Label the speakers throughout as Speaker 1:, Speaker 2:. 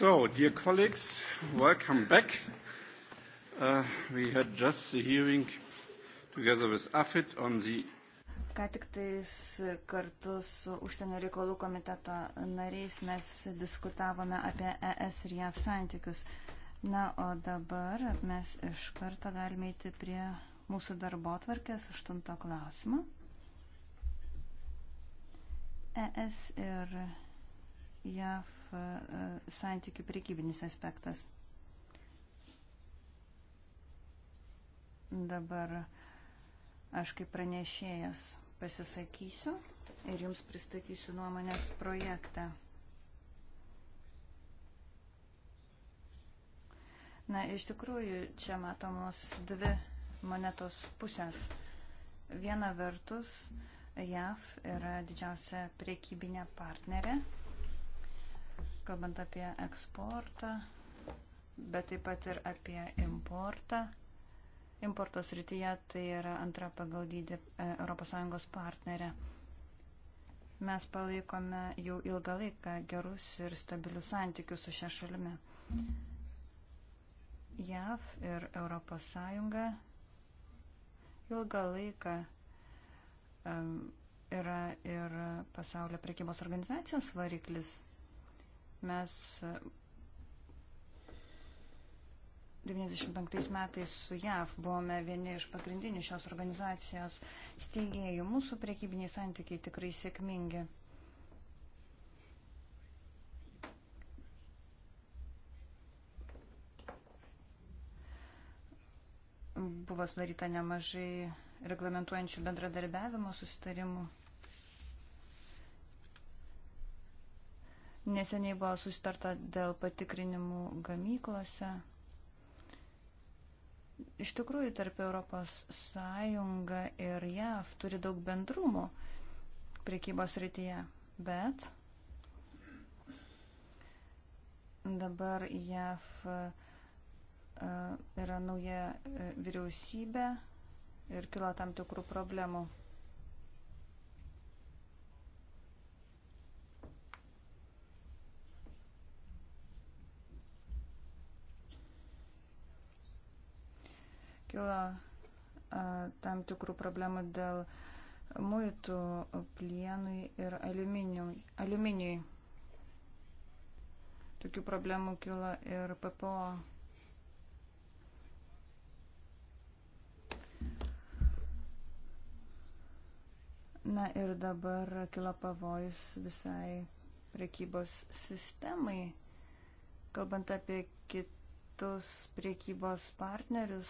Speaker 1: So, dear colleagues, welcome back. Uh, we had just the hearing together with AFID on the
Speaker 2: Ką tik tais kartu su užsienio reikalų komiteto nariais mes diskutavome apie ES ir JAV santykius. Na, o dabar mes iš karto galime įti prie mūsų darbo tvarkės aštunto klausimo. ES ir JAV e, santykių prekybinis aspektas. Dabar aš kaip pranešėjas pasisakysiu ir jums pristatysiu nuomonės projektą. Na, iš tikrųjų, čia matomos dvi monetos pusės. Viena vertus, JAV yra didžiausia priekybinė partnerė kalbant apie eksportą, bet taip pat ir apie importą. Importos rytyje tai yra antra pagal dydį e, ES partnerė. Mes palaikome jau ilgą laiką gerus ir stabilius santykius su šia šalimi. JAV ir ES ilgą laiką um, yra ir pasaulio prekybos organizacijos variklis Mes 95 e, metais su JAV buvome vieni iš pagrindinių šios organizacijos steigėjų. Mūsų priekybiniai santykiai tikrai sėkmingi. Buvo sudaryta nemažai reglamentuojančių bendradarbiavimo susitarimų. Neseniai buvo susitarta dėl patikrinimų gamyklose. Iš tikrųjų, tarp Europos Sąjunga ir JAV turi daug bendrumų priekybos rytyje, bet dabar JAV e, yra nauja e, vyriausybė ir kilo tam tikrų problemų. kilo tam tikrų problemų dėl muitų plienui ir aliuminiui. aliuminiui. Tokių problemų kilo ir PPO. Na ir dabar kila pavojus visai prekybos sistemai. Kalbant apie kitą kitus priekybos partnerius,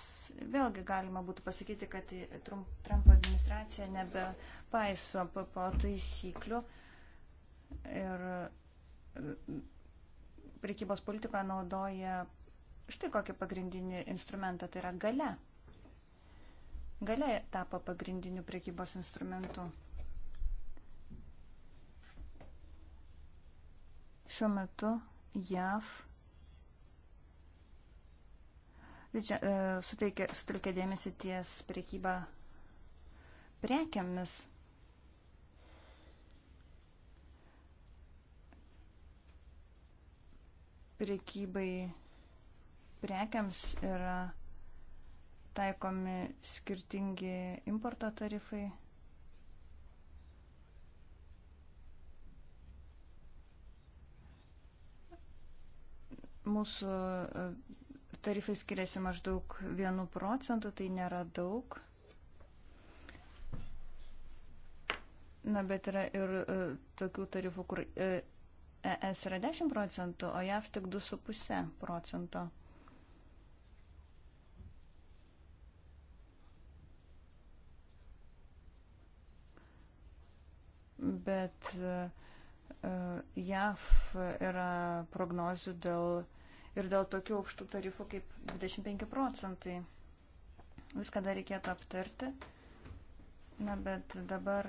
Speaker 2: vėlgi galima būtų pasakyti, kad Trumpo administracija nebepaiso PPO taisyklių ir e, priekybos politikoje naudoja štai kokį pagrindinį instrumentą, tai yra gale. Gale tapo pagrindiniu priekybos instrumentu. Šiuo metu JAV E, sutelkė dėmesį ties priekybą prekiamis. Priekybai prekiams yra taikomi skirtingi importo tarifai. Mūsų e, tarifai skiriasi maždaug 1 procentu, tai nėra daug. Na, bet yra ir uh, tokių tarifų, kur uh, e, ES yra 10 procentų, o JAV tik 2,5 procento. Bet uh, JAV yra prognozių dėl uh, ir dėl tokių aukštų tarifų kaip 25 procentai. Viską dar reikėtų aptarti. Na, bet dabar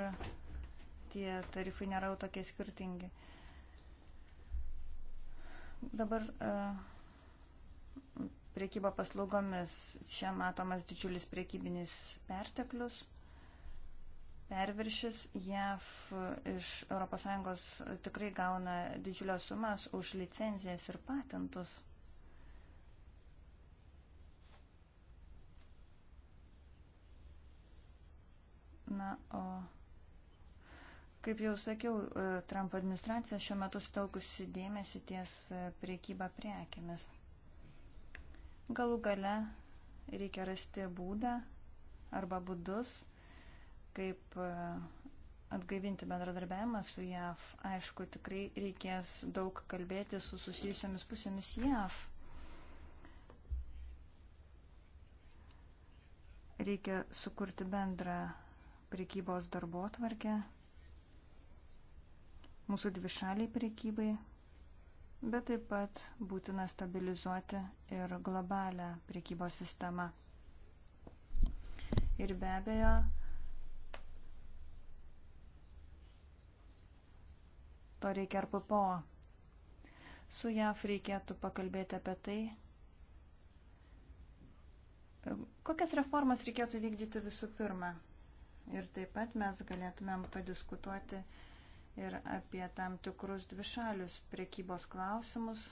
Speaker 2: tie tarifai nėra jau tokie skirtingi. Dabar e, priekyba paslaugomis. Čia matomas didžiulis priekybinis perteklius perviršis JAV iš ES tikrai gauna didžiulės sumas už licenzijas ir patentus. Na, o kaip jau sakiau, e, Trump administracija šiuo metu stelkusi dėmesį ties e, priekybą prekiamis. Galų gale reikia rasti būdą arba būdus, kaip e, atgaivinti bendradarbiavimą su JAV. Aišku, tikrai reikės daug kalbėti su susijusiomis pusėmis JAV. Reikia sukurti bendrą prekybos darbo tvarkę, mūsų dvišaliai prekybai, bet taip pat būtina stabilizuoti ir globalią prekybos sistemą. Ir be abejo, to reikia ar PPO. Su JAF reikėtų pakalbėti apie tai, Kokias reformas reikėtų vykdyti visų pirma? Ir taip pat mes galėtumėm padiskutuoti ir apie tam tikrus dvišalius priekybos klausimus,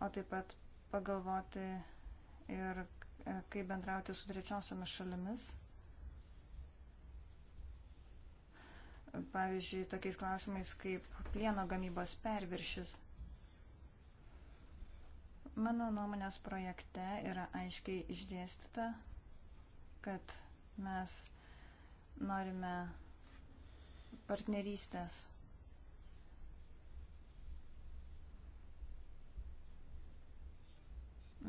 Speaker 2: o taip pat pagalvoti ir e, kaip bendrauti su trečiosiomis šalimis. Pavyzdžiui, tokiais klausimais kaip plieno gamybos perviršis. Mano nuomonės projekte yra aiškiai išdėstyta, kad Mes norime partnerystės.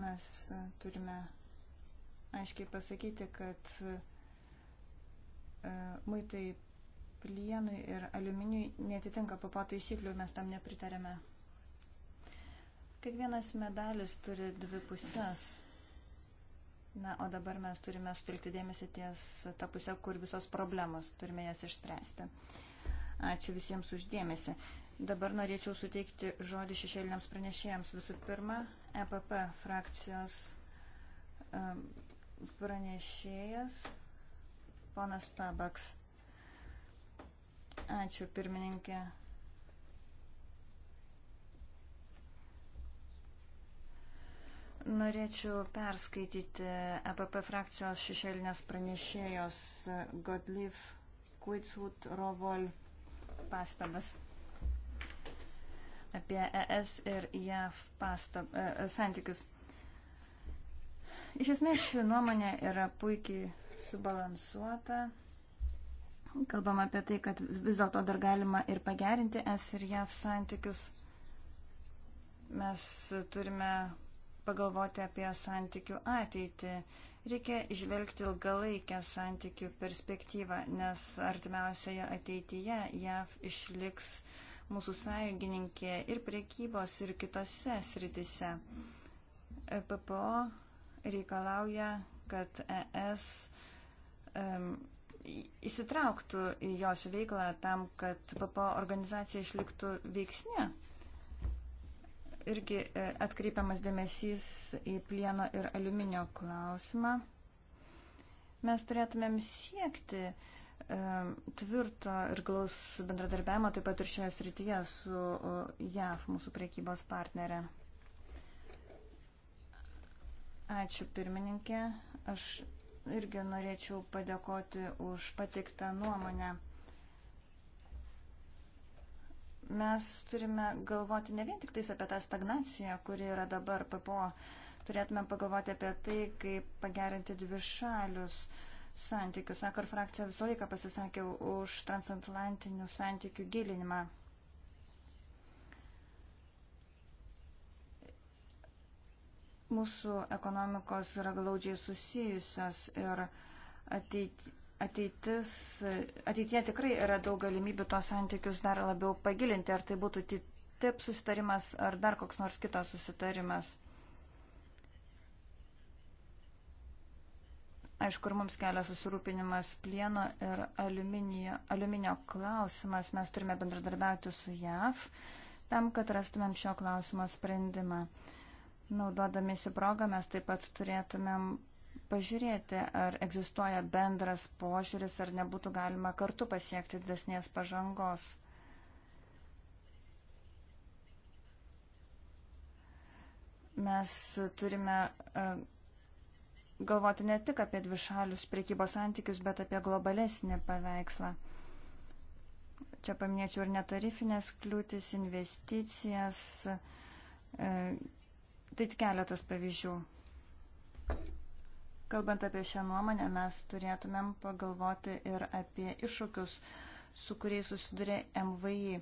Speaker 2: Mes turime aiškiai pasakyti, kad e, muitai plienui ir aliuminiui netitinka papo taisyklių, mes tam nepritarėme. Kiekvienas medalis turi dvi pusės. Na, o dabar mes turime sutilkti dėmesį ties tą pusę, kur visos problemos, turime jas išspręsti. Ačiū visiems uždėmesi. Dabar norėčiau suteikti žodį šešėliniams pranešėjams. Visų pirma, EPP frakcijos um, pranešėjas, ponas Pabaks. Ačiū pirmininkė. Norėčiau perskaityti EPP frakcijos šešėlinės pranešėjos Godliv Kuitsut Rovol pastabas apie ES ir JAV pastab, e, e, santykius. Iš esmės ši nuomonė yra puikiai subalansuota. Kalbam apie tai, kad vis dėlto dar galima ir pagerinti ES ir JAV santykius. Mes turime pagalvoti apie santykių ateitį. Reikia žvelgti ilgalaikę santykių perspektyvą, nes artimiausioje ateityje JAV išliks mūsų sąjungininkė ir priekybos, ir kitose sritise. E PPO reikalauja, kad ES um, įsitrauktų į jos veiklą tam, kad PPO organizacija išliktų veiksnė irgi e, atkreipiamas dėmesys į plieno ir aliuminio klausimą. Mes turėtumėm siekti e, tvirto ir glaus bendradarbiavimo taip pat ir šioje srityje su JAV, mūsų priekybos partnerė. Ačiū pirmininkė. Aš irgi norėčiau padėkoti už patiktą nuomonę mes turime galvoti ne vien tik tais apie tą stagnaciją, kuri yra dabar PPO. Turėtume pagalvoti apie tai, kaip pagerinti dvi šalius santykius. Akar frakcija visą laiką pasisakė už transatlantinių santykių gilinimą. Mūsų ekonomikos yra glaudžiai susijusios ir ateityje ateitis, ateitie tikrai yra daug galimybių tuos santykius dar labiau pagilinti, ar tai būtų TTIP susitarimas ar dar koks nors kitas susitarimas. Aišku, ir mums kelia susirūpinimas plieno ir aliuminio, aliuminio klausimas. Mes turime bendradarbiauti su JAV tam, kad rastumėm šio klausimo sprendimą. Naudodamėsi progą mes taip pat turėtumėm pažiūrėti, ar egzistuoja bendras požiūris, ar nebūtų galima kartu pasiekti didesnės pažangos. Mes turime e, galvoti ne tik apie dvišalius priekybos santykius, bet apie globalesnį paveikslą. Čia paminėčiau ir netarifinės kliūtis, investicijas, e, tai tik keletas pavyzdžių. Kalbant apie šią nuomonę, mes turėtumėm pagalvoti ir apie iššūkius, su kuriais susiduria MVI.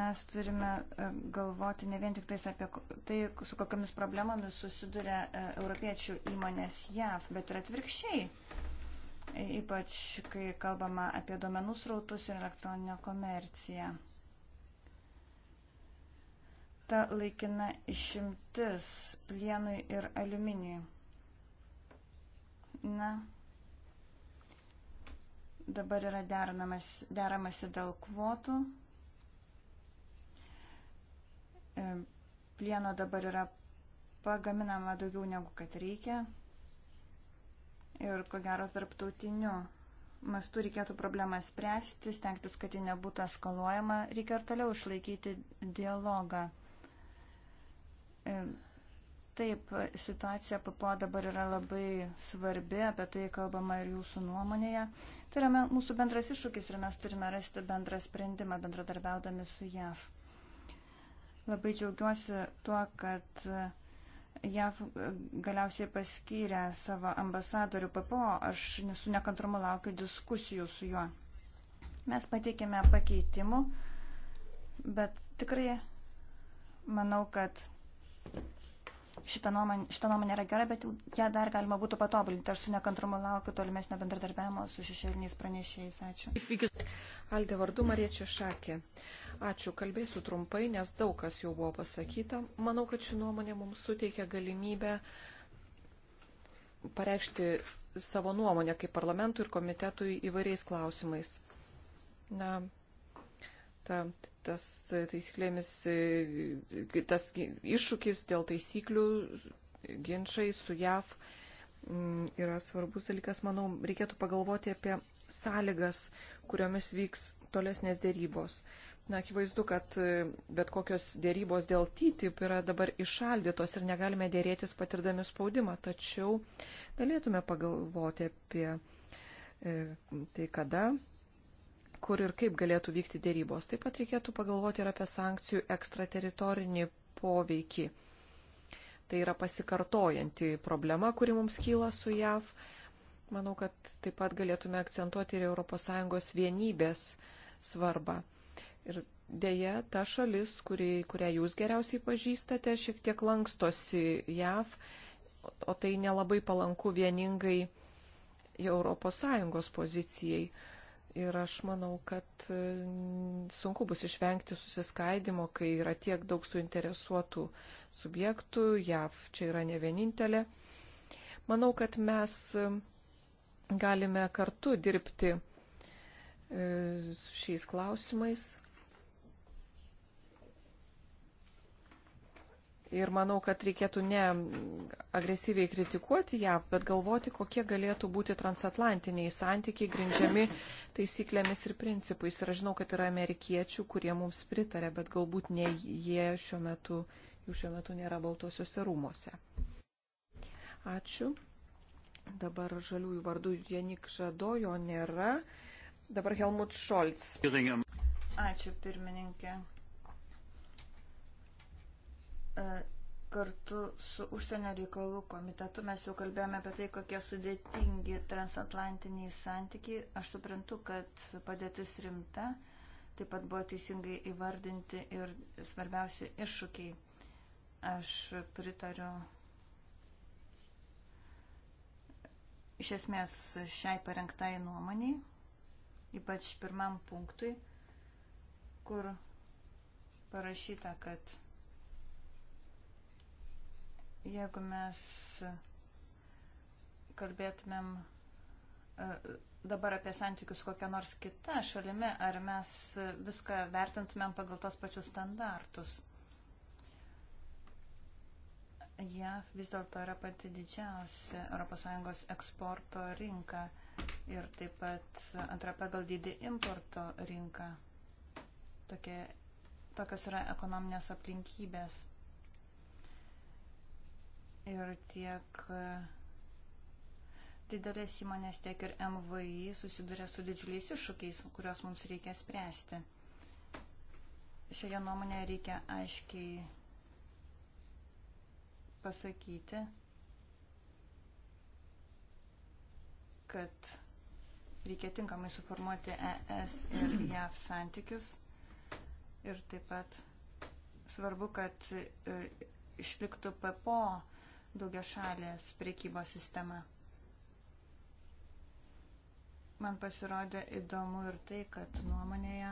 Speaker 2: Mes turime e, galvoti ne vien tik tais apie tai, su kokiamis problemomis susiduria e, europiečių įmonės JAV, bet ir atvirkščiai e, ypač kai kalbama apie duomenų srautus ir elektroninę komerciją ta laikina išimtis plienui ir aliuminiui. Na, dabar yra deramasi dėl kvotų. E, plieno dabar yra pagaminama daugiau negu kad reikia. Ir ko gero tarptautiniu mastu reikėtų problemą spręsti, stengtis, kad ji nebūtų eskaluojama, reikia ir toliau išlaikyti dialogą. E, taip, situacija PPO dabar yra labai svarbi, apie tai kalbama ir jūsų nuomonėje. Tai yra mūsų bendras iššūkis ir mes turime rasti bendrą sprendimą bendradarbiaudami su JAV. Labai džiaugiuosi tuo, kad e, JAV e, galiausiai paskyrė savo ambasadorių PPO, aš nesu nekantrumu laukiu diskusijų su juo. Mes pateikėme pakeitimų, bet tikrai manau, kad Šitą nuomonę, šitą nuomonę yra gera, bet ją dar galima būtų patobulinti. Aš su nekantrumu laukiu tolimesnio bendradarbiavimo su šešėliniais pranešėjais. Ačiū.
Speaker 3: Aldė vardu Mariečių Šakė. Ačiū, kalbėsiu trumpai, nes daug kas jau buvo pasakyta. Manau, kad ši nuomonė mums suteikia galimybę pareikšti savo nuomonę kaip parlamentui ir komitetui įvairiais klausimais. Na, ta, tas taisyklėmis, e, tas iššūkis dėl taisyklių, ginčiai su JAV mm, yra svarbus dalykas. Manau, reikėtų pagalvoti apie sąlygas, kuriomis vyks tolesnės dėrybos. Na, akivaizdu, kad e, bet kokios dėrybos dėl TTIP yra dabar išaldytos ir negalime dėrėtis patirdami spaudimą, tačiau galėtume pagalvoti apie e, tai, kada kur ir kaip galėtų vykti dėrybos. Taip pat reikėtų pagalvoti ir apie sankcijų ekstrateritorinį poveikį. Tai yra pasikartojanti problema, kuri mums kyla su JAV. Manau, kad taip pat galėtume akcentuoti ir ES vienybės svarbą. Ir dėja, ta šalis, kuri, kurią jūs geriausiai pažįstate, šiek tiek lankstosi JAV, o tai nelabai palanku vieningai ES pozicijai. Ir aš manau, kad e, sunku bus išvengti susiskaidimo, kai yra tiek daug suinteresuotų subjektų, JAV čia yra ne vienintelė. Manau, kad mes e, galime kartu dirbti e, su šiais klausimais. Ir manau, kad reikėtų ne agresyviai kritikuoti ją, bet galvoti, kokie galėtų būti transatlantiniai santykiai grindžiami taisyklėmis ir principais. Ir aš žinau, kad yra amerikiečių, kurie mums pritarė, bet galbūt ne jie šiuo metu, jų šiuo metu nėra Baltosiuose rūmose. Ačiū. Dabar žaliųjų vardų Janik Žadojo nėra. Dabar Helmut Šolc.
Speaker 2: Ačiū pirmininkė. E, kartu su užsienio reikalų komitetu mes jau kalbėjome apie tai, kokie sudėtingi transatlantiniai santykiai. Aš suprantu, kad padėtis rimta, taip pat buvo teisingai įvardinti ir svarbiausi iššūkiai. Aš pritariu iš esmės šiai parengtai nuomoniai, ypač pirmam punktui, kur parašyta, kad Jeigu mes kalbėtumėm e, dabar apie santykius kokią nors kitą šalimi, ar mes viską vertintumėm pagal tos pačius standartus? JAV yeah, vis dėlto yra pati didžiausia ES eksporto rinka ir taip pat antra pagal dydį importo rinka. Tokie, tokios yra ekonominės aplinkybės ir tiek e, didelės įmonės, tiek ir MVI susiduria su didžiuliais iššūkiais, kuriuos mums reikia spręsti. Šioje nuomonėje reikia aiškiai pasakyti, kad reikia tinkamai suformuoti ES ir JAV santykius. Ir taip pat svarbu, kad e, išliktų PPO daugia šalės priekybos sistema. Man pasirodė įdomu ir tai, kad nuomonėje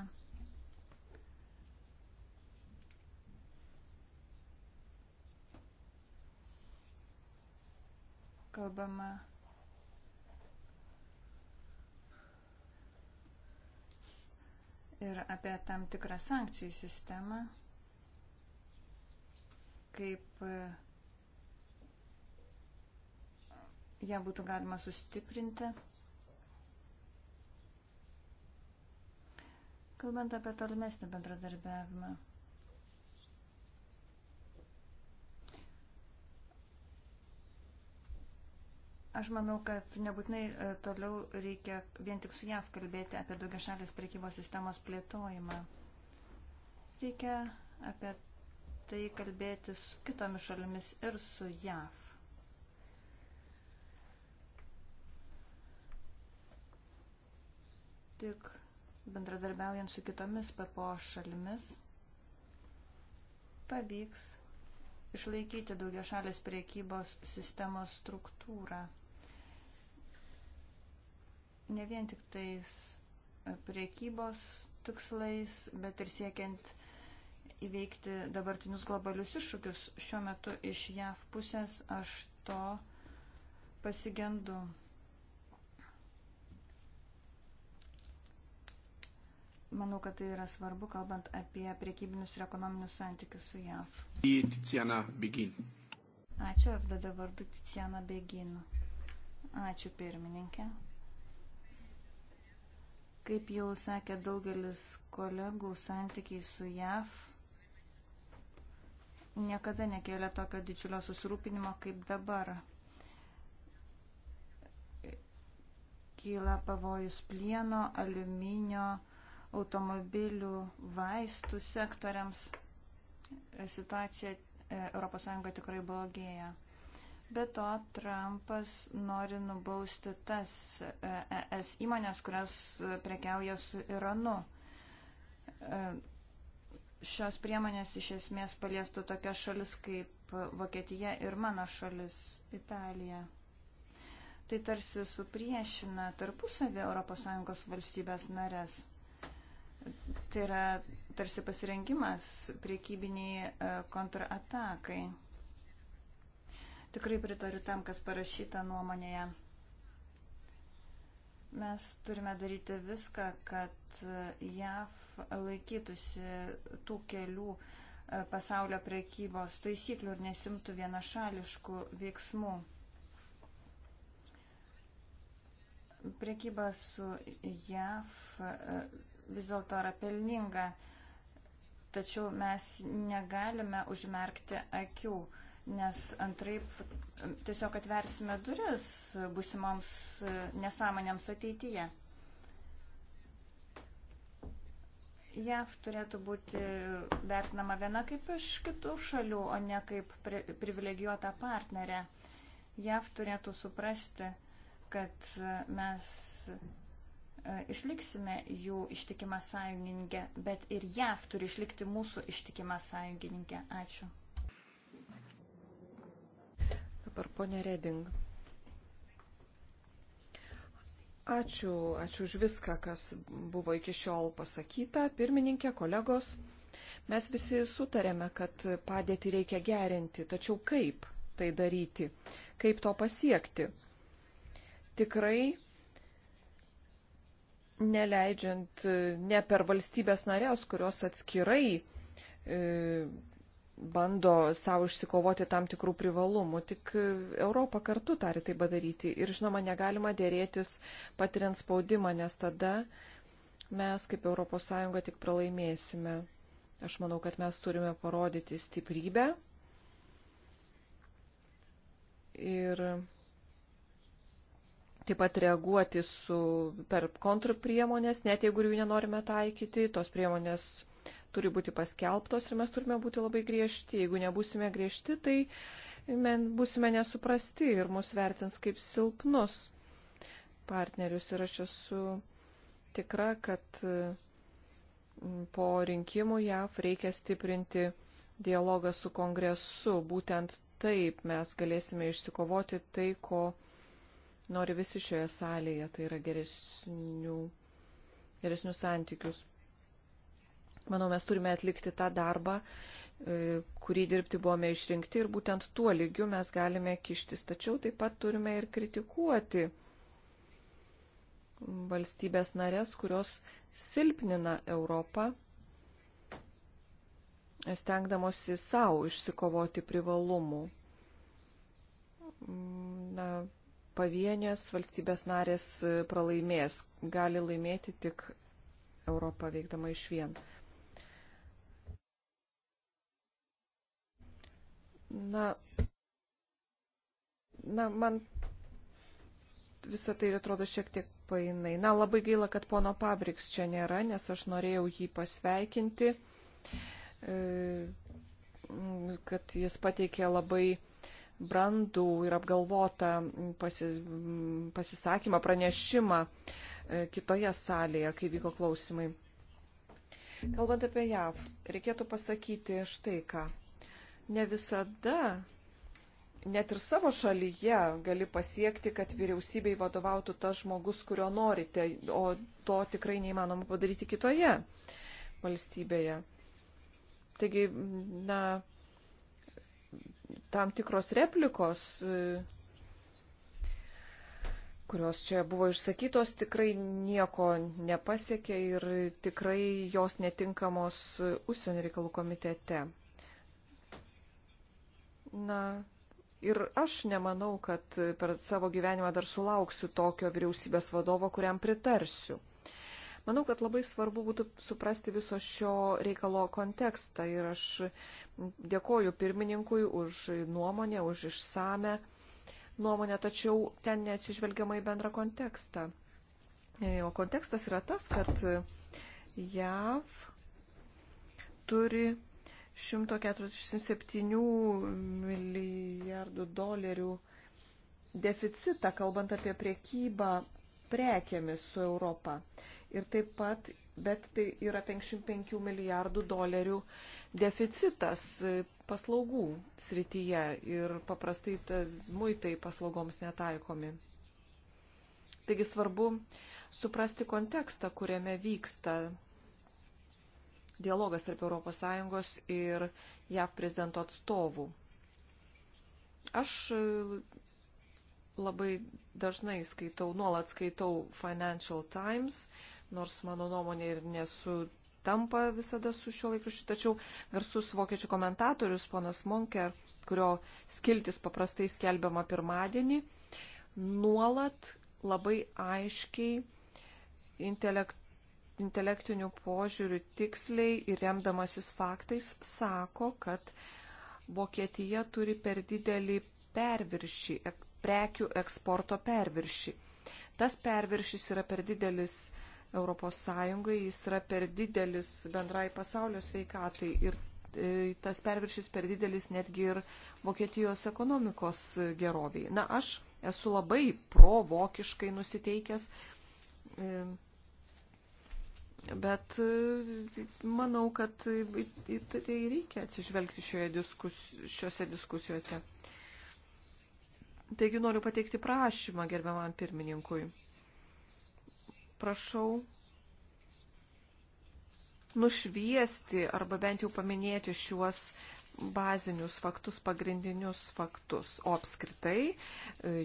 Speaker 2: kalbama ir apie tam tikrą sankcijų sistemą, kaip ją būtų galima sustiprinti. Kalbant apie tolimesnį bendradarbiavimą. Aš manau, kad nebūtinai e, toliau reikia vien tik su JAV kalbėti apie daugia šalės prekybos sistemos plėtojimą. Reikia apie tai kalbėti su kitomis šalimis ir su JAV. tik bendradarbiaujant su kitomis PPO šalimis pavyks išlaikyti daugia šalės priekybos sistemos struktūrą. Ne vien tik tais priekybos tikslais, bet ir siekiant įveikti dabartinius globalius iššūkius. Šiuo metu iš JAV pusės aš to pasigendu. Manau, kad tai yra svarbu, kalbant apie priekybinius ir ekonominius santykius su JAV.
Speaker 3: Tiziana Begin.
Speaker 2: Ačiū, FDD vardu Tiziana Begin. Ačiū, pirmininkė. Kaip jau sakė daugelis kolegų, santykiai su JAV niekada nekėlė tokio didžiulio susirūpinimo kaip dabar. Kyla pavojus plieno, aliuminio, automobilių, vaistų sektoriams situacija ES tikrai blogėja. Be to, Trumpas nori nubausti tas ES e įmonės, kurios prekiauja su Iranu. E, šios priemonės iš esmės paliestų tokias šalis kaip Vokietija ir mano šalis Italija. Tai tarsi supriešina tarpusavį ES valstybės narės. Tai yra tarsi pasirinkimas priekybiniai e, kontratakai. Tikrai pritariu tam, kas parašyta nuomonėje. Mes turime daryti viską, kad e, JAV laikytųsi tų kelių e, pasaulio priekybos taisyklių ir nesimtų vienašališkų veiksmų. Priekyba su JAV vis dėlto yra pelninga. Tačiau mes negalime užmerkti akių, nes antraip tiesiog atversime duris busimoms nesąmonėms ateityje. JAV turėtų būti vertinama viena kaip iš kitų šalių, o ne kaip pri privilegijuota partnerė. JAV turėtų suprasti, kad mes E, išliksime jų ištikimą sąjungininkę, bet ir JAV turi išlikti mūsų ištikimą sąjungininkę. Ačiū.
Speaker 3: Dabar ponė Reding. Ačiū, ačiū už viską, kas buvo iki šiol pasakyta. Pirmininkė, kolegos, mes visi sutarėme, kad padėtį reikia gerinti, tačiau kaip tai daryti, kaip to pasiekti. Tikrai neleidžiant ne per valstybės narės, kurios atskirai e, bando savo išsikovoti tam tikrų privalumų. Tik e, Europą kartu tari tai padaryti. Ir žinoma, negalima dėrėtis patiriant spaudimą, nes tada mes kaip ES tik pralaimėsime. Aš manau, kad mes turime parodyti stiprybę. Ir taip pat reaguoti su, per kontrpriemonės, net jeigu jų nenorime taikyti, tos priemonės turi būti paskelbtos ir mes turime būti labai griežti. Jeigu nebusime griežti, tai men, busime nesuprasti ir mus vertins kaip silpnus partnerius. Ir aš esu tikra, kad po rinkimų JAV reikia stiprinti dialogą su kongresu. Būtent taip mes galėsime išsikovoti tai, ko nori visi šioje salėje, tai yra geresnių, geresnius santykius. Manau, mes turime atlikti tą darbą, e, kurį dirbti buvome išrinkti ir būtent tuo lygiu mes galime kištis. Tačiau taip pat turime ir kritikuoti valstybės narės, kurios silpnina Europą, stengdamosi savo išsikovoti privalumų. Na, pavienės valstybės narės e, pralaimės, gali laimėti tik Europą veikdama iš vien. Na, na, man visą tai atrodo šiek tiek painai. Na, labai gaila, kad pono Pabriks čia nėra, nes aš norėjau jį pasveikinti, e, kad jis pateikė labai brandų ir apgalvotą pasi, pasisakymą, pranešimą e, kitoje salėje, kai vyko klausimai. Kalbant apie JAV, reikėtų pasakyti štai ką. Ne visada, net ir savo šalyje gali pasiekti, kad vyriausybei vadovautų tas žmogus, kurio norite, o to tikrai neįmanoma padaryti kitoje valstybėje. Taigi, na, tam tikros replikos, e, kurios čia buvo išsakytos, tikrai nieko nepasiekė ir tikrai jos netinkamos užsienio reikalų komitete. Na, ir aš nemanau, kad per savo gyvenimą dar sulauksiu tokio vyriausybės vadovo, kuriam pritarsiu. Manau, kad labai svarbu būtų suprasti viso šio reikalo kontekstą ir aš Dėkoju pirmininkui už nuomonę, už išsame nuomonę, tačiau ten neatsižvelgiama į bendrą kontekstą. E, o kontekstas yra tas, kad JAV turi 147 milijardų dolerių deficitą, kalbant apie priekybą prekėmis su Europa. Ir taip pat bet tai yra 55 milijardų dolerių deficitas paslaugų srityje ir paprastai muitai paslaugoms netaikomi. Taigi svarbu suprasti kontekstą, kuriame vyksta dialogas tarp ES ir JAV prezidento atstovų. Aš labai dažnai skaitau, nuolat skaitau Financial Times, uh, nors mano nuomonė ir nesu tampa visada su šiuo laikraščiu, tačiau garsus vokiečių komentatorius ponas Monker, kurio skiltis paprastai skelbiama pirmadienį, nuolat labai aiškiai intelekt, intelektinių požiūrių tiksliai ir remdamasis faktais sako, kad Vokietija turi per didelį perviršį, prekių eksporto perviršį. Tas perviršis yra per didelis Europos Sąjungai, jis yra per didelis bendrai pasaulio sveikatai ir e, tas perviršis per didelis netgi ir Vokietijos ekonomikos geroviai. Na, aš esu labai provokiškai nusiteikęs, e, bet e, manau, kad į tai reikia atsižvelgti šioje diskus, šiuose diskusijose. Taigi noriu pateikti prašymą gerbiamam pirmininkui prašau nušviesti arba bent jau paminėti šiuos bazinius faktus, pagrindinius faktus. O apskritai e,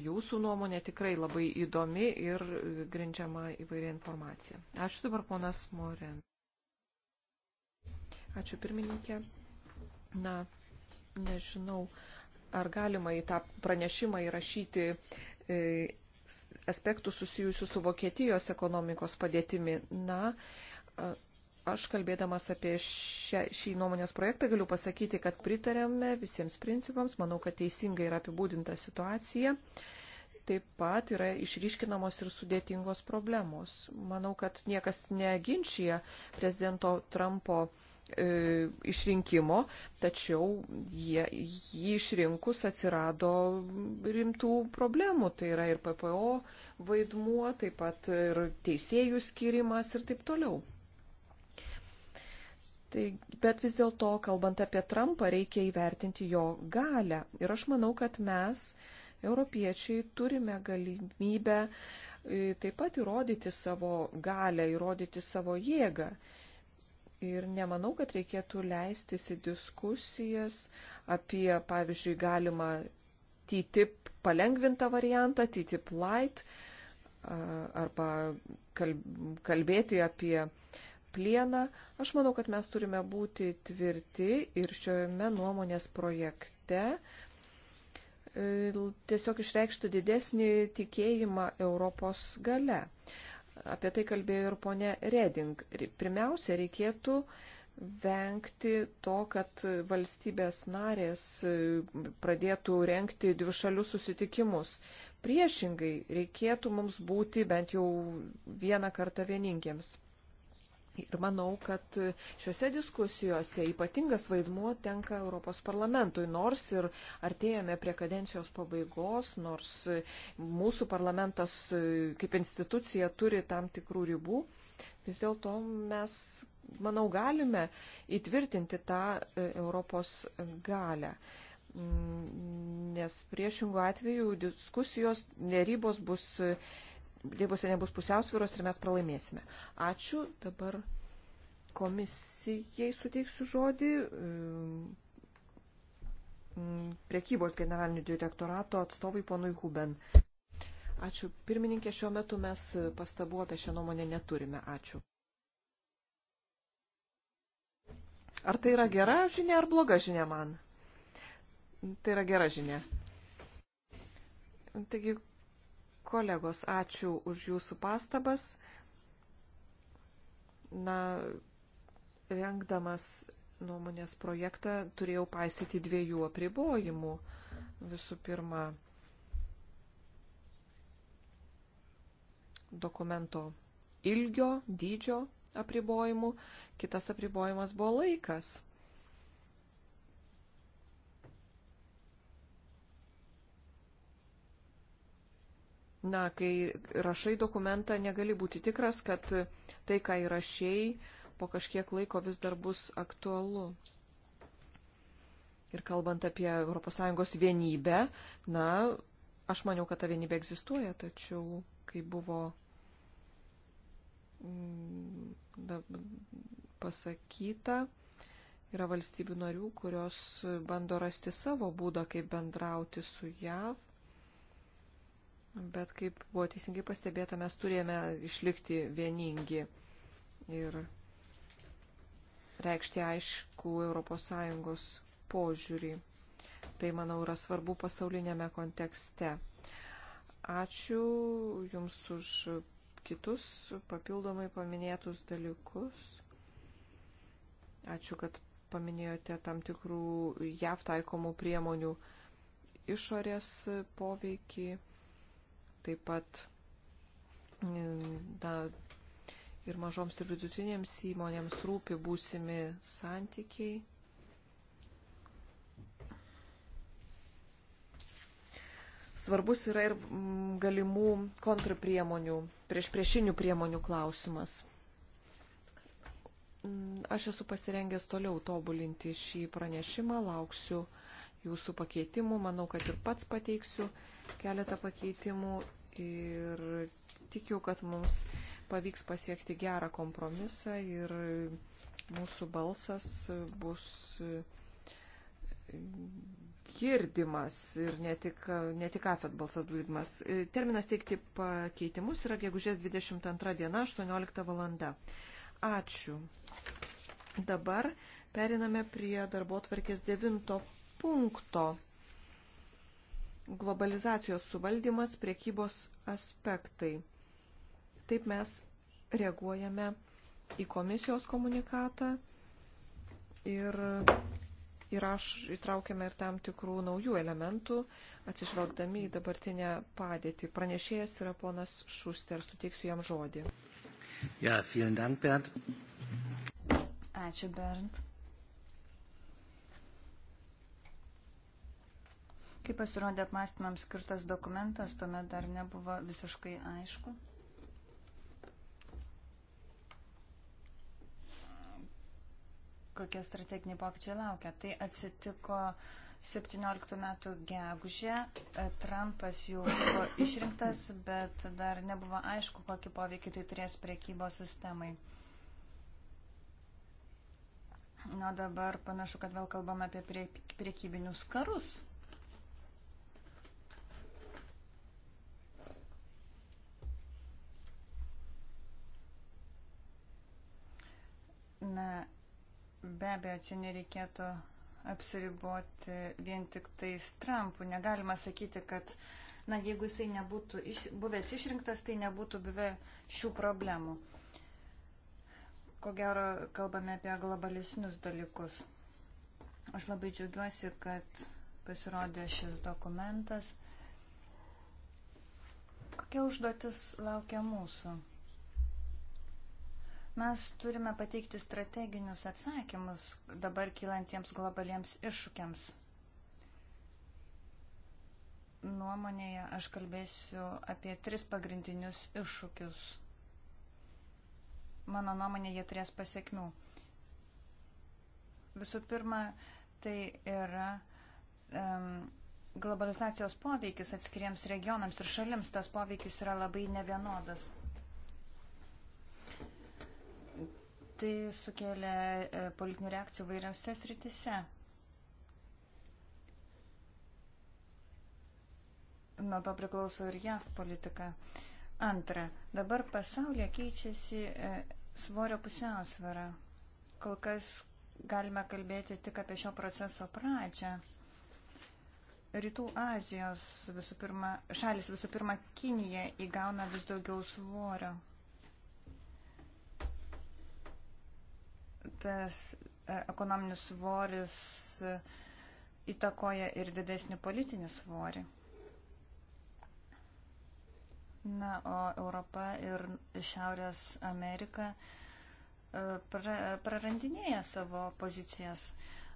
Speaker 3: jūsų nuomonė tikrai labai įdomi ir grindžiama įvairia informacija. Ačiū dabar ponas Moren. Ačiū pirmininkė. Na, nežinau, ar galima į tą pranešimą įrašyti e, aspektų susijusių su Vokietijos ekonomikos padėtimi. Na, aš kalbėdamas apie šią, šį nuomonės projektą galiu pasakyti, kad pritarėme visiems principams, manau, kad teisingai yra apibūdinta situacija. Taip pat yra išryškinamos ir sudėtingos problemos. Manau, kad niekas neginčia prezidento Trumpo uh, E, išrinkimo, tačiau jie, jį išrinkus atsirado rimtų problemų. Tai yra ir PPO vaidmuo, taip pat ir teisėjų skirimas ir taip toliau. Tai, bet vis dėlto, kalbant apie Trumpą, reikia įvertinti jo galę. Ir aš manau, kad mes, europiečiai, turime galimybę e, taip pat įrodyti savo galę, įrodyti savo jėgą. Ir nemanau, kad reikėtų leistis į diskusijas apie, pavyzdžiui, galimą TTIP palengvintą variantą, TTIP light, arba kalbėti apie plieną. Aš manau, kad mes turime būti tvirti ir šiame nuomonės projekte e, tiesiog išreikštų didesnį tikėjimą Europos gale. Apie tai kalbėjo ir ponė Reding. Pirmiausia, reikėtų vengti to, kad valstybės narės e, pradėtų renkti dvišalius susitikimus. Priešingai, reikėtų mums būti bent jau vieną kartą vieningiems. Ir manau, kad šiuose diskusijose ypatingas vaidmuo tenka Europos parlamentui, nors ir artėjame prie kadencijos pabaigos, nors mūsų parlamentas kaip institucija turi tam tikrų ribų, vis dėlto mes, manau, galime įtvirtinti tą e, Europos galę. Mm, nes priešingų atveju diskusijos, nerybos bus e, dėbose nebus pusiausvyros ir mes pralaimėsime. Ačiū. Dabar komisijai suteiksiu žodį. Prekybos generalinių direktorato atstovui ponui Huben. Ačiū. Pirmininkė, šiuo metu mes pastabų apie šią nuomonę neturime. Ačiū. Ar tai yra gera žinia ar bloga žinia man? Tai yra gera žinia. Taigi Kolegos, ačiū už jūsų pastabas. Na, rengdamas nuomonės projektą turėjau paisyti dviejų apribojimų. Visų pirma, dokumento ilgio, dydžio apribojimų, kitas apribojimas buvo laikas. na, kai rašai dokumentą, negali būti tikras, kad tai, ką įrašiai, po kažkiek laiko vis dar bus aktualu. Ir kalbant apie ES vienybę, na, aš maniau, kad ta vienybė egzistuoja, tačiau kai buvo mm, da, pasakyta, yra valstybių narių, kurios bando rasti savo būdą, kaip bendrauti su JAV Bet kaip buvo teisingai pastebėta, mes turėjome išlikti vieningi ir reikšti aišku ES požiūrį. Tai, manau, yra svarbu pasaulinėme kontekste. Ačiū Jums už kitus papildomai paminėtus dalykus. Ačiū, kad paminėjote tam tikrų JAV taikomų priemonių išorės poveikį taip pat na, ir mažoms ir vidutinėms įmonėms rūpi būsimi santykiai. Svarbus yra ir galimų kontrapriemonių, prieš priešinių priemonių klausimas. Aš esu pasirengęs toliau tobulinti šį pranešimą, lauksiu jūsų pakeitimų, manau, kad ir pats pateiksiu keletą pakeitimų ir tikiu, kad mums pavyks pasiekti gerą kompromisą ir mūsų balsas bus e, girdimas ir ne tik, ne tik afet balsas girdimas. E, terminas teikti pakeitimus yra gegužės 22 diena, 18 valanda. Ačiū. Dabar periname prie darbo tvarkės 9 punkto globalizacijos suvaldymas, priekybos aspektai. Taip mes reaguojame į komisijos komunikatą ir įraš, įtraukėme ir tam tikrų naujų elementų, atsižvelgdami į dabartinę padėtį. Pranešėjas yra ponas Šuster, suteiksiu jam žodį.
Speaker 1: Ja, dank, Bernd.
Speaker 3: Ačiū, Bernd.
Speaker 2: Kai pasirodė apmastymams skirtas dokumentas, tuomet dar nebuvo visiškai aišku. kokie strateginiai pokyčiai laukia. Tai atsitiko 17 metų gegužė. E, Trumpas jau buvo išrinktas, bet dar nebuvo aišku, kokį poveikį tai turės priekybos sistemai. Na dabar panašu, kad vėl kalbame apie priekybinius karus. Na, be abejo, čia nereikėtų apsiriboti vien tik tais Trumpu. Negalima sakyti, kad, na, jeigu jisai nebūtų iš, buvęs išrinktas, tai nebūtų buvę šių problemų. Ko gero, kalbame apie globalesnius dalykus. Aš labai džiaugiuosi, kad pasirodė šis dokumentas. Kokia užduotis laukia mūsų? Mes turime pateikti strateginius atsakymus dabar kylantiems globaliems iššūkiams. Nuomonėje aš kalbėsiu apie tris pagrindinius iššūkius. Mano nuomonė, jie turės pasiekmių. Visų pirma, tai yra um, globalizacijos poveikis atskiriems regionams ir šalims. Tas poveikis yra labai nevienodas. tai sukelia politinių reakcijų vairiose sritise. Nuo to priklauso ir JAV politika. Antra, dabar pasaulyje keičiasi e, svorio pusiausvara. Kol kas galime kalbėti tik apie šio proceso pradžią. Rytų Azijos visų pirma, šalis visų pirma Kinija įgauna vis daugiau svorio. tas e, ekonominis svoris e, įtakoja ir didesnį politinį svorį. Na, o Europa ir Šiaurės Amerika e, prarandinėja savo pozicijas.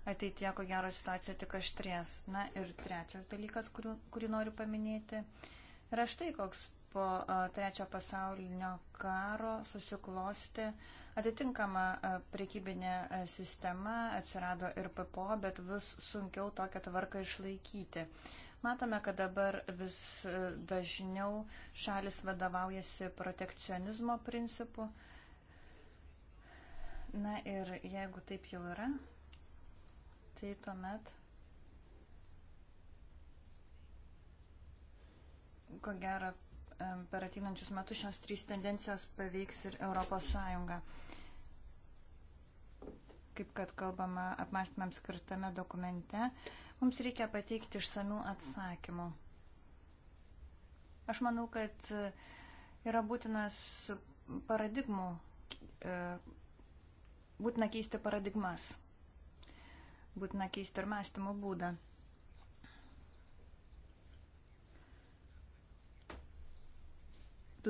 Speaker 2: Ateitie, ko gero, situacija tik aštrės. Na ir trečias dalykas, kurį, kurį noriu paminėti, yra štai koks po trečio pasaulinio karo susiklosti atitinkama prekybinė sistema, atsirado ir PPO, bet vis sunkiau tokią tvarką išlaikyti. Matome, kad dabar vis dažniau šalis vadovaujasi protekcionizmo principu. Na ir jeigu taip jau yra, tai tuomet, ko gero, per ateinančius metus šios trys tendencijos paveiks ir Europos Sąjungą. Kaip kad kalbama apmastymams skirtame dokumente, mums reikia pateikti išsamių atsakymų. Aš manau, kad e, yra būtinas paradigmų, e, būtina keisti paradigmas, būtina keisti ir mąstymo būdą.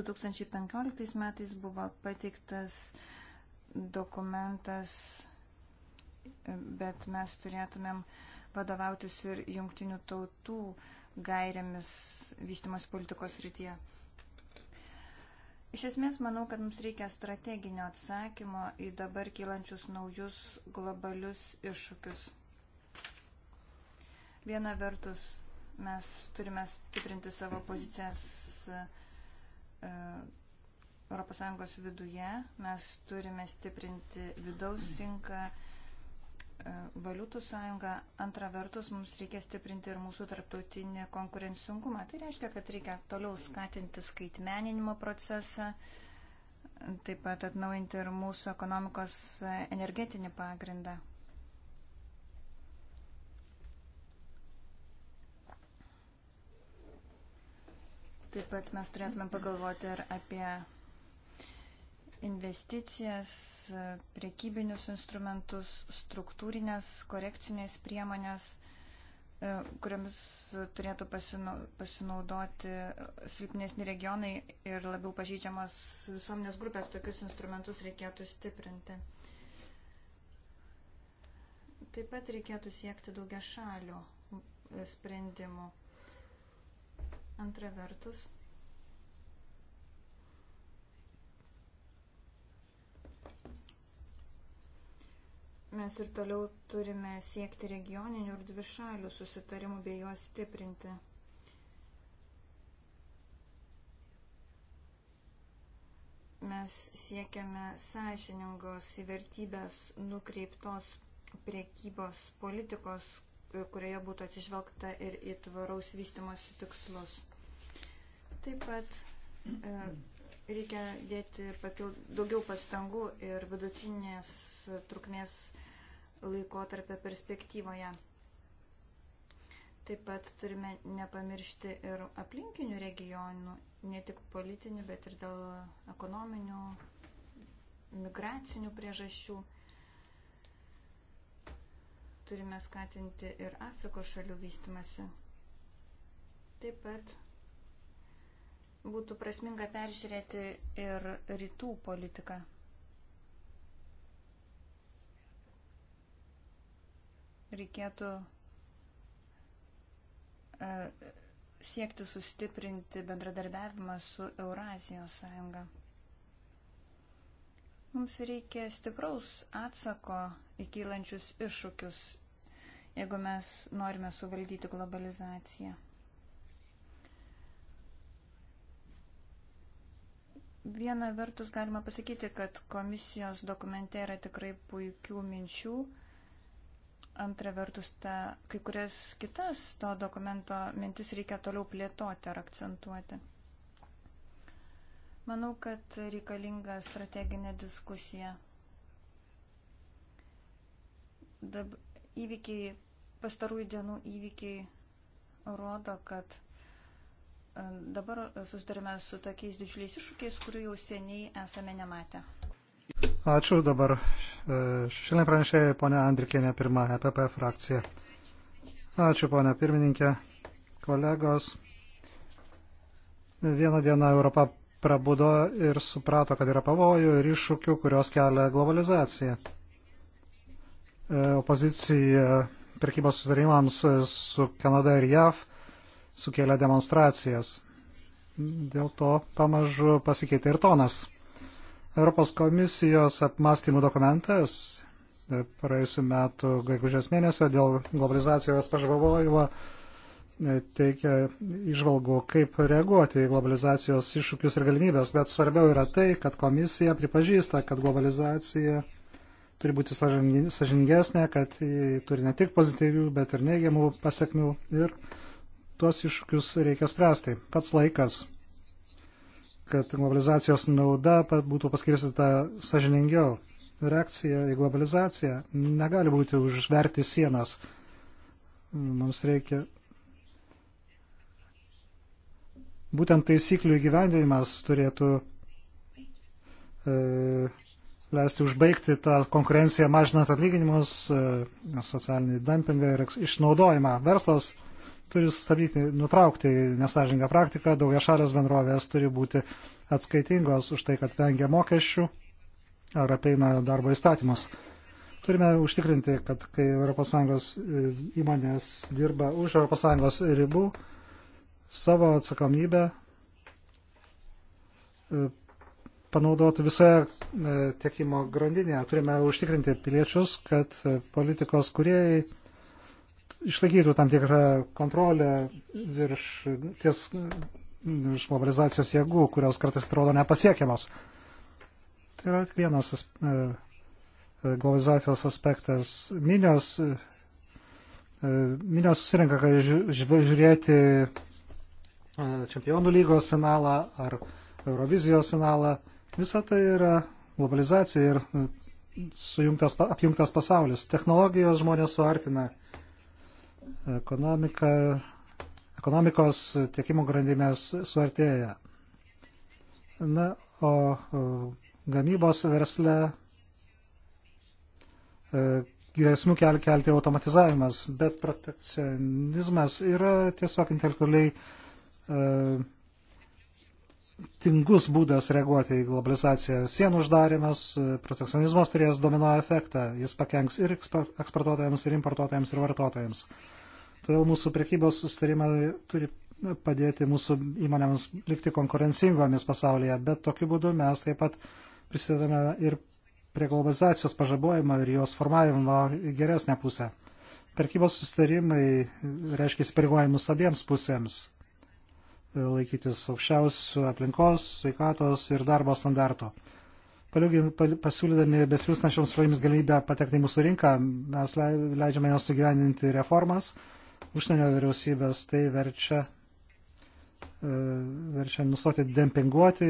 Speaker 2: 2015 metais buvo pateiktas dokumentas, bet mes turėtumėm vadovautis ir jungtinių tautų gairiamis vystimos politikos rytyje. Iš esmės, manau, kad mums reikia strateginio atsakymo į dabar kylančius naujus globalius iššūkius. Viena vertus, mes turime stiprinti savo pozicijas ES viduje mes turime stiprinti vidaus rinką, e, valiutų sąjungą. Antra vertus, mums reikia stiprinti ir mūsų tarptautinį konkurencingumą. Tai reiškia, kad reikia toliau skatinti skaitmeninimo procesą, taip pat atnaujinti ir mūsų ekonomikos e, energetinį pagrindą. Taip pat mes turėtume pagalvoti ir apie investicijas, priekybinius instrumentus, struktūrinės, korekcinės priemonės, e, kuriamis turėtų pasinaudoti silpnesni regionai ir labiau pažydžiamos visuomenės grupės, tokius instrumentus reikėtų stiprinti. Taip pat reikėtų siekti daugia šalių sprendimų. Antra vertus, mes ir toliau turime siekti regioninių ir dvišalių susitarimų bei juos stiprinti. Mes siekiame sąžiningos į vertybės nukreiptos priekybos politikos, kurioje būtų atsižvelgta ir į tvaraus vystimosi tikslus. Taip pat e, reikia dėti papild, daugiau pastangų ir vidutinės trukmės laikotarpio perspektyvoje. Taip pat turime nepamiršti ir aplinkinių regionų, ne tik politinių, bet ir dėl ekonominių, migracinių priežasčių turime skatinti ir Afrikos šalių vystimasi. Taip pat būtų prasminga peržiūrėti ir rytų politiką. Reikėtų e, siekti sustiprinti bendradarbiavimą su Eurazijos sąjunga. Mums reikia stipraus atsako į kylančius iššūkius, jeigu mes norime suvaldyti globalizaciją. Viena vertus galima pasakyti, kad komisijos dokumente yra tikrai puikių minčių. Antra vertus, ta, kai kurias kitas to dokumento mintis reikia toliau plėtoti ar akcentuoti. Manau, kad reikalinga strateginė diskusija. Dab, įvykiai, pastarųjų dienų įvykiai rodo, kad e, dabar susidarime su tokiais didžiuliais iššūkiais, kurių jau seniai esame nematę.
Speaker 1: Ačiū dabar. E, Šiandien pranešė ponia Andrikėnė pirmą EPP frakciją. Ačiū ponia pirmininkė, kolegos. Vieną dieną Europa prabudo ir suprato, kad yra pavojų ir iššūkių, kurios kelia globalizacija. E, opozicija prekybos sutarimams su Kanada ir JAV sukėlė demonstracijas. Dėl to pamažu pasikeitė ir tonas. Europos komisijos apmastymų dokumentas e, praėjusiu metu, gegužės mėnesio, dėl globalizacijos pažvavojimo teikia išvalgų, kaip reaguoti į globalizacijos iššūkius ir galimybės, bet svarbiau yra tai, kad komisija pripažįsta, kad globalizacija turi būti sažingesnė, kad turi ne tik pozityvių, bet ir neigiamų pasiekmių ir tuos iššūkius reikia spręsti. Pats laikas, kad globalizacijos nauda būtų paskirstyta sažiningiau. Reakcija į globalizaciją negali būti užverti sienas. Mums reikia Būtent taisyklių įgyvendinimas turėtų e, leisti užbaigti tą konkurenciją, mažinant atlyginimus, e, socialinį dumpingą ir išnaudojimą. Verslas turi sustabdyti, nutraukti nesažingą praktiką, daugia šalės bendrovės turi būti atskaitingos už tai, kad vengia mokesčių ar apeina darbo įstatymus. Turime užtikrinti, kad kai ES e, įmonės dirba už ES ribų, savo atsakomybę e, panaudotų visoje tiekimo grandinėje. Turime užtikrinti piliečius, kad e, politikos kuriejai išlaikytų tam tikrą kontrolę virš, ties, virš globalizacijos jėgų, kurios kartais atrodo nepasiekiamos. Tai yra vienas as, e, globalizacijos aspektas. Minios, minios susirinka, kad žiūrėti čempionų lygos finalą ar Eurovizijos finalą. Visa tai yra globalizacija ir sujungtas, apjungtas pasaulis. Technologijos žmonės suartina ekonomika, ekonomikos tiekimo grandinės suartėja. Na, o, o gamybos versle e, grėsmių kel, kelti automatizavimas, bet protekcionizmas yra tiesiog intelektualiai E, tingus būdas reaguoti į globalizaciją. Sienų uždarimas, e, protekcionizmas turės domino efektą, jis pakenks ir eksportuotojams, ir importuotojams, ir vartotojams. Todėl mūsų prekybos sustarimai turi padėti mūsų įmonėms likti konkurencingomis pasaulyje, bet tokiu būdu mes taip pat prisidedame ir prie globalizacijos pažabojimo ir jos formavimo geresnę pusę. Perkybos sustarimai reiškia įsipareigojimus abiems pusėms laikytis aukščiausių aplinkos, sveikatos ir darbo standarto. Pasiūlydami besivystančioms šalims galimybę patekti į mūsų rinką, mes leidžiame jas sugyveninti reformas. Užsienio vyriausybės tai verčia, e, verčia nustoti dempinguoti,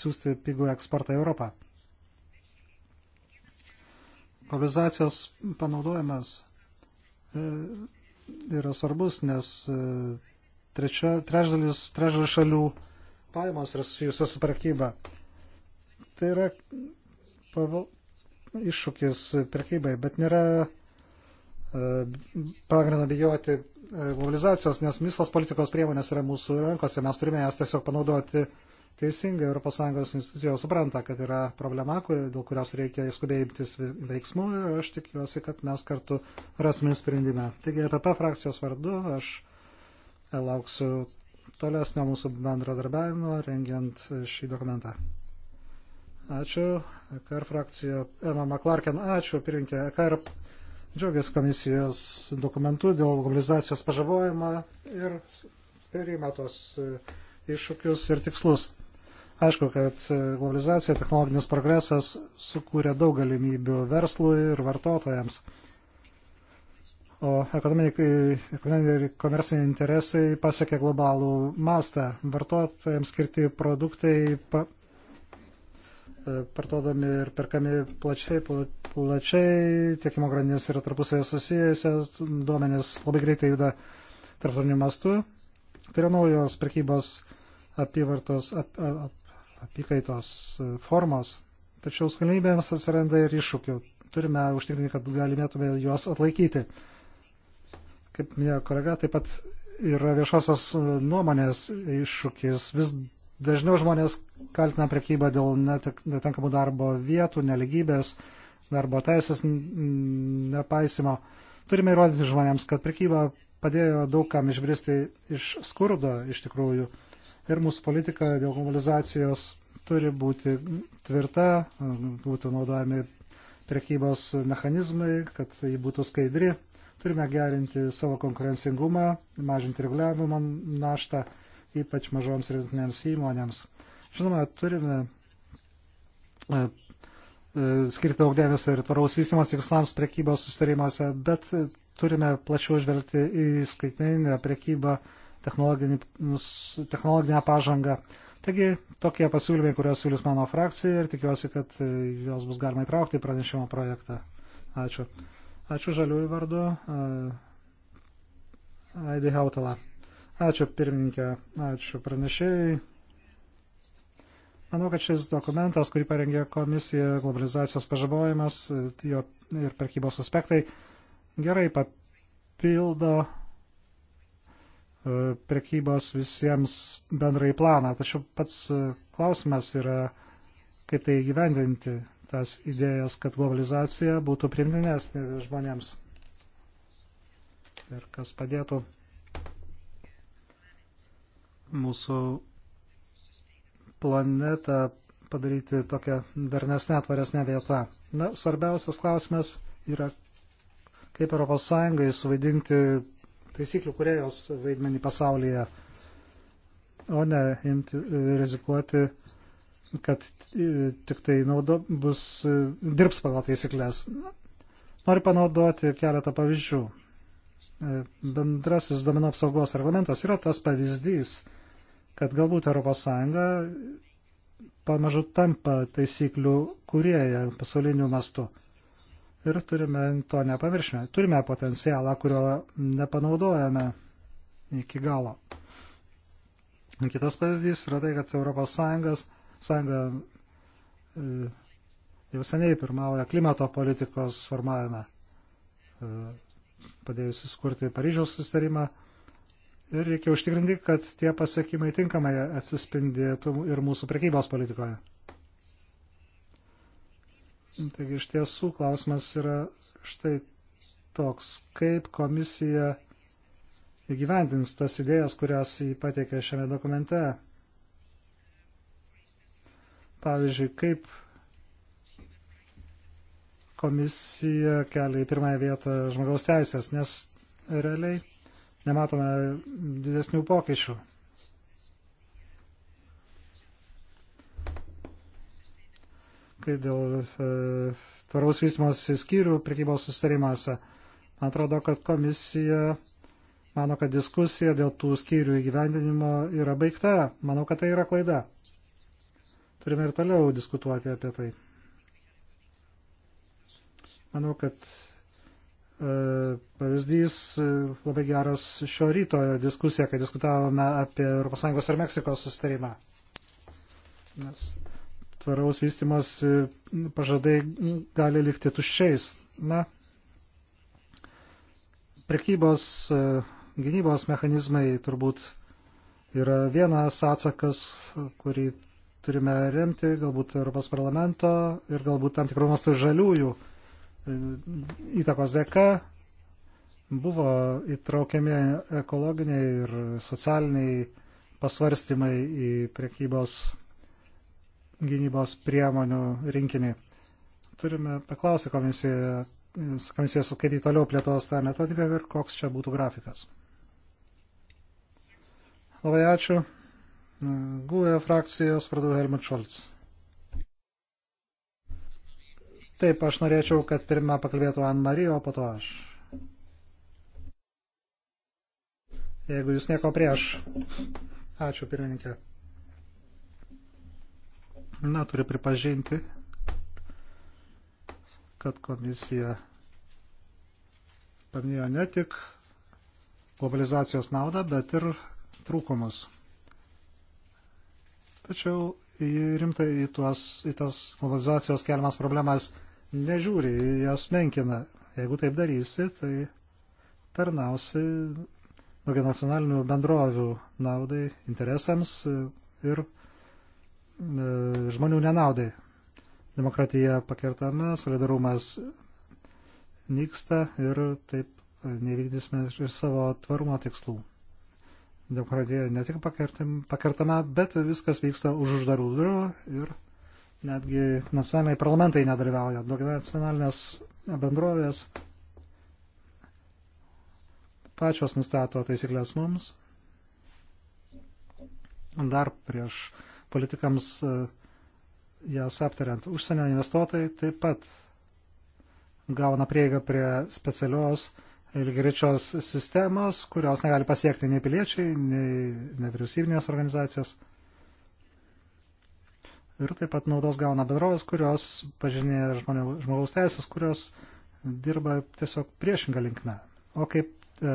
Speaker 1: siūsti pigų eksportą į Europą. Globalizacijos panaudojimas e, yra svarbus, nes e, trečia, trečdalis, trečdalis šalių pajamos yra susijusios su prekyba. Tai yra paval, iššūkis prekybai, bet nėra e, pagrindo bijoti globalizacijos, e, nes visos politikos priemonės yra mūsų rankose, mes turime jas tiesiog panaudoti teisingai ES institucijos supranta, kad yra problema, kur, dėl kurios reikia skubiai imtis veiksmų ir aš tikiuosi, kad mes kartu rasime sprendimą. Taigi EPP frakcijos vardu aš lauksiu tolesnio mūsų bendradarbiavimo rengiant šį dokumentą. Ačiū. EKR frakcija Emma McClarkin. Ačiū, pirinkė. EKR džiaugiasi komisijos dokumentu dėl globalizacijos pažabojimo ir perima tos e, iššūkius ir tikslus. Aišku, kad globalizacija, e, technologinis progresas sukūrė daug galimybių verslui ir vartotojams o ekonominiai ir komersiniai interesai pasiekia globalų mastą. Vartotojams skirti produktai pa, e, parduodami ir perkami plačiai, plačiai tiekimo grandinės yra tarpusavėje susijusios, duomenės labai greitai juda tarptautiniu mastu. Tai yra naujos prekybos apyvartos, ap, ap, apykaitos e, formos. Tačiau skalybėms atsiranda ir iššūkių. Turime užtikrinti, kad galimėtume juos atlaikyti kaip minėjo kolega, taip pat yra viešosios nuomonės iššūkis. Vis dažniau žmonės kaltina prekybą dėl netenkamų darbo vietų, neligybės, darbo teisės nepaisimo. Turime įrodyti žmonėms, kad prekyba padėjo daugam išbristi iš skurdo iš tikrųjų. Ir mūsų politika dėl globalizacijos turi būti tvirta, būtų naudojami prekybos mechanizmai, kad ji būtų skaidri Turime gerinti savo konkurencingumą, mažinti reguliavimo naštą, ypač mažoms ir vidutinėms įmonėms. Žinoma, turime e, e, skirti daug dėmesio ir tvaraus vystimas tikslams prekybos sustarimuose, bet turime plačiau žvelgti į skaitmeninę prekybą, technologinę pažangą. Taigi tokie pasiūlymai, kuriuos siūlys mano frakcija ir tikiuosi, kad juos bus galima įtraukti į pranešimo projektą. Ačiū. Ačiū žaliųjų vardu. Aidė Hautala. Ačiū pirmininkė, ačiū pranešėjai. Manau, kad šis dokumentas, kurį parengė komisija globalizacijos pažabojimas jo ir perkybos aspektai, gerai papildo e, prekybos visiems bendrai planą. Tačiau pats e, klausimas yra, kaip tai gyvendinti tas idėjas, kad globalizacija būtų priimtinesnė žmonėms ir kas padėtų mūsų planetą padaryti tokią darnesnę, tvaresnę vietą. Na, svarbiausias klausimas yra, kaip ES suvaidinti taisyklių kuriejos vaidmenį pasaulyje, o ne imti, rizikuoti kad e, tik tai naudo, bus, e, dirbs pagal taisyklės. Noriu panaudoti keletą pavyzdžių. E, bendrasis duomenų apsaugos reglamentas yra tas pavyzdys, kad galbūt ES pamažu tampa taisyklių kurieja pasauliniu mastu. Ir turime to nepamiršime. Turime potencialą, kurio nepanaudojame iki galo. Kitas pavyzdys yra tai, kad ES Sąjunga e, jau seniai pirmauja klimato politikos formavime, e, padėjusi skurti Paryžiaus sustarimą. Ir reikia užtikrinti, kad tie pasiekimai tinkamai atsispindėtų ir mūsų prekybos politikoje. Taigi iš tiesų klausimas yra štai toks, kaip komisija įgyvendins tas idėjas, kurias jį pateikė šiame dokumente. Pavyzdžiui, kaip komisija kelia į pirmąją vietą žmogaus teisės, nes realiai nematome didesnių pokyčių. Kai dėl e, tvaraus vystimos skyrių prekybos sustarimuose, man atrodo, kad komisija mano, kad diskusija dėl tų skyrių įgyvendinimo yra baigta. Manau, kad tai yra klaida. Turime ir toliau diskutuoti apie tai. Manau, kad e, pavyzdys e, labai geras šio ryto diskusija, kai diskutavome apie ES ir Meksikos sustarimą. Nes tvaraus vystimas pažadai gali likti tuščiais. Na, prekybos e, gynybos mechanizmai turbūt yra vienas atsakas, kurį turime remti, galbūt Europos parlamento ir galbūt tam tikrų mastų žaliųjų e, įtakos dėka buvo įtraukiami ekologiniai ir socialiniai pasvarstymai į prekybos gynybos priemonių rinkinį. Turime paklausti komisiją, komisijos, kaip jį toliau plėtos tą metodiką ir koks čia būtų grafikas. Labai ačiū. GUE frakcijos vardu Helmut Šolc. Taip, aš norėčiau, kad pirmą pakalbėtų Ann Marija, o po to aš. Jeigu jūs nieko prieš. Ačiū, pirmininkė. Na, turiu pripažinti, kad komisija paminėjo ne tik globalizacijos naudą, bet ir trūkumus. Tačiau rimtai į, tuos, į tas globalizacijos keliamas problemas nežiūri, jas menkina. Jeigu taip darysi, tai tarnausi daugia nacionalinių bendrovių naudai, interesams ir e, žmonių nenaudai. Demokratija pakertama, solidarumas nyksta ir taip nevykdysime ir savo tvarumo tikslų demokratija ne tik pakartama, bet viskas vyksta už uždarų durų ir netgi nacionaliniai parlamentai nedalyvauja. Nacionalinės bendrovės pačios nustato taisyklės mums. Dar prieš politikams e, jas aptariant, užsienio investuotojai taip pat gauna prieigą prie specialios uh, ir greičios sistemos, kurios negali pasiekti nei piliečiai, nei nevyriausybinės organizacijos. Ir taip pat naudos gauna bendrovės, kurios pažinėja žmogaus teisės, kurios dirba tiesiog priešingą linkmę. O kaip e,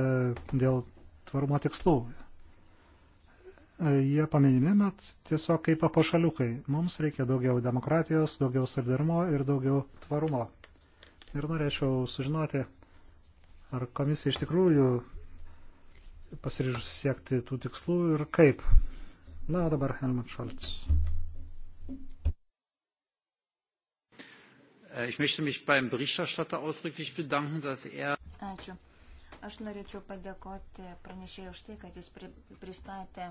Speaker 1: dėl tvarumo tikslų? E, jie paminimi, bet tiesiog kaip apašaliukai. Mums reikia daugiau demokratijos, daugiau solidarumo ir daugiau tvarumo. Ir norėčiau sužinoti, Ar komisija iš tikrųjų pasiryžus siekti tų tikslų ir kaip? Na, dabar Helmut Scholz. Äh, ich möchte mich beim Berichterstatter ausdrücklich bedanken, dass er.
Speaker 2: Ačiū. Aš norėčiau padėkoti pranešėjui už tai, kad jis pri, pristatė,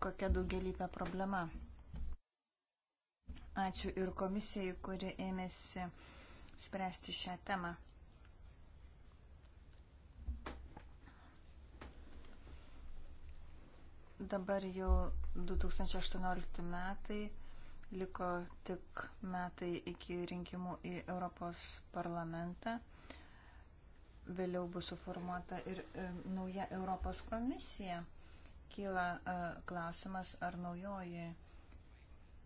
Speaker 2: kokia daugelįpė problema. Ačiū ir komisijai, kuri ėmėsi spręsti šią temą. Dabar jau 2018 metai, liko tik metai iki rinkimų į Europos parlamentą. Vėliau bus suformuota ir e, nauja Europos komisija. Kyla e, klausimas, ar naujoji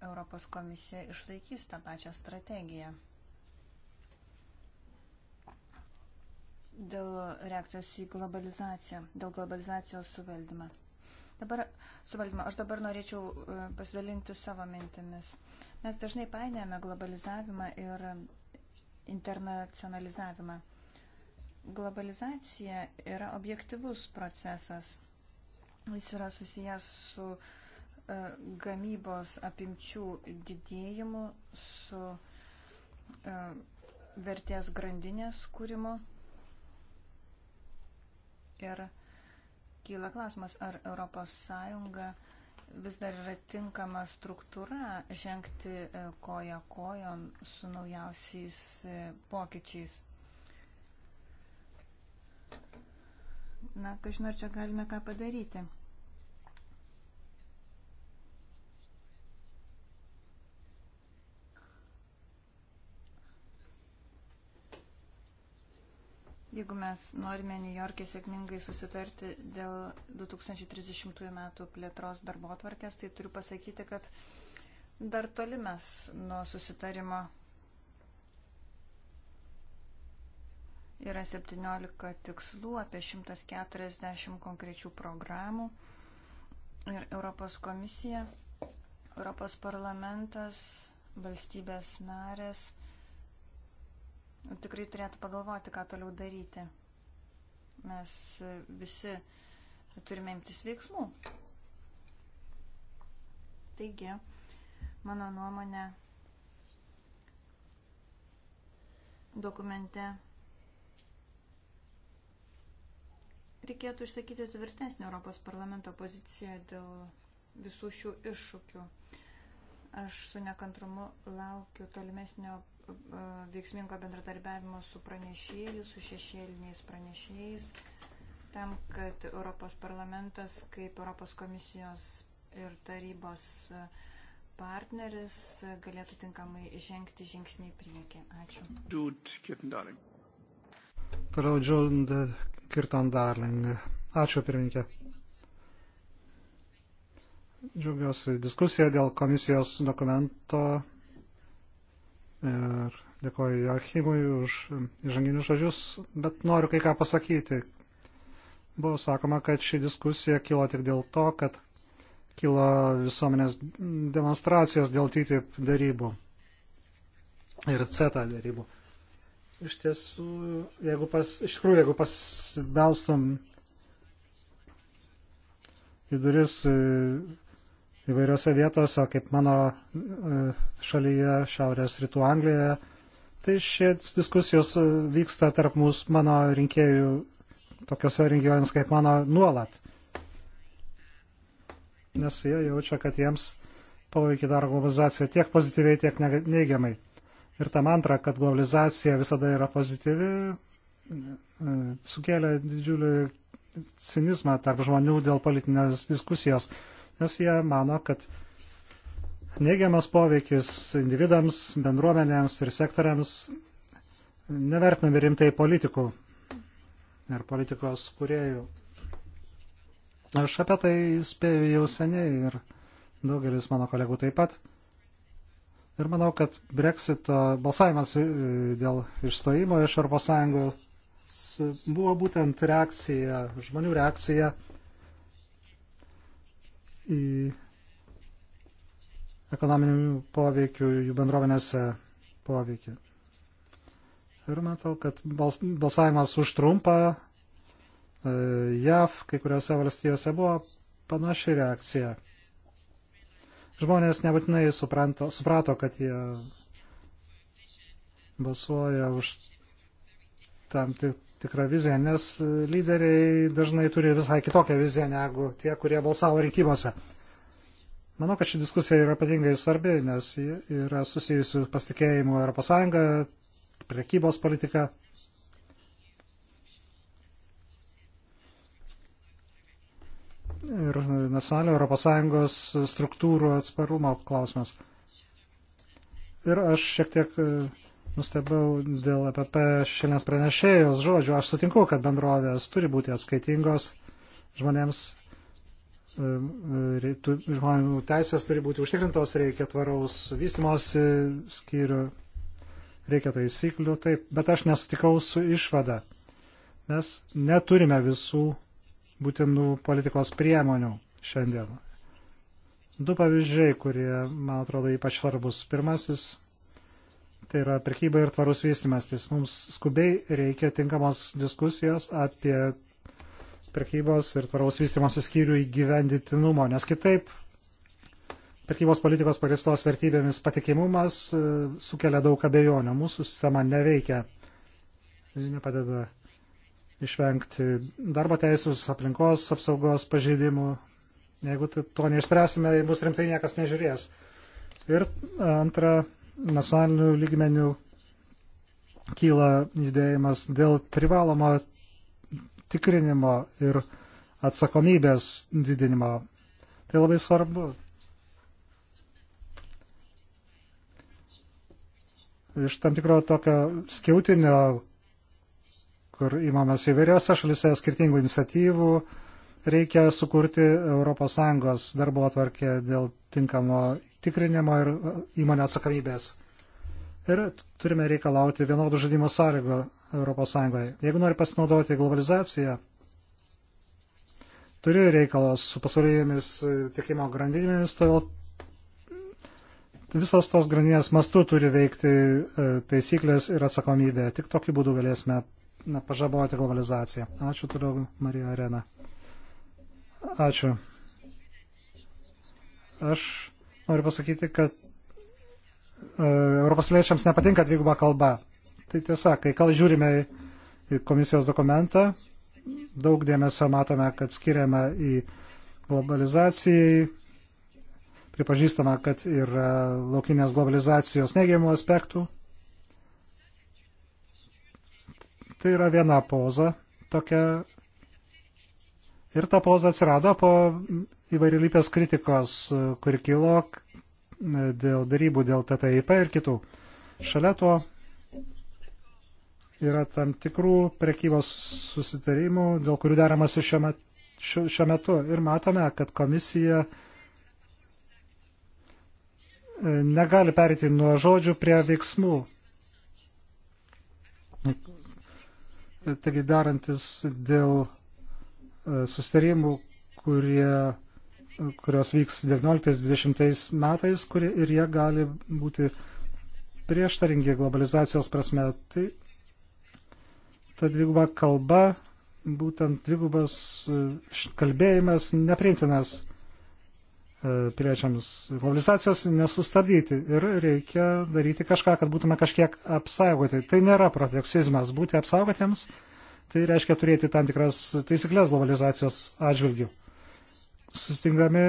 Speaker 2: Europos komisija išlaikys tą pačią strategiją. Dėl reakcijos į globalizaciją, dėl globalizacijos suvaldymą. Dabar suvaldymą. Aš dabar norėčiau e, pasidalinti savo mintimis. Mes dažnai painėjame globalizavimą ir internacionalizavimą. Globalizacija yra objektivus procesas. Jis yra susijęs su e, gamybos apimčių didėjimu, su e, vertės grandinės kūrimu. Ir kyla klausimas, ar ES vis dar yra tinkama struktūra žengti e, koja kojon su naujausiais e, pokyčiais. Na, kažin ar čia galime ką padaryti. Jeigu mes norime New York'e sėkmingai susitarti dėl 2030 metų plėtros darbo atvarkės, tai turiu pasakyti, kad dar toli mes nuo susitarimo. Yra 17 tikslų, apie 140 konkrečių programų. Ir Europos komisija, Europos parlamentas, valstybės narės tikrai turėtų pagalvoti, ką toliau daryti. Mes visi turime imtis veiksmų. Taigi, mano nuomonė, dokumente reikėtų išsakyti tvirtesnį Europos parlamento poziciją dėl visų šių iššūkių. Aš su nekantrumu laukiu tolimesnio veiksmingo bendradarbiavimo su pranešėjais, su šešėliniais pranešėjais, tam, kad Europos parlamentas kaip Europos komisijos ir tarybos partneris galėtų tinkamai žengti žingsnį į priekį. Ačiū. Jude Kirtendarling.
Speaker 1: Toliau Jude Kirtendarling. Ačiū pirmininkė. Džiaugiuosi diskusiją dėl komisijos dokumento Ir dėkoju Joachimui už įžanginius žodžius, bet noriu kai ką pasakyti. Buvo sakoma, kad ši diskusija kilo tik dėl to, kad kilo visuomenės demonstracijos dėl TTIP darybų ir CETA darybų. Iš tiesų, jeigu pas, iš tikrųjų, jeigu pasibelstum į duris įvairiose vietose, kaip mano e, šalyje, Šiaurės rytų Anglijoje. Tai šios diskusijos e, vyksta tarp mūsų, mano rinkėjų, tokiuose regionuose kaip mano nuolat. Nes jie jaučia, kad jiems poveikia daro globalizacija tiek pozityviai, tiek neigiamai. Ir ta mantra, kad globalizacija visada yra pozityvi, e, sukėlė didžiulį cinizmą tarp žmonių dėl politinės diskusijos nes jie mano, kad neigiamas poveikis individams, bendruomenėms ir sektoriams nevertinami rimtai politikų ir politikos kuriejų. Aš apie tai spėjau jau seniai ir daugelis mano kolegų taip pat. Ir manau, kad Brexito balsavimas e, dėl išstojimo iš Europos Sąjungos buvo būtent reakcija, žmonių reakcija į ekonominių poveikių jų bendruomenėse poveikį. Ir matau, kad bals, balsavimas už trumpą e, JAV kai kuriuose valstijose buvo panaši reakcija. Žmonės nebūtinai supranto, suprato, kad jie balsuoja už tam tik tikrą viziją, nes lyderiai dažnai turi visai kitokią viziją negu tie, kurie balsavo rinkimuose. Manau, kad ši diskusija yra patingai svarbi, nes yra susijusių pasitikėjimų ES, prekybos politika. Ir nacionalinio ES struktūrų atsparumo klausimas. Ir aš šiek tiek Nustebau dėl APP e šiandienas pranešėjos žodžių. Aš sutinku, kad bendrovės turi būti atskaitingos žmonėms. E, žmonių teisės turi būti užtikrintos, reikia tvaraus vystimosi skyrių, reikia taisyklių, taip, bet aš nesutikau su išvada. Mes neturime visų būtinų politikos priemonių šiandien. Du pavyzdžiai, kurie, man atrodo, ypač svarbus. Pirmasis tai yra prekyba ir tvarus vystimastis. Mums skubiai reikia tinkamos diskusijos apie prekybos ir tvaraus vystimosi skyrių įgyvenditinumo, nes kitaip prekybos politikos pagristos vertybėmis patikimumas e, sukelia daug abejonių. Mūsų sistema neveikia, nepadeda išvengti darbo teisus, aplinkos apsaugos pažeidimų. Jeigu to neišspręsime, bus rimtai niekas nežiūrės. Ir antra, nacionalinių lygmenių kyla judėjimas dėl privalomo tikrinimo ir atsakomybės didinimo. Tai labai svarbu. Iš tam tikro tokio skiautinio, kur įmamas įvairiose šalise skirtingų iniciatyvų, reikia sukurti ES darbo atvarkę dėl tinkamo tikrinimo ir e, įmonė atsakomybės. Ir turime reikalauti vienodų žaidimo sąlygų ES. Jeigu nori pasinaudoti globalizaciją, turi reikalos su pasaulyjomis e, tiekimo grandinėmis, todėl visos tos grandinės mastu turi veikti e, taisyklės ir atsakomybė. Tik tokiu būdu galėsime na, pažaboti globalizaciją. Ačiū toliau, Marija Arena. Ačiū. Aš noriu pasakyti, kad e, Europos piliečiams nepatinka dviguba kalba. Tai tiesa, kai kal žiūrime į komisijos dokumentą, daug dėmesio matome, kad skiriame į globalizacijai, pripažįstama, kad yra laukinės globalizacijos neigiamų aspektų. Tai yra viena poza tokia Ir ta poza atsirado po įvairialypės kritikos, kuri kilo dėl darybų dėl TTIP ir kitų. Šalia to yra tam tikrų prekybos susitarimų, dėl kurių deramasi šiuo metu. Šiuo metu ir matome, kad komisija e, negali perėti nuo žodžių prie veiksmų. Taigi darantis dėl E, susitarimų, kurie, e, kurios vyks 19-20 metais kurie, ir jie gali būti prieštaringi globalizacijos prasme. Tai ta dviguba kalba, būtent dvigubas e, kalbėjimas nepriimtinas piliečiams globalizacijos nesustabdyti ir reikia daryti kažką, kad būtume kažkiek apsaugoti. Tai nėra protekcionizmas būti apsaugotiems, Tai reiškia turėti tam tikras taisyklės globalizacijos atžvilgių. Sustingdami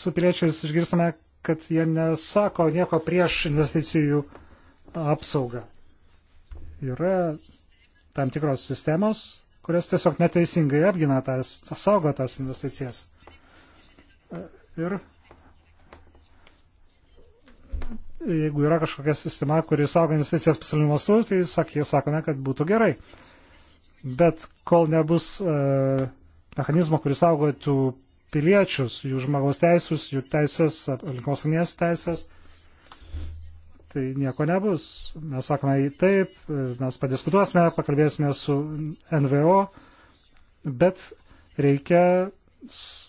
Speaker 1: su piliečiais išgirstame, kad jie nesako nieko prieš investicijų apsaugą. Yra tam tikros sistemos, kurias tiesiog neteisingai apgina tas, tas saugo tas investicijas. Ir jeigu yra kažkokia sistema, kuri saugo investicijas pasaulio mastu, tai sak, jie sakome, kad būtų gerai bet kol nebus e, mechanizmo, kuris saugotų piliečius, jų žmogaus teisus, jų teisės, aplinkosinės teisės, tai nieko nebus. Mes sakome taip, e, mes padiskutuosime, pakalbėsime su NVO, bet reikia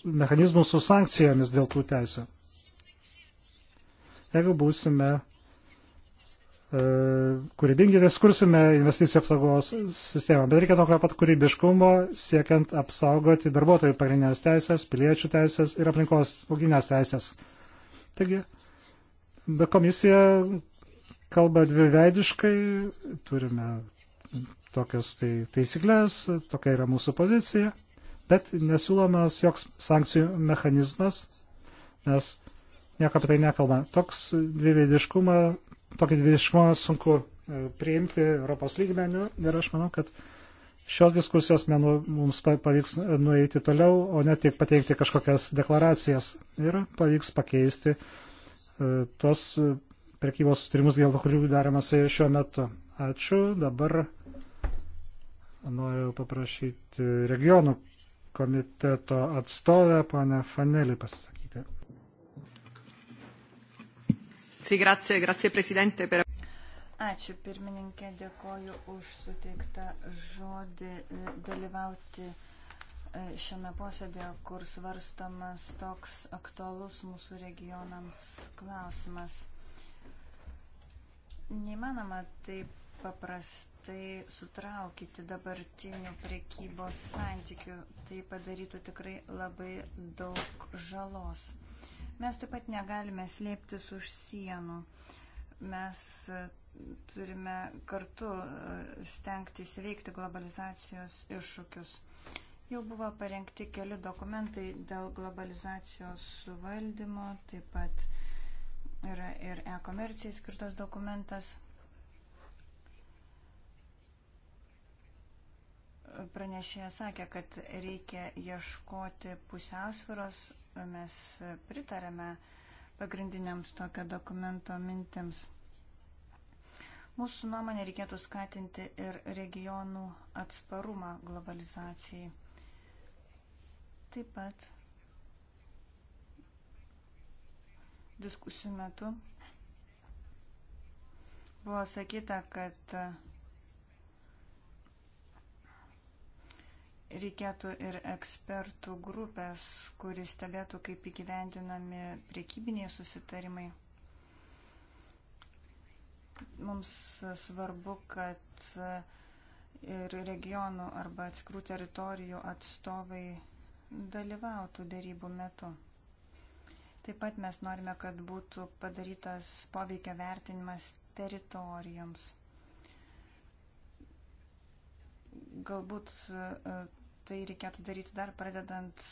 Speaker 1: mechanizmų su sankcijomis dėl tų teisų. Jeigu būsime E, kūrybingitės kursime investicijų apsaugos sistemą, bet reikia tokio pat kūrybiškumo siekiant apsaugoti darbuotojų pagrindinės teisės, piliečių teisės ir aplinkos auginės teisės. Taigi, bet komisija kalba dviveidiškai, turime tokias tai, taisyklės, tokia yra mūsų pozicija, bet nesiūlomas joks sankcijų mechanizmas, nes nieko apie tai nekalba. Toks dviveidiškumas tokį dvidešikumą sunku e, priimti Europos lygmenių ir aš manau, kad šios diskusijos menu, mums pavyks nueiti toliau, o ne tik pateikti kažkokias deklaracijas ir pavyks pakeisti e, tuos e, prekybos sutarimus, dėl kurių daromasi šiuo metu. Ačiū. Dabar noriu paprašyti regionų komiteto atstovę, ponę Fanelį pasisakyti.
Speaker 3: Sì, grazie, grazie Presidente. Per...
Speaker 2: Ačiū pirmininkė, dėkoju už suteiktą žodį e, dalyvauti e, šiame posėdėje, kur svarstamas toks aktualus mūsų regionams klausimas. Neįmanoma taip paprastai sutraukyti dabartinių prekybos santykių, tai padarytų tikrai labai daug žalos. Mes taip pat negalime slėptis už sienų. Mes e, turime kartu e, stengtis veikti globalizacijos iššūkius. Jau buvo parengti keli dokumentai dėl globalizacijos suvaldymo, taip pat yra ir e-komercijai skirtas dokumentas. Pranešėja sakė, kad reikia ieškoti pusiausviros mes pritarėme pagrindiniams tokio dokumento mintims. Mūsų nuomonė reikėtų skatinti ir regionų atsparumą globalizacijai. Taip pat diskusijų metu buvo sakyta, kad reikėtų ir ekspertų grupės, kuris stebėtų, kaip įgyvendinami priekybiniai susitarimai. Mums svarbu, kad ir regionų arba atskirų teritorijų atstovai dalyvautų dėrybų metu. Taip pat mes norime, kad būtų padarytas poveikio vertinimas teritorijoms. Galbūt tai reikėtų daryti dar pradedant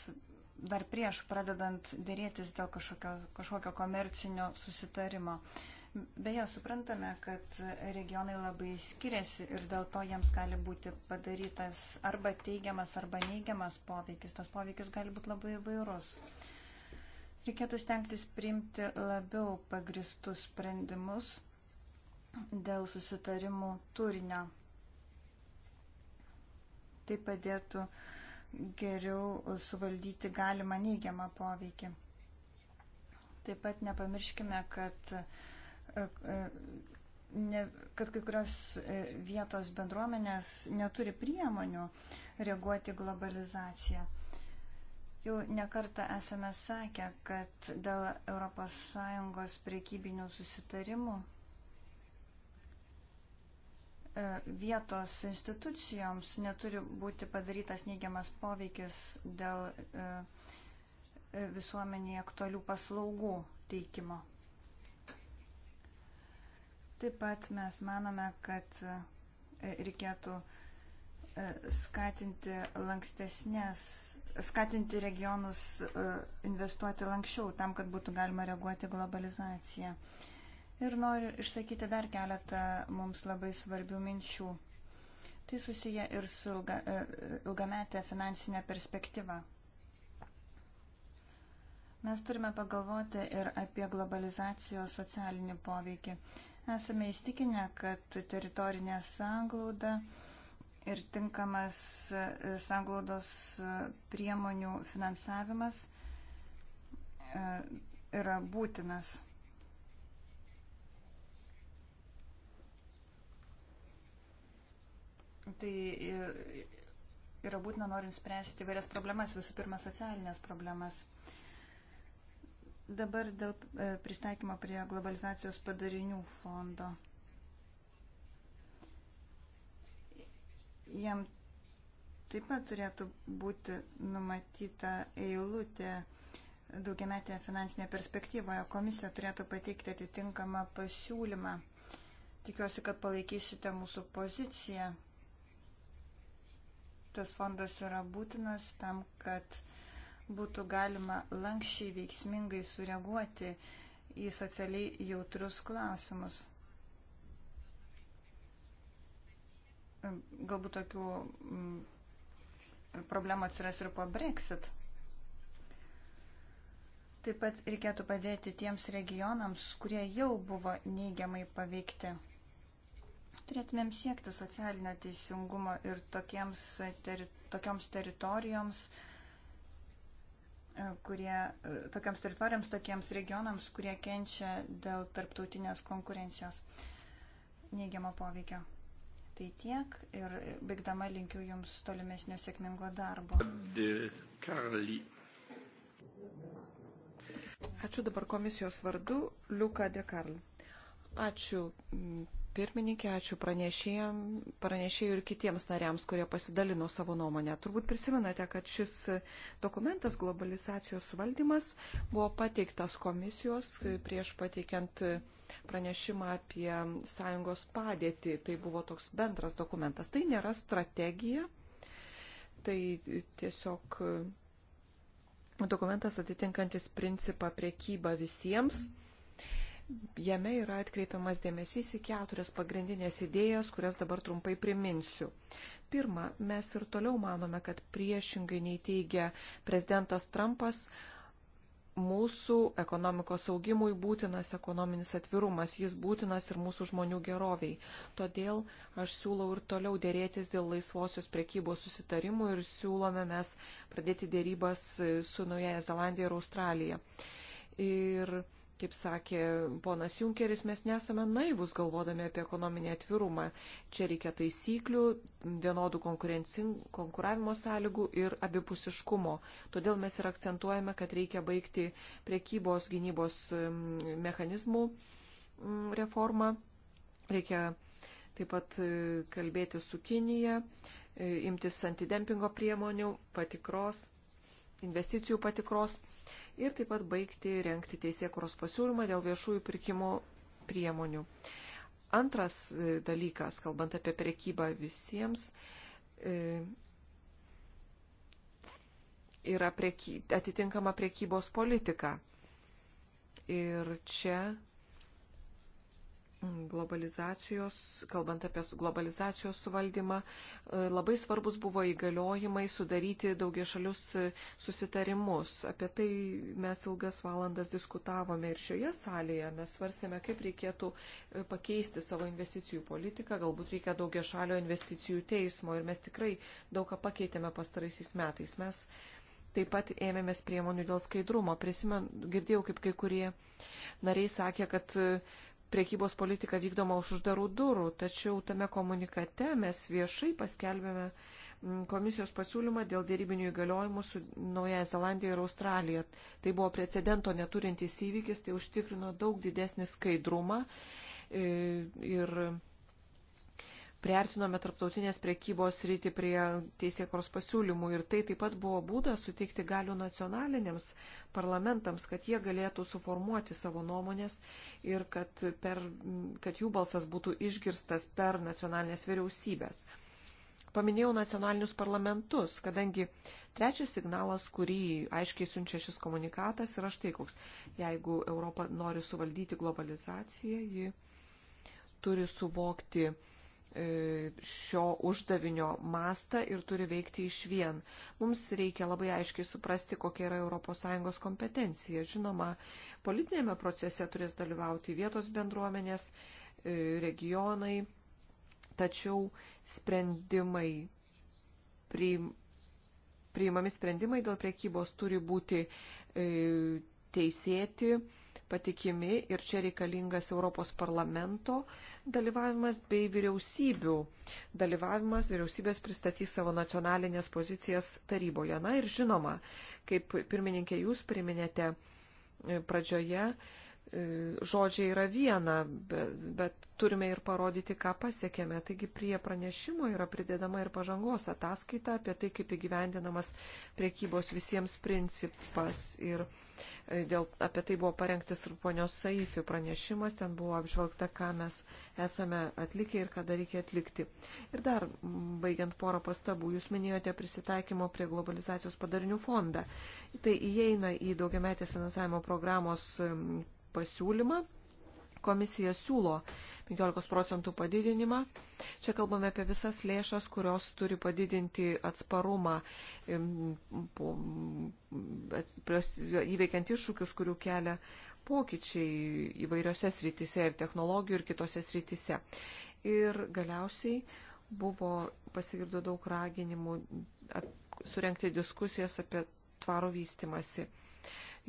Speaker 2: dar prieš pradedant dėrėtis dėl kažkokio, kažkokio komercinio susitarimo. Beje, suprantame, kad regionai labai skiriasi ir dėl to jiems gali būti padarytas arba teigiamas, arba neigiamas poveikis. Tas poveikis gali būti labai įvairus. Reikėtų stengtis priimti labiau pagristus sprendimus dėl susitarimų turinio tai padėtų geriau suvaldyti galimą neigiamą poveikį. Taip pat nepamirškime, kad, e, e, ne, kad kai kurios e, vietos bendruomenės neturi priemonių reaguoti globalizaciją. Jau nekartą esame sakę, kad dėl ES priekybinių susitarimų E, vietos institucijoms neturi būti padarytas neigiamas poveikis dėl e, e, visuomenėje aktualių paslaugų teikimo. Taip pat mes manome, kad reikėtų skatinti lankstesnės, skatinti regionus investuoti lankščiau tam, kad būtų galima reaguoti globalizaciją. globalizaciją ir noriu išsakyti dar keletą mums labai svarbių minčių. Tai susiję ir su ilga, e, ilgametė finansinė perspektyva. Mes turime pagalvoti ir apie globalizacijos socialinį poveikį. Esame įstikinę, kad teritorinė sanglauda ir tinkamas e, sanglaudos e, priemonių finansavimas yra būtinas. Tai e, yra būtina norint spręsti vairias problemas, visų pirma socialinės problemas. Dabar dėl e, pristaikymo prie globalizacijos padarinių fondo. Jam taip pat turėtų būti numatyta eilutė daugiametėje finansinėje perspektyvoje. Komisija turėtų pateikti atitinkamą pasiūlymą. Tikiuosi, kad palaikysite mūsų poziciją Tas fondas yra būtinas tam, kad būtų galima lankščiai veiksmingai sureaguoti į socialiai jautrus klausimus. Galbūt tokių mm, problemų atsiras ir po Brexit. Taip pat reikėtų padėti tiems regionams, kurie jau buvo neigiamai paveikti. Turėtumėm siekti socialinio teisingumo ir tokiems, teri, tokioms teritorijoms, e, kurie, e, tokiams teritorijoms, tokiems regionams, kurie kenčia dėl tarptautinės konkurencijos neigiamo poveikio. Tai tiek ir baigdama linkiu Jums tolimesnio sėkmingo darbo.
Speaker 3: Ačiū dabar komisijos vardu Liuka De Karl. Ačiū pirmininkė, ačiū pranešėjų ir kitiems nariams, kurie pasidalino savo nuomonę. Turbūt prisimenate, kad šis dokumentas globalizacijos valdymas buvo pateiktas komisijos prieš pateikiant pranešimą apie sąjungos padėtį. Tai buvo toks bendras dokumentas. Tai nėra strategija. Tai tiesiog dokumentas atitinkantis principą priekyba visiems. Mm Jame yra atkreipiamas dėmesys į keturias pagrindinės idėjas, kurias dabar trumpai priminsiu. Pirma, mes ir toliau manome, kad priešingai nei teigia prezidentas Trumpas, mūsų ekonomikos augimui būtinas ekonominis atvirumas, jis būtinas ir mūsų žmonių geroviai. Todėl aš siūlau ir toliau dėrėtis dėl laisvosios priekybos susitarimų ir siūlome mes pradėti dėrybas su Naujaja Zelandija ir Australija. Ir Kaip sakė ponas Junkeris, mes nesame naivus galvodami apie ekonominį atvirumą. Čia reikia taisyklių, vienodų konkuravimo sąlygų ir abipusiškumo. Todėl mes ir akcentuojame, kad reikia baigti priekybos gynybos mechanizmų reformą. Reikia taip pat e, kalbėti su Kinija, e, imtis antidempingo priemonių, patikros, investicijų patikros ir taip pat baigti renkti teisėkuros pasiūlymą dėl viešųjų pirkimų priemonių. Antras e, dalykas, kalbant apie prekybą visiems, e, yra preky, atitinkama prekybos politika. Ir čia globalizacijos, kalbant apie globalizacijos suvaldymą, e, labai svarbus buvo įgaliojimai sudaryti daugia šalius e, susitarimus. Apie tai mes ilgas valandas diskutavome ir šioje salėje. Mes svarstėme, kaip reikėtų e, pakeisti savo investicijų politiką, galbūt reikia daugia šalio investicijų teismo ir mes tikrai daug ką pakeitėme pastaraisiais metais. Mes Taip pat ėmėmės priemonių dėl skaidrumo. Prisimenu, girdėjau, kaip kai kurie nariai sakė, kad priekybos politika vykdoma už uždarų durų, tačiau tame komunikate mes viešai paskelbėme mm, komisijos pasiūlymą dėl dėrybinių įgaliojimų su Naujaja Zelandija ir Australija. Tai buvo precedento neturintis įvykis, tai užtikrino daug didesnį skaidrumą e, ir priartinome tarptautinės priekybos rytį prie teisėkros pasiūlymų ir tai taip pat buvo būdas suteikti galių nacionaliniams parlamentams, kad jie galėtų suformuoti savo nuomonės ir kad, per, kad jų balsas būtų išgirstas per nacionalinės vyriausybės. Paminėjau nacionalinius parlamentus, kadangi trečias signalas, kurį aiškiai siunčia šis komunikatas, yra štai koks. Jeigu Europa nori suvaldyti globalizaciją, ji turi suvokti E, šio uždavinio mastą ir turi veikti iš vien. Mums reikia labai aiškiai suprasti, kokia yra ES kompetencija. Žinoma, politinėme procese turės dalyvauti vietos bendruomenės, e, regionai, tačiau sprendimai, priimami sprendimai dėl priekybos turi būti e, teisėti, patikimi ir čia reikalingas Europos parlamento dalyvavimas bei vyriausybių dalyvavimas. Vyriausybės pristatys savo nacionalinės pozicijas taryboje. Na ir žinoma, kaip pirmininkė jūs priminėte pradžioje, žodžiai yra viena, bet, bet turime ir parodyti, ką pasiekėme. Taigi prie pranešimo yra pridedama ir pažangos ataskaita apie tai, kaip įgyvendinamas priekybos visiems principas. Ir e, dėl, apie tai buvo parengtas ir ponios Saifi pranešimas, ten buvo apžvalgta, ką mes esame atlikę ir ką dar reikia atlikti. Ir dar, baigiant porą pastabų, jūs minėjote prisitaikymo prie globalizacijos padarinių fondą. Tai įeina į daugiametės finansavimo programos pasiūlymą. Komisija siūlo 15 procentų padidinimą. Čia kalbame apie visas lėšas, kurios turi padidinti atsparumą įveikiant iššūkius, kurių kelia pokyčiai įvairiose srityse ir technologijų ir kitose srityse. Ir galiausiai buvo pasigirdo daug raginimų surenkti diskusijas apie tvaro vystimasi.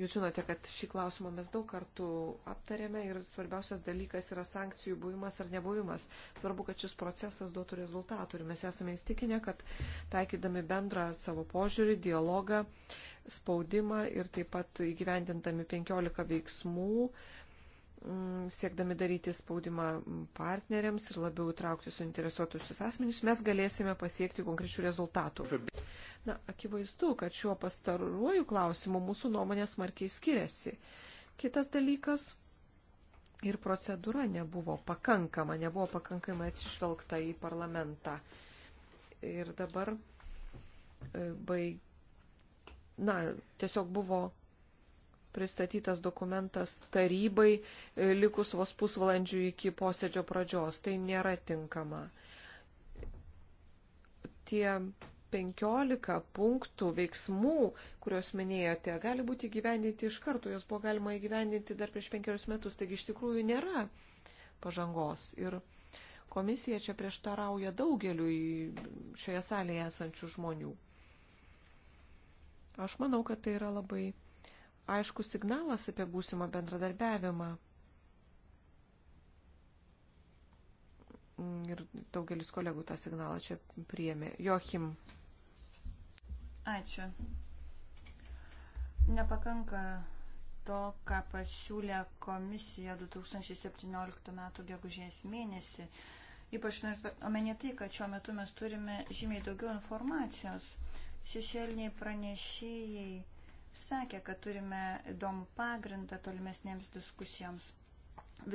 Speaker 3: Jūs žinote, kad šį klausimą mes daug kartų aptarėme ir svarbiausias dalykas yra sankcijų buvimas ar nebuvimas. Svarbu, kad šis procesas duotų rezultatų ir mes esame įstikinę, kad taikydami bendrą savo požiūrį, dialogą, spaudimą ir taip pat įgyvendintami 15 veiksmų, mm, siekdami daryti spaudimą partneriams ir labiau įtraukti suinteresuotusius asmenys, mes galėsime pasiekti konkrečių rezultatų. Na, akivaizdu, kad šiuo pastaruoju klausimu mūsų nuomonės smarkiai skiriasi. Kitas dalykas ir procedūra nebuvo pakankama, nebuvo pakankamai atsižvelgta į parlamentą. Ir dabar e, baig... Na, tiesiog buvo pristatytas dokumentas tarybai e, likus vos pusvalandžių iki posėdžio pradžios. Tai nėra tinkama. Tie 15 punktų veiksmų, kuriuos minėjote, gali būti įgyvendinti iš karto, jos buvo galima įgyvendinti dar prieš penkerius metus, taigi iš tikrųjų nėra pažangos. Ir komisija čia prieštarauja daugeliu šioje salėje esančių žmonių. Aš manau, kad tai yra labai aiškus signalas apie būsimą bendradarbiavimą. ir daugelis kolegų tą signalą čia priėmė. Joachim.
Speaker 2: Ačiū. Nepakanka to, ką pasiūlė komisija 2017 m. gegužės mėnesį. Ypač omenyje tai, kad šiuo metu mes turime žymiai daugiau informacijos. Šešėliniai pranešėjai sakė, kad turime įdomų pagrindą tolimesnėms diskusijoms.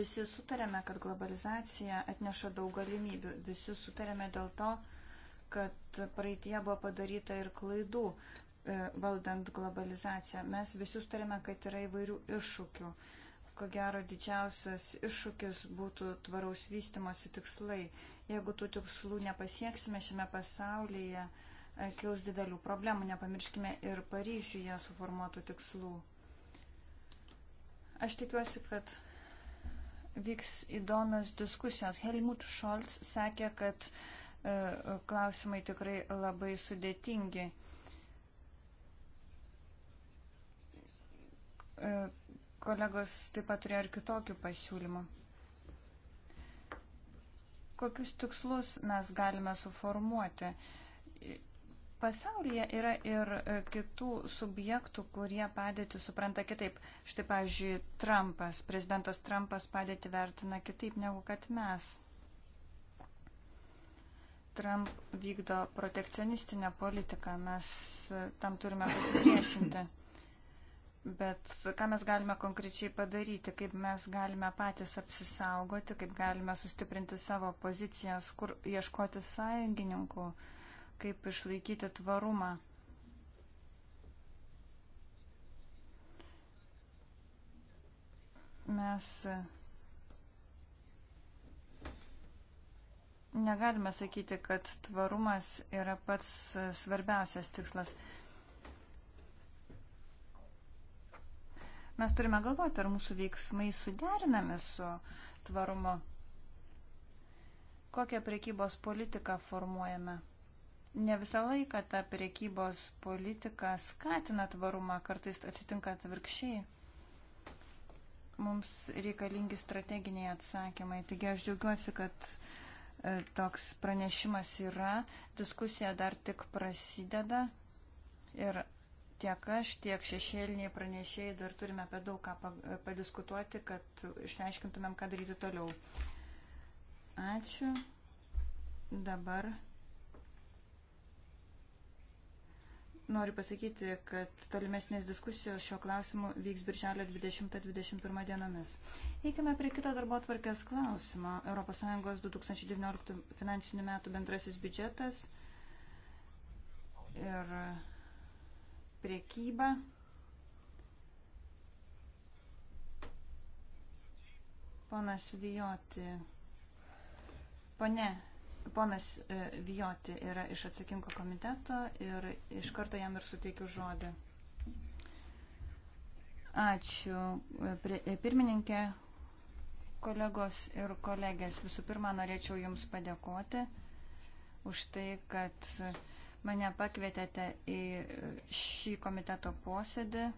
Speaker 2: Visi sutarėme, kad globalizacija atneša daug galimybių. Visi sutarėme dėl to, kad kad praeitie buvo padaryta ir klaidų e, valdant globalizaciją. Mes visi sutarėme, kad yra įvairių iššūkių. Ko gero didžiausias iššūkis būtų tvaraus vystimosi tikslai. Jeigu tų tikslų nepasieksime šiame pasaulyje, e, kils didelių problemų. Nepamirškime ir Paryžiuje suformuotų tikslų. Aš tikiuosi, kad vyks įdomios diskusijos. Helmut Scholz sakė, kad uh, E, klausimai tikrai labai sudėtingi. E, kolegos taip pat turėjo ir kitokių pasiūlymų. Kokius tikslus mes galime suformuoti? Pasaulyje yra ir e, kitų subjektų, kurie padėtį supranta kitaip. Štai, pavyzdžiui, Trumpas, prezidentas Trumpas padėtį vertina kitaip negu kad mes. Trump vykdo protekcionistinę politiką, mes e, tam turime pasipriešinti. Bet ką mes galime konkrečiai padaryti, kaip mes galime patys apsisaugoti, kaip galime sustiprinti savo pozicijas, kur ieškoti sąjungininkų, kaip išlaikyti tvarumą. Mes negalime sakyti, kad tvarumas yra pats svarbiausias tikslas. Mes turime galvoti, ar mūsų veiksmai suderinami su tvarumu. Kokią prekybos politiką formuojame? Ne visą laiką ta prekybos politika skatina tvarumą, kartais atsitinka atvirkščiai mums reikalingi strateginiai atsakymai. Taigi aš džiaugiuosi, kad E, toks pranešimas yra, diskusija dar tik prasideda ir tiek aš, tiek šešėliniai pranešėjai dar turime apie daug ką padiskutuoti, kad išsiaiškintumėm, ką daryti toliau. Ačiū. Dabar Noriu pasakyti, kad tolimesnės diskusijos šio klausimu vyks birželio 20-21 dienomis. Eikime prie kito darbo atvarkės klausimo. ES 2019 finansinių metų bendrasis biudžetas ir priekyba. Ponas Vijoti. Pane Ponas e, Vijoti yra iš atsakingo komiteto ir iš karto jam ir suteikiu žodį. Ačiū. E, e, pirmininkė, kolegos ir kolegės, visų pirma, norėčiau Jums padėkoti už tai, kad mane pakvietėte į šį komiteto posėdį.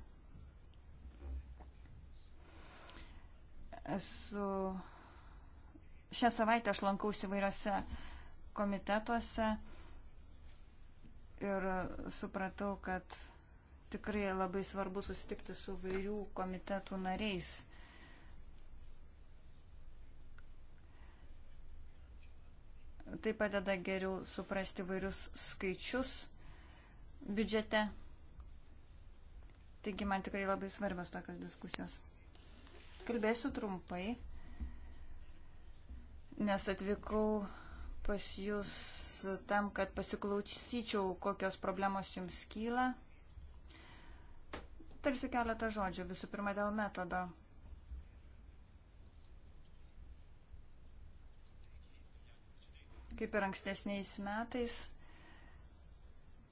Speaker 2: Esu... Šią savaitę aš lankausi vairiose komitetuose ir supratau, kad tikrai labai svarbu susitikti su vairių komitetų nariais. Tai padeda geriau suprasti vairius skaičius biudžete. Taigi man tikrai labai svarbios tokios diskusijos. Kalbėsiu trumpai, nes atvykau pas jūs tam, kad pasiklausyčiau, kokios problemos jums kyla. Tarsiu keletą žodžių. Visų pirma, dėl metodo. Kaip ir ankstesniais metais,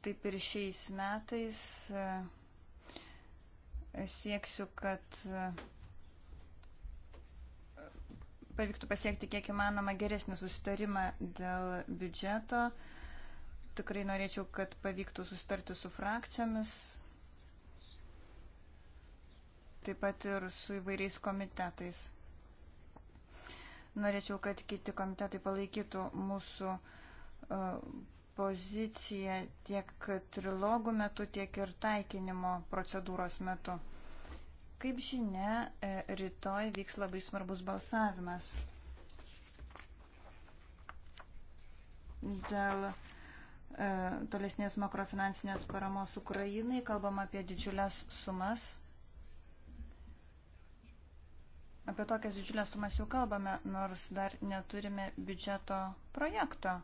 Speaker 2: taip ir šiais metais e, sieksiu, kad pavyktų pasiekti kiek įmanoma geresnį susitarimą dėl biudžeto. Tikrai norėčiau, kad pavyktų sustarti su frakcijomis, taip pat ir su įvairiais komitetais. Norėčiau, kad kiti komitetai palaikytų mūsų e, poziciją tiek trilogų metu, tiek ir taikinimo procedūros metu. Kaip žinia, e, rytoj vyks labai svarbus balsavimas dėl e, tolesnės makrofinansinės paramos Ukrainai, kalbam apie didžiulės sumas. Apie tokias didžiulės sumas jau kalbame, nors dar neturime biudžeto projekto.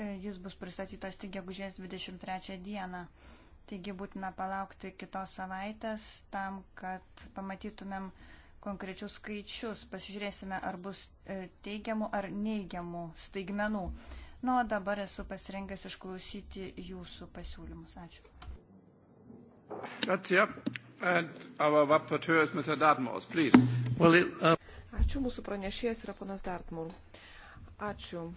Speaker 2: E, jis bus pristatytas tik gegužės 23 dieną. Taigi būtina palaukti kitos savaitės tam, kad pamatytumėm konkrečius skaičius, pasižiūrėsime, ar bus e, teigiamų ar neigiamų staigmenų. Nu, o dabar esu pasirengęs išklausyti jūsų pasiūlymus.
Speaker 3: Ačiū. Uh Ačiū, mūsų pranešėjas yra ponas Dartmur. Ačiū.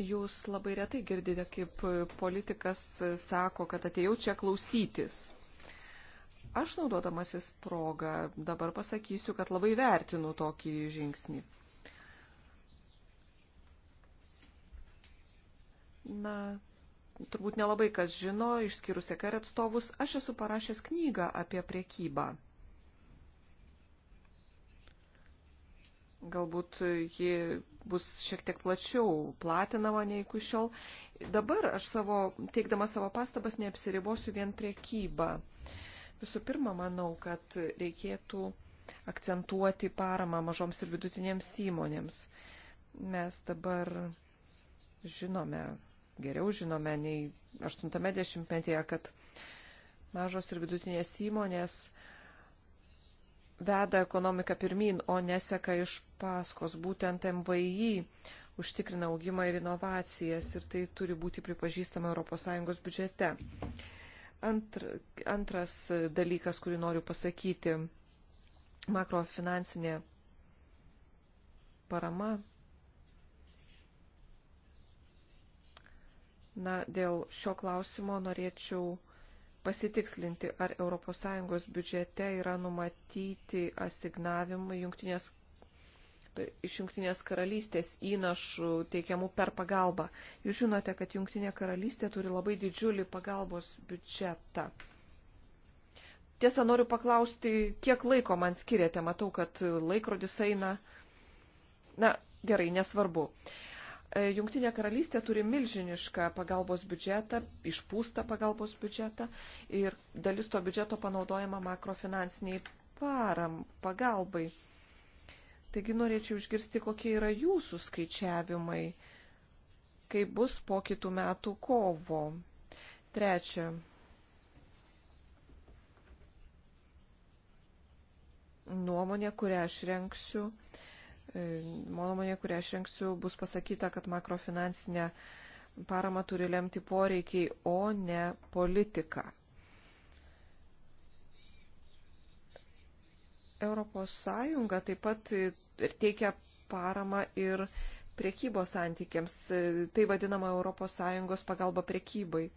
Speaker 3: Jūs labai retai girdite, kaip politikas sako, kad atėjau čia klausytis. Aš naudodamasis progą dabar pasakysiu, kad labai vertinu tokį žingsnį. Na, turbūt nelabai kas žino, išskyrus EKR atstovus, aš esu parašęs knygą apie priekybą. galbūt ji bus šiek tiek plačiau platinama nei iki šiol. Dabar aš savo, teikdama savo pastabas neapsiribosiu vien priekybą. Visų pirma, manau, kad reikėtų akcentuoti paramą mažoms ir vidutinėms įmonėms. Mes dabar žinome, geriau žinome nei 80-metyje, kad mažos ir vidutinės įmonės veda ekonomiką pirmin, o neseka iš paskos. Būtent MVI užtikrina augimą ir inovacijas ir tai turi būti pripažįstama ES biudžete. Antr, antras dalykas, kurį noriu pasakyti, makrofinansinė parama. Na, dėl šio klausimo norėčiau pasitikslinti, ar ES biudžete yra numatyti asignavimai jungtinės, tai iš Junktinės karalystės įnašų teikiamų per pagalbą. Jūs žinote, kad Junktinė karalystė turi labai didžiulį pagalbos biudžetą. Tiesa, noriu paklausti, kiek laiko man skiriate. Matau, kad laikrodis eina. Na, gerai, nesvarbu. Uh, E, Jungtinė karalystė turi milžinišką pagalbos biudžetą, išpūstą pagalbos biudžetą ir dalis to biudžeto panaudojama makrofinansiniai param, pagalbai. Taigi norėčiau išgirsti, kokie yra jūsų skaičiavimai, kai bus po kitų metų kovo. Trečia. Nuomonė, kurią aš renksiu, E, mano manė, kurią aš renksiu, bus pasakyta, kad makrofinansinė parama turi lemti poreikiai, o ne politika. Europos Sąjunga taip pat e, teikia paramą ir priekybos santykiams. E, tai vadinama Europos Sąjungos pagalba priekybai.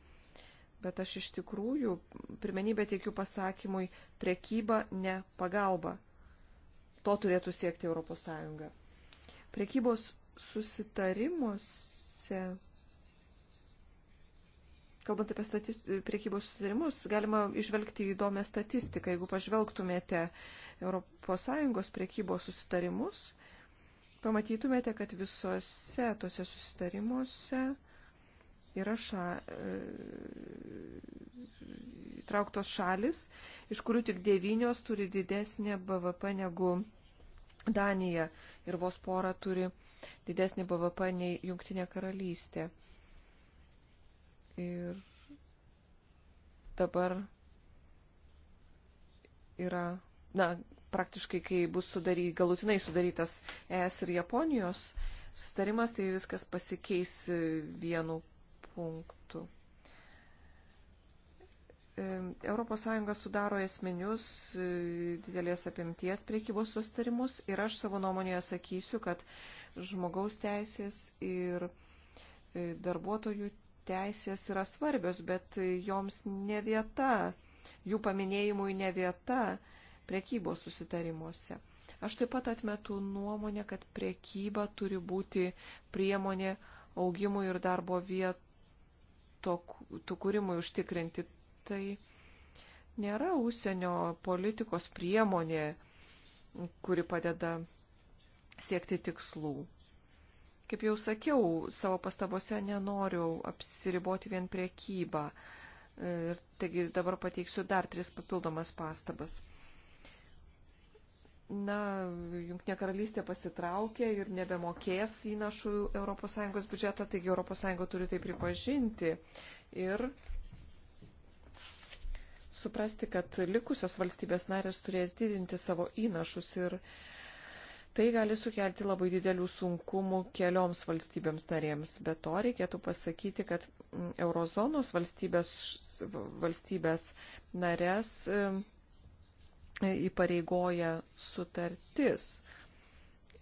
Speaker 3: Bet aš iš tikrųjų pirmenybę teikiu pasakymui priekyba, ne pagalba. To turėtų siekti ES. Prekybos susitarimuose kalbant apie statis, priekybos sutarimus, galima išvelgti įdomią statistiką. Jeigu pažvelgtumėte ES priekybos susitarimus, pamatytumėte, kad visose tose susitarimuose yra ša, e, įtrauktos šalis, iš kurių tik devynios turi didesnį BVP negu Danija ir vos pora turi didesnį BVP nei Junktinė karalystė. Ir dabar yra, na, praktiškai, kai bus sudary, galutinai sudarytas ES ir Japonijos sustarimas, tai viskas pasikeis vienu punktų. ES sudaro esminius e, didelės apimties priekybos sustarimus ir aš savo nuomonėje sakysiu, kad žmogaus teisės ir e, darbuotojų teisės yra svarbios, bet joms ne vieta, jų paminėjimui ne vieta priekybos susitarimuose. Aš taip pat atmetu nuomonę, kad priekyba turi būti priemonė augimui ir darbo vietų to, tų kūrimui užtikrinti. Tai nėra užsienio politikos priemonė, kuri padeda siekti tikslų. Kaip jau sakiau, savo pastabose nenoriu apsiriboti vien priekybą. Ir taigi dabar pateiksiu dar tris papildomas pastabas na, Junktinė karalystė pasitraukė ir nebemokės įnašų ES biudžetą, taigi ES turi tai pripažinti ir suprasti, kad likusios valstybės narės turės didinti savo įnašus ir tai gali sukelti labai didelių sunkumų kelioms valstybėms narėms. Be to reikėtų pasakyti, kad mm, eurozonos valstybės, valstybės narės mm, įpareigoja sutartis.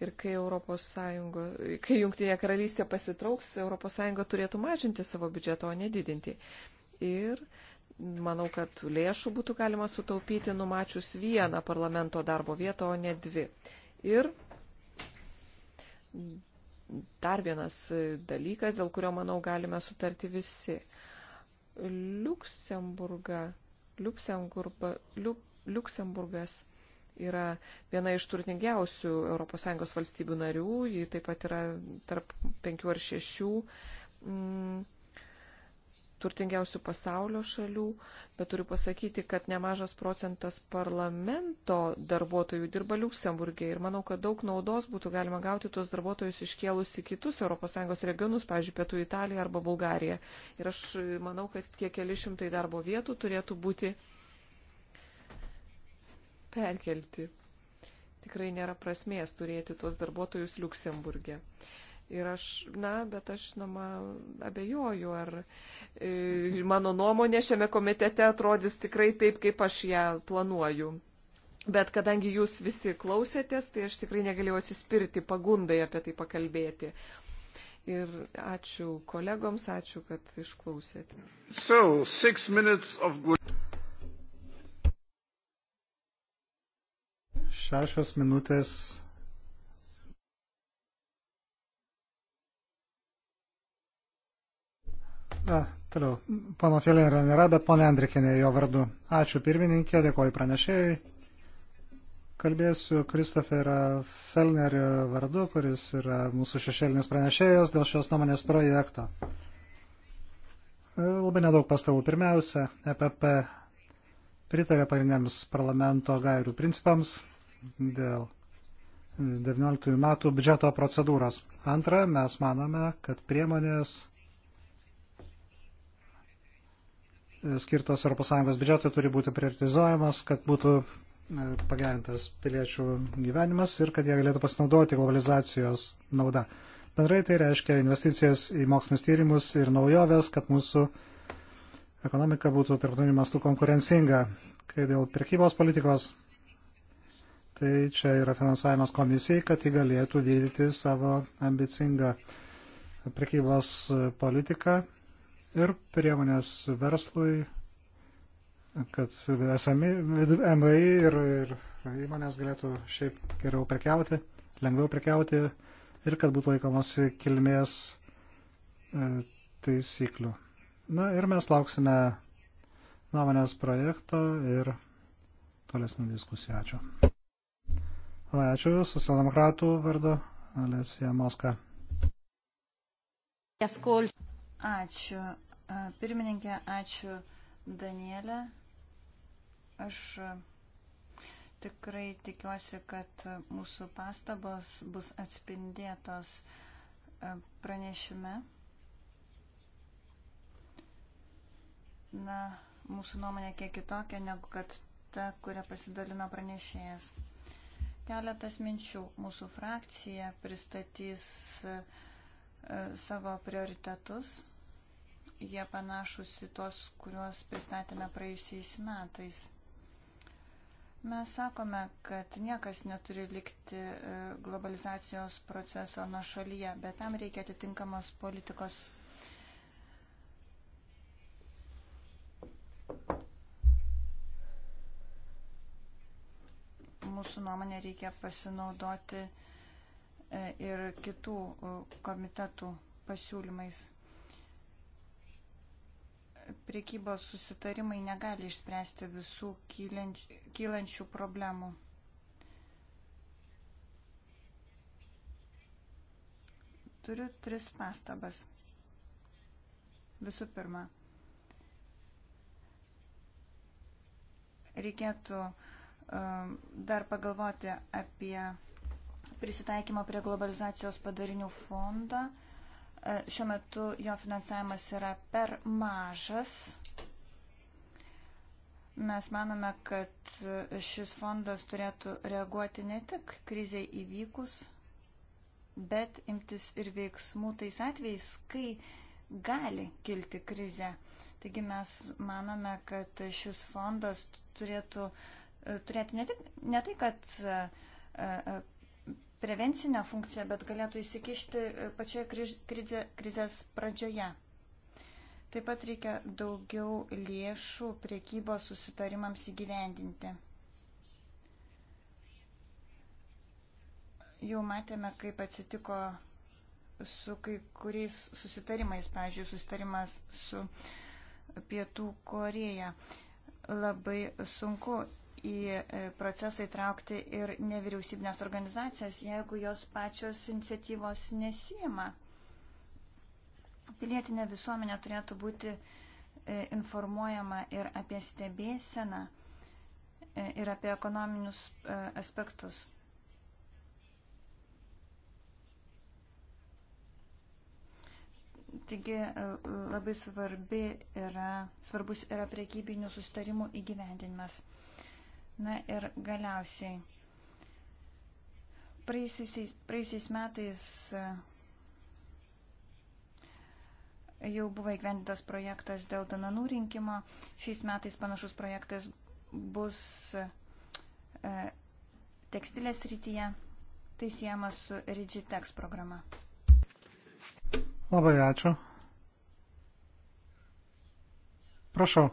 Speaker 3: Ir kai, Europos Sąjungo, kai Junktinė karalystė pasitrauks, ES turėtų mažinti savo biudžetą, o nedidinti. Ir manau, kad lėšų būtų galima sutaupyti numačius vieną parlamento darbo vietą, o ne dvi. Ir dar vienas dalykas, dėl kurio, manau, galime sutarti visi. Liuksemburga, Liuksemburga, Liuk, Liuksemburgas yra viena iš turtingiausių ES valstybių narių, ji taip pat yra tarp penkių ar šešių mm, turtingiausių pasaulio šalių, bet turiu pasakyti, kad nemažas procentas parlamento darbuotojų dirba Liuksemburgė ir manau, kad daug naudos būtų galima gauti tuos darbuotojus iškėlus į kitus ES regionus, pavyzdžiui, Pietų Italiją arba Bulgariją. Ir aš manau, kad tie keli šimtai darbo vietų turėtų būti perkelti. Tikrai nėra prasmės turėti tuos darbuotojus Luksemburgė. Ir aš, na, bet aš, žinoma, abejoju, ar e, mano nuomonė šiame komitete atrodys tikrai taip, kaip aš ją planuoju. Bet kadangi jūs visi klausėtės, tai aš tikrai negalėjau atsispirti pagundai apie tai pakalbėti. Ir ačiū kolegoms, ačiū, kad išklausėte. So,
Speaker 2: of...
Speaker 1: Šešios minutės. Na, toliau. Pono Filerio nėra, bet ponė Andrikinė jo vardu. Ačiū pirmininkė, dėkoju pranešėjai. Kalbėsiu Kristoferą Felnerio vardu, kuris yra mūsų šešėlinis pranešėjas dėl šios nuomonės projekto. Labai nedaug pastabų. Pirmiausia, EPP pritarė pagrindiniams parlamento gairių principams dėl 19 metų biudžeto procedūros. Antra, mes manome, kad priemonės skirtos ES biudžetui turi būti prioritizuojamas, kad būtų e, pagerintas piliečių gyvenimas ir kad jie galėtų pasinaudoti globalizacijos naudą. Bendrai tai reiškia investicijas į mokslinius tyrimus ir naujoves, kad mūsų ekonomika būtų tarptautiniu mastu konkurencinga. Kai dėl prekybos politikos Tai čia yra finansavimas komisijai, kad ji galėtų vykdyti savo ambicingą prekybos politiką ir priemonės verslui, kad esami MVI ir, ir įmonės galėtų šiaip geriau prekiauti, lengviau prekiauti ir kad būtų laikomasi kilmės e, taisyklių. Na ir mes lauksime nuomonės projekto ir tolesnių diskusijų. Ačiū. Ačiū, socialdemokratų vardu Alesija Moska.
Speaker 2: Ačiū, pirmininkė, ačiū, Danielė. Aš tikrai tikiuosi, kad mūsų pastabos bus atspindėtos pranešime. Na, mūsų nuomonė kiek kitokia negu kad ta, kurią pasidalino pranešėjas keletas minčių. Mūsų frakcija pristatys e, savo prioritetus. Jie panašus į tuos, kuriuos pristatėme praėjusiais metais. Mes sakome, kad niekas neturi likti e, globalizacijos proceso nuo šalyje, bet tam reikia atitinkamos politikos mūsų nuomonė reikia pasinaudoti e, ir kitų e, komitetų pasiūlymais. Prekybos susitarimai negali išspręsti visų kylančių problemų. Turiu tris pastabas. Visų pirma, reikėtų uh, Ehm, dar pagalvoti apie prisitaikymą prie globalizacijos padarinių fondo. E, šiuo metu jo finansavimas yra per mažas. Mes manome, kad šis fondas turėtų reaguoti ne tik kriziai įvykus, bet imtis ir veiksmų tais atvejais, kai gali kilti krizė. Taigi mes manome, kad šis fondas turėtų uh, E, turėti ne, tik, ne tai, kad e, e, prevencinę funkciją, bet galėtų įsikišti pačioje krizė, krizės pradžioje. Taip pat reikia daugiau lėšų priekybos susitarimams įgyvendinti. Jau matėme, kaip atsitiko su kai kuriais susitarimais, pavyzdžiui, susitarimas su Pietų Koreja. Labai sunku į e, procesą įtraukti ir nevyriausybinės organizacijas, jeigu jos pačios iniciatyvos nesima. Pilietinė visuomenė turėtų būti e, informuojama ir apie stebėseną, e, ir apie ekonominius aspektus. Taigi labai svarbi yra, svarbus yra priekybinių sustarimų įgyvendinimas. Na ir galiausiai. Praėjusiais, praėjusiais metais e, jau buvo įgyvendintas projektas dėl domenų rinkimo. Šiais metais panašus projektas bus e, tekstilės rytyje. Tai siejama su Rigitex programa.
Speaker 1: Labai ačiū. Prašau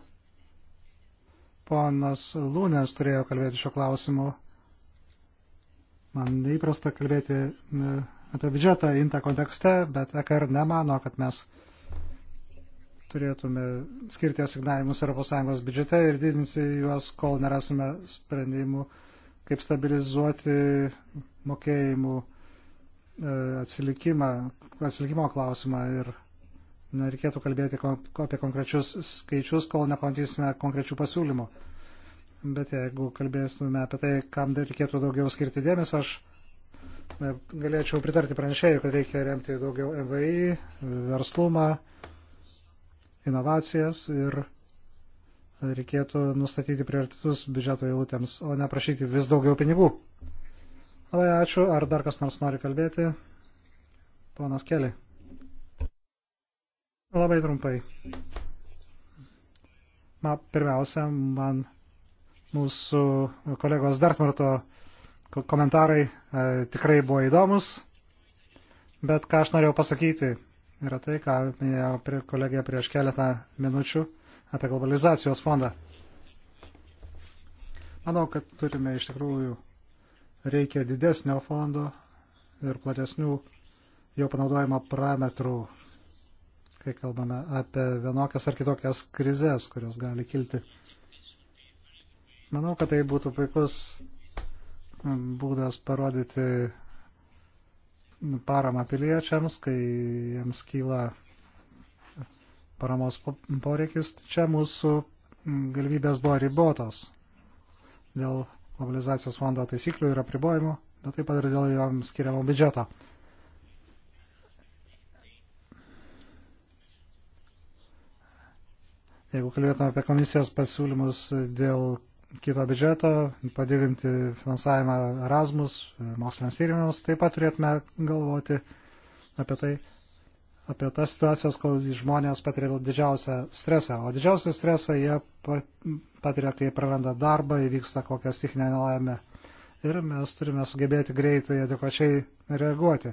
Speaker 1: ponas Lūnės turėjo kalbėti šio klausimu. Man neįprasta kalbėti e, apie biudžetą INTA kontekste, bet EKR nemano, kad mes turėtume skirti asignavimus ES biudžete ir didinti juos, kol nerasime sprendimų, kaip stabilizuoti mokėjimų e, atsilikimą, atsilikimo klausimą ir nereikėtų kalbėti apie konkrečius skaičius, kol nepamatysime konkrečių pasiūlymų. Bet jeigu kalbėsime apie tai, kam dar reikėtų daugiau skirti dėmesio, aš galėčiau pritarti pranešėjui, kad reikia remti daugiau MVI, verslumą, inovacijas ir reikėtų nustatyti prioritetus biudžeto eilutėms, o ne prašyti vis daugiau pinigų. Labai ačiū. Ar dar kas nors nori kalbėti? Ponas Keli. Labai trumpai. Ma, pirmiausia, man mūsų kolegos Dartmurto komentarai e, tikrai buvo įdomus, bet ką aš norėjau pasakyti, yra tai, ką minėjo prie kolegija prieš keletą minučių apie globalizacijos fondą. Manau, kad turime iš tikrųjų reikia didesnio fondo ir platesnių jo panaudojimo parametrų kai kalbame apie vienokias ar kitokias krizės, kurios gali kilti. Manau, kad tai būtų puikus mm, būdas parodyti paramą piliečiams, kai jiems kyla paramos poreikis. Čia mūsų mm, galimybės buvo ribotos dėl globalizacijos fondo taisyklių ir apribojimų, bet taip pat ir dėl joms skiriamo biudžeto. Jeigu kalbėtume apie komisijos pasiūlymus dėl kito biudžeto, padidinti finansavimą Erasmus, moksliniams tyrimams, taip pat turėtume galvoti apie tai, apie tas situacijas, kol žmonės patiria didžiausią stresą. O didžiausią stresą jie patiria, kai praranda darbą, įvyksta kokią stichinę nelaimę. Ir mes turime sugebėti greitai, adekvačiai reaguoti.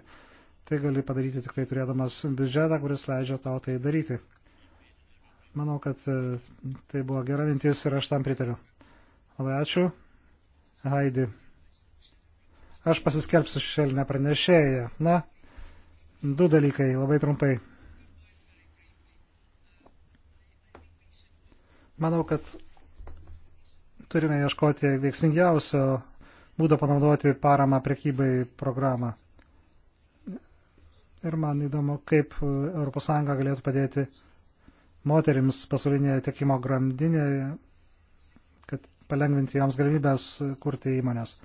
Speaker 1: Tai gali padaryti tik tai turėdamas biudžetą, kuris leidžia tau tai daryti. Manau, kad e, tai buvo gera mintis ir aš tam pritariu. Labai ačiū. Haidi. Aš pasiskelbsiu šešėlinę pranešėją. Na, du dalykai, labai trumpai. Manau, kad turime ieškoti veiksmingiausio būdo panaudoti paramą prekybai programą. Ir man įdomu, kaip ES galėtų padėti moterims pasaulinėje tiekimo grandinėje, kad palengvinti joms galimybės kurti įmonės.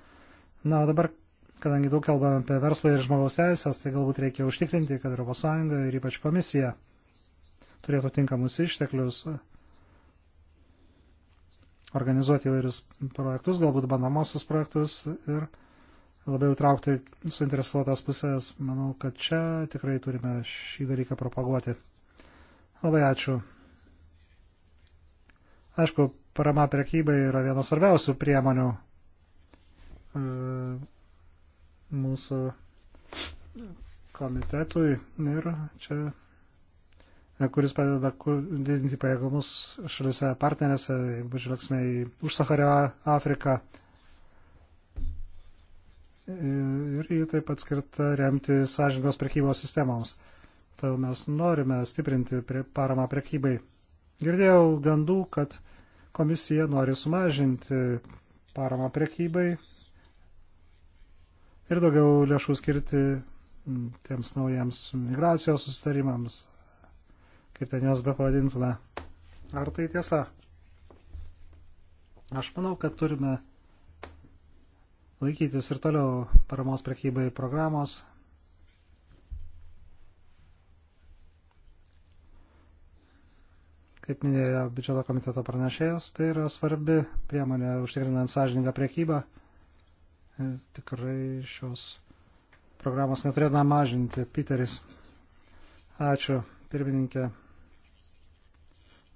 Speaker 1: Na, o dabar, kadangi daug kalbame apie verslą ir žmogaus teisės, tai galbūt reikia užtikrinti, kad ES ir ypač komisija turėtų tinkamus išteklius organizuoti įvairius projektus, galbūt bandomosius projektus ir labiau traukti suinteresuotas pusės. Manau, kad čia tikrai turime šį dalyką propaguoti. Labai ačiū. Aišku, parama prekybai yra vienas svarbiausių priemonių e, mūsų komitetui ir čia, e, kuris padeda didinti pajėgumus šalise partnerėse, jeigu žvelgsime į Užsahario Afriką. E, ir jį taip pat skirta remti sąžingos prekybos sistemoms todėl mes norime stiprinti prie paramą prekybai. Girdėjau gandų, kad komisija nori sumažinti paramą prekybai ir daugiau lėšų skirti tiems naujams migracijos sustarimams, kaip ten jos be pavadintume. Ar tai tiesa? Aš manau, kad turime laikytis ir toliau paramos prekybai programos kaip minėjo biudžeto komiteto pranešėjas, tai yra svarbi priemonė užtikrinant sąžiningą priekybą. Ir tikrai šios programos neturėtume mažinti. Piteris. Ačiū, pirmininkė.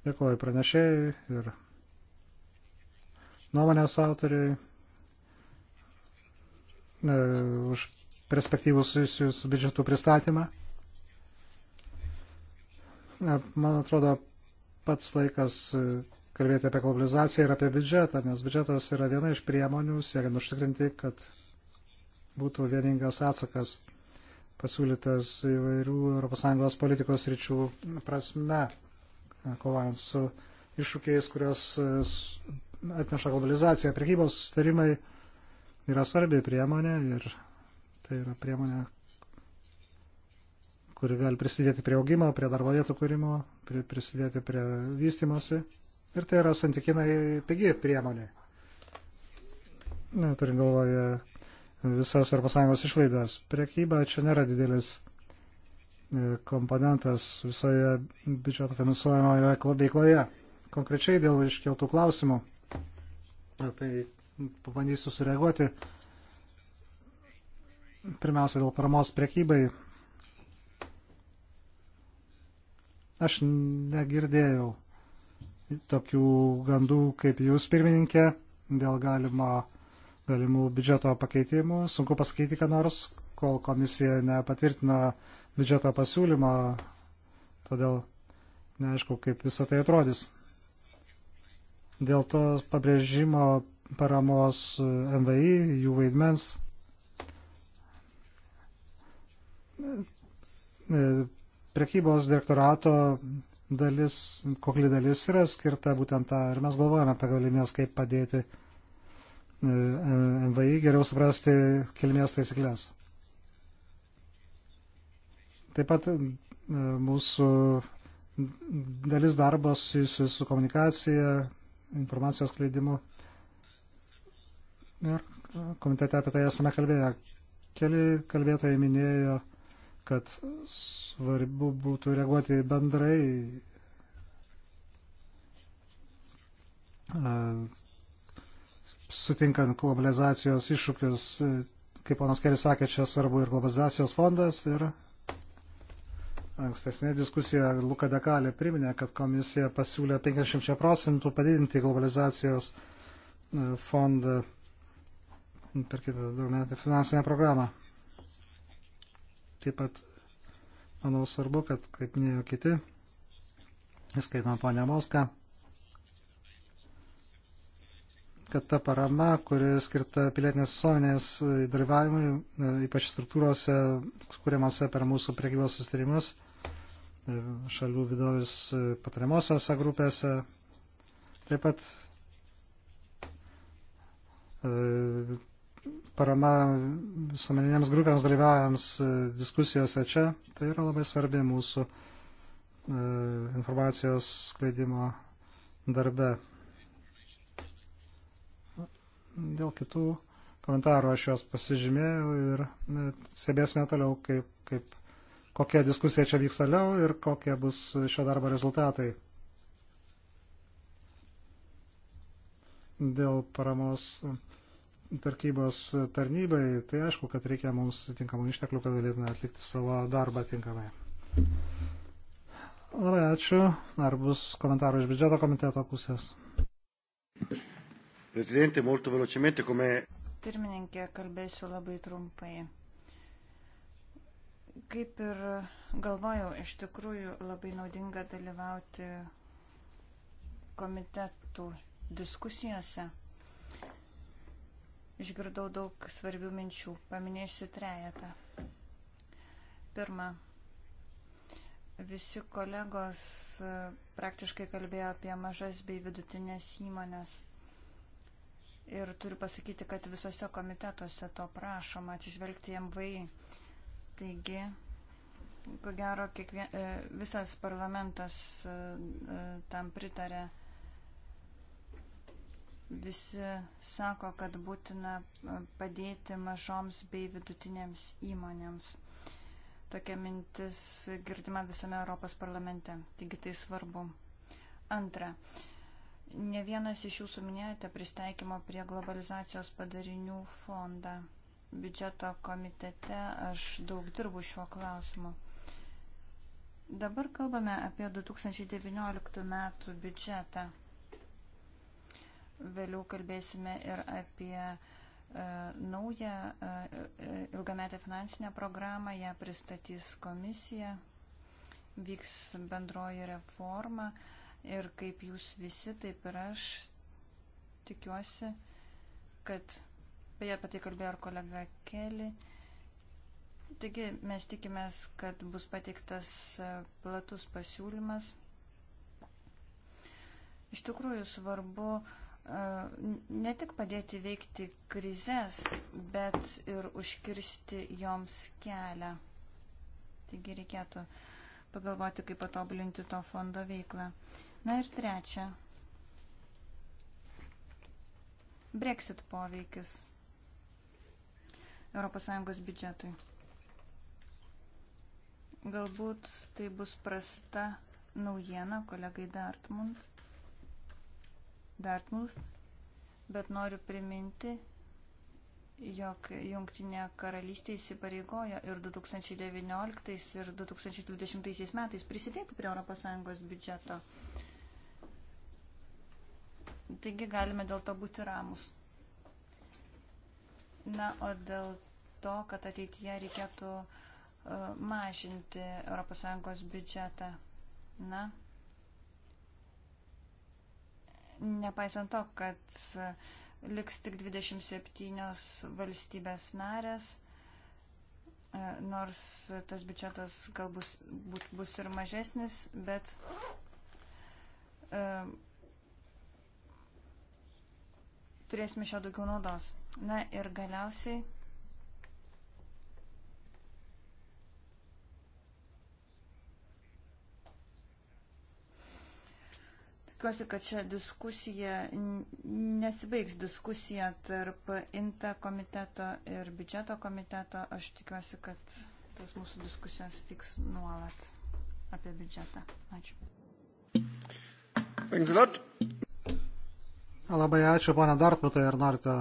Speaker 1: Dėkuoju pranešėjui ir nuomonės autoriui e, už perspektyvų susijusių su biudžetu pristatymą. E, man atrodo, pats laikas e, kalbėti apie globalizaciją ir apie biudžetą, nes biudžetas yra viena iš priemonių siekiant užtikrinti, kad būtų vieningas atsakas pasiūlytas įvairių ES politikos ryčių prasme, e, kovojant su iššūkiais, kurios e, atneša globalizacija. Prekybos sustarimai yra svarbi priemonė ir tai yra priemonė, kuri gali prisidėti prie augimo, prie darbo vietų kūrimo, prie, prisidėti prie vystimosi. Ir tai yra santykinai pigi priemonė. Turint galvoje visas ES išlaidas. Prekyba čia nėra didelis e, komponentas visoje biudžeto finansuojamoje veikloje. Konkrečiai dėl iškeltų klausimų. Tai pabandysiu sureaguoti. Pirmiausia, dėl paramos prekybai Aš negirdėjau tokių gandų kaip jūs, pirmininkė, dėl galimo, galimų biudžeto pakeitimų. Sunku pasakyti, ką nors, kol komisija nepatvirtino biudžeto pasiūlymo, todėl neaišku, kaip visą tai atrodys. Dėl to pabrėžimo paramos MVI, jų vaidmens Prekybos direktorato dalis, kokli dalis yra skirta būtent tą ir mes galvojame apie galimybės, kaip padėti e, MVI geriau suprasti kilmės taisyklės. Taip pat e, mūsų dalis darbos susijusi su komunikacija, informacijos kleidimu. Ir komitete apie tai esame kalbėję. Keli kalbėtojai minėjo kad svarbu būtų reaguoti bendrai sutinkant globalizacijos iššūkius, kaip ponas Keris sakė, čia svarbu ir globalizacijos fondas ir ankstesnė diskusija Luka Dekalė priminė, kad komisija pasiūlė 50 procentų padidinti globalizacijos e, fondą per kitą daugiametę finansinę programą. Taip pat, manau, svarbu, kad, kaip minėjo kiti, skaitant ponę Moską, kad ta parama, kuri skirta pilietinės visuomenės e, dalyvavimui, e, ypač struktūrose, kuriamose per mūsų priekybos sustarimus, e, šalių vidaus patariamosiose grupėse, taip pat parama visuomeninėms grupėms dalyvavims e, diskusijose čia, tai yra labai svarbi mūsų e, informacijos skleidimo darbe. Dėl kitų komentarų aš juos pasižymėjau ir e, stebėsime toliau, kaip, kaip, kokia diskusija čia vyks toliau ir kokie bus šio darbo rezultatai. Dėl paramos tarkybos tarnybai, tai aišku, kad reikia mums tinkamų išteklių, kad galėtume atlikti savo darbą tinkamai. Labai ačiū. Ar bus komentarų iš biudžeto komiteto pusės? Prezidentė, molto velocemente, come...
Speaker 2: Pirmininkė, kalbėsiu labai trumpai. Kaip ir galvojau, iš tikrųjų labai naudinga dalyvauti komitetų diskusijose. Išgirdau daug svarbių minčių. Paminėsiu trejetą. Pirma, visi kolegos e, praktiškai kalbėjo apie mažas bei vidutinės įmonės. Ir turiu pasakyti, kad visose komitetuose to prašoma atsižvelgti MVI. Taigi, ko gero, kiekvien, e, visas parlamentas e, tam pritarė. Visi sako, kad būtina padėti mažoms bei vidutinėms įmonėms. Tokia mintis girdima visame Europos parlamente, taigi tai svarbu. Antra, ne vienas iš jūsų minėjote pristaikymo prie globalizacijos padarinių fondą. Biudžeto komitete aš daug dirbu šiuo klausimu. Dabar kalbame apie 2019 metų biudžetą. Vėliau kalbėsime ir apie e, naują e, e, ilgametę finansinę programą, ją pristatys komisija, vyks bendroji reforma ir kaip jūs visi, taip ir aš tikiuosi, kad, beje, apie tai kalbėjo ir kolega Keli, taigi mes tikimės, kad bus pateiktas platus pasiūlymas. Iš tikrųjų svarbu uh, ne tik padėti veikti krizės, bet ir užkirsti joms kelią. Taigi reikėtų pagalvoti, kaip patobulinti to fondo veiklą. Na ir trečia. Brexit poveikis ES biudžetui. Galbūt tai bus prasta naujiena kolegai Dartmund. Dartmus, bet noriu priminti, jog Junktinė karalystė įsipareigojo ir 2019 ir 2020 metais prisidėti prie ES biudžeto. Taigi galime dėl to būti ramus. Na, o dėl to, kad ateityje reikėtų e, mažinti ES biudžetą. Na, nepaisant to, kad e, liks tik 27 valstybės narės, e, nors tas biudžetas galbūt bus, bus ir mažesnis, bet um, turėsime šio daugiau naudos. Na ir galiausiai Tikiuosi, kad čia diskusija nesibaigs diskusija tarp INTA komiteto ir biudžeto komiteto. Aš tikiuosi, kad tas mūsų diskusijos vyks nuolat apie biudžetą. Ačiū.
Speaker 1: Labai ačiū, pana Dartmutai, ar norite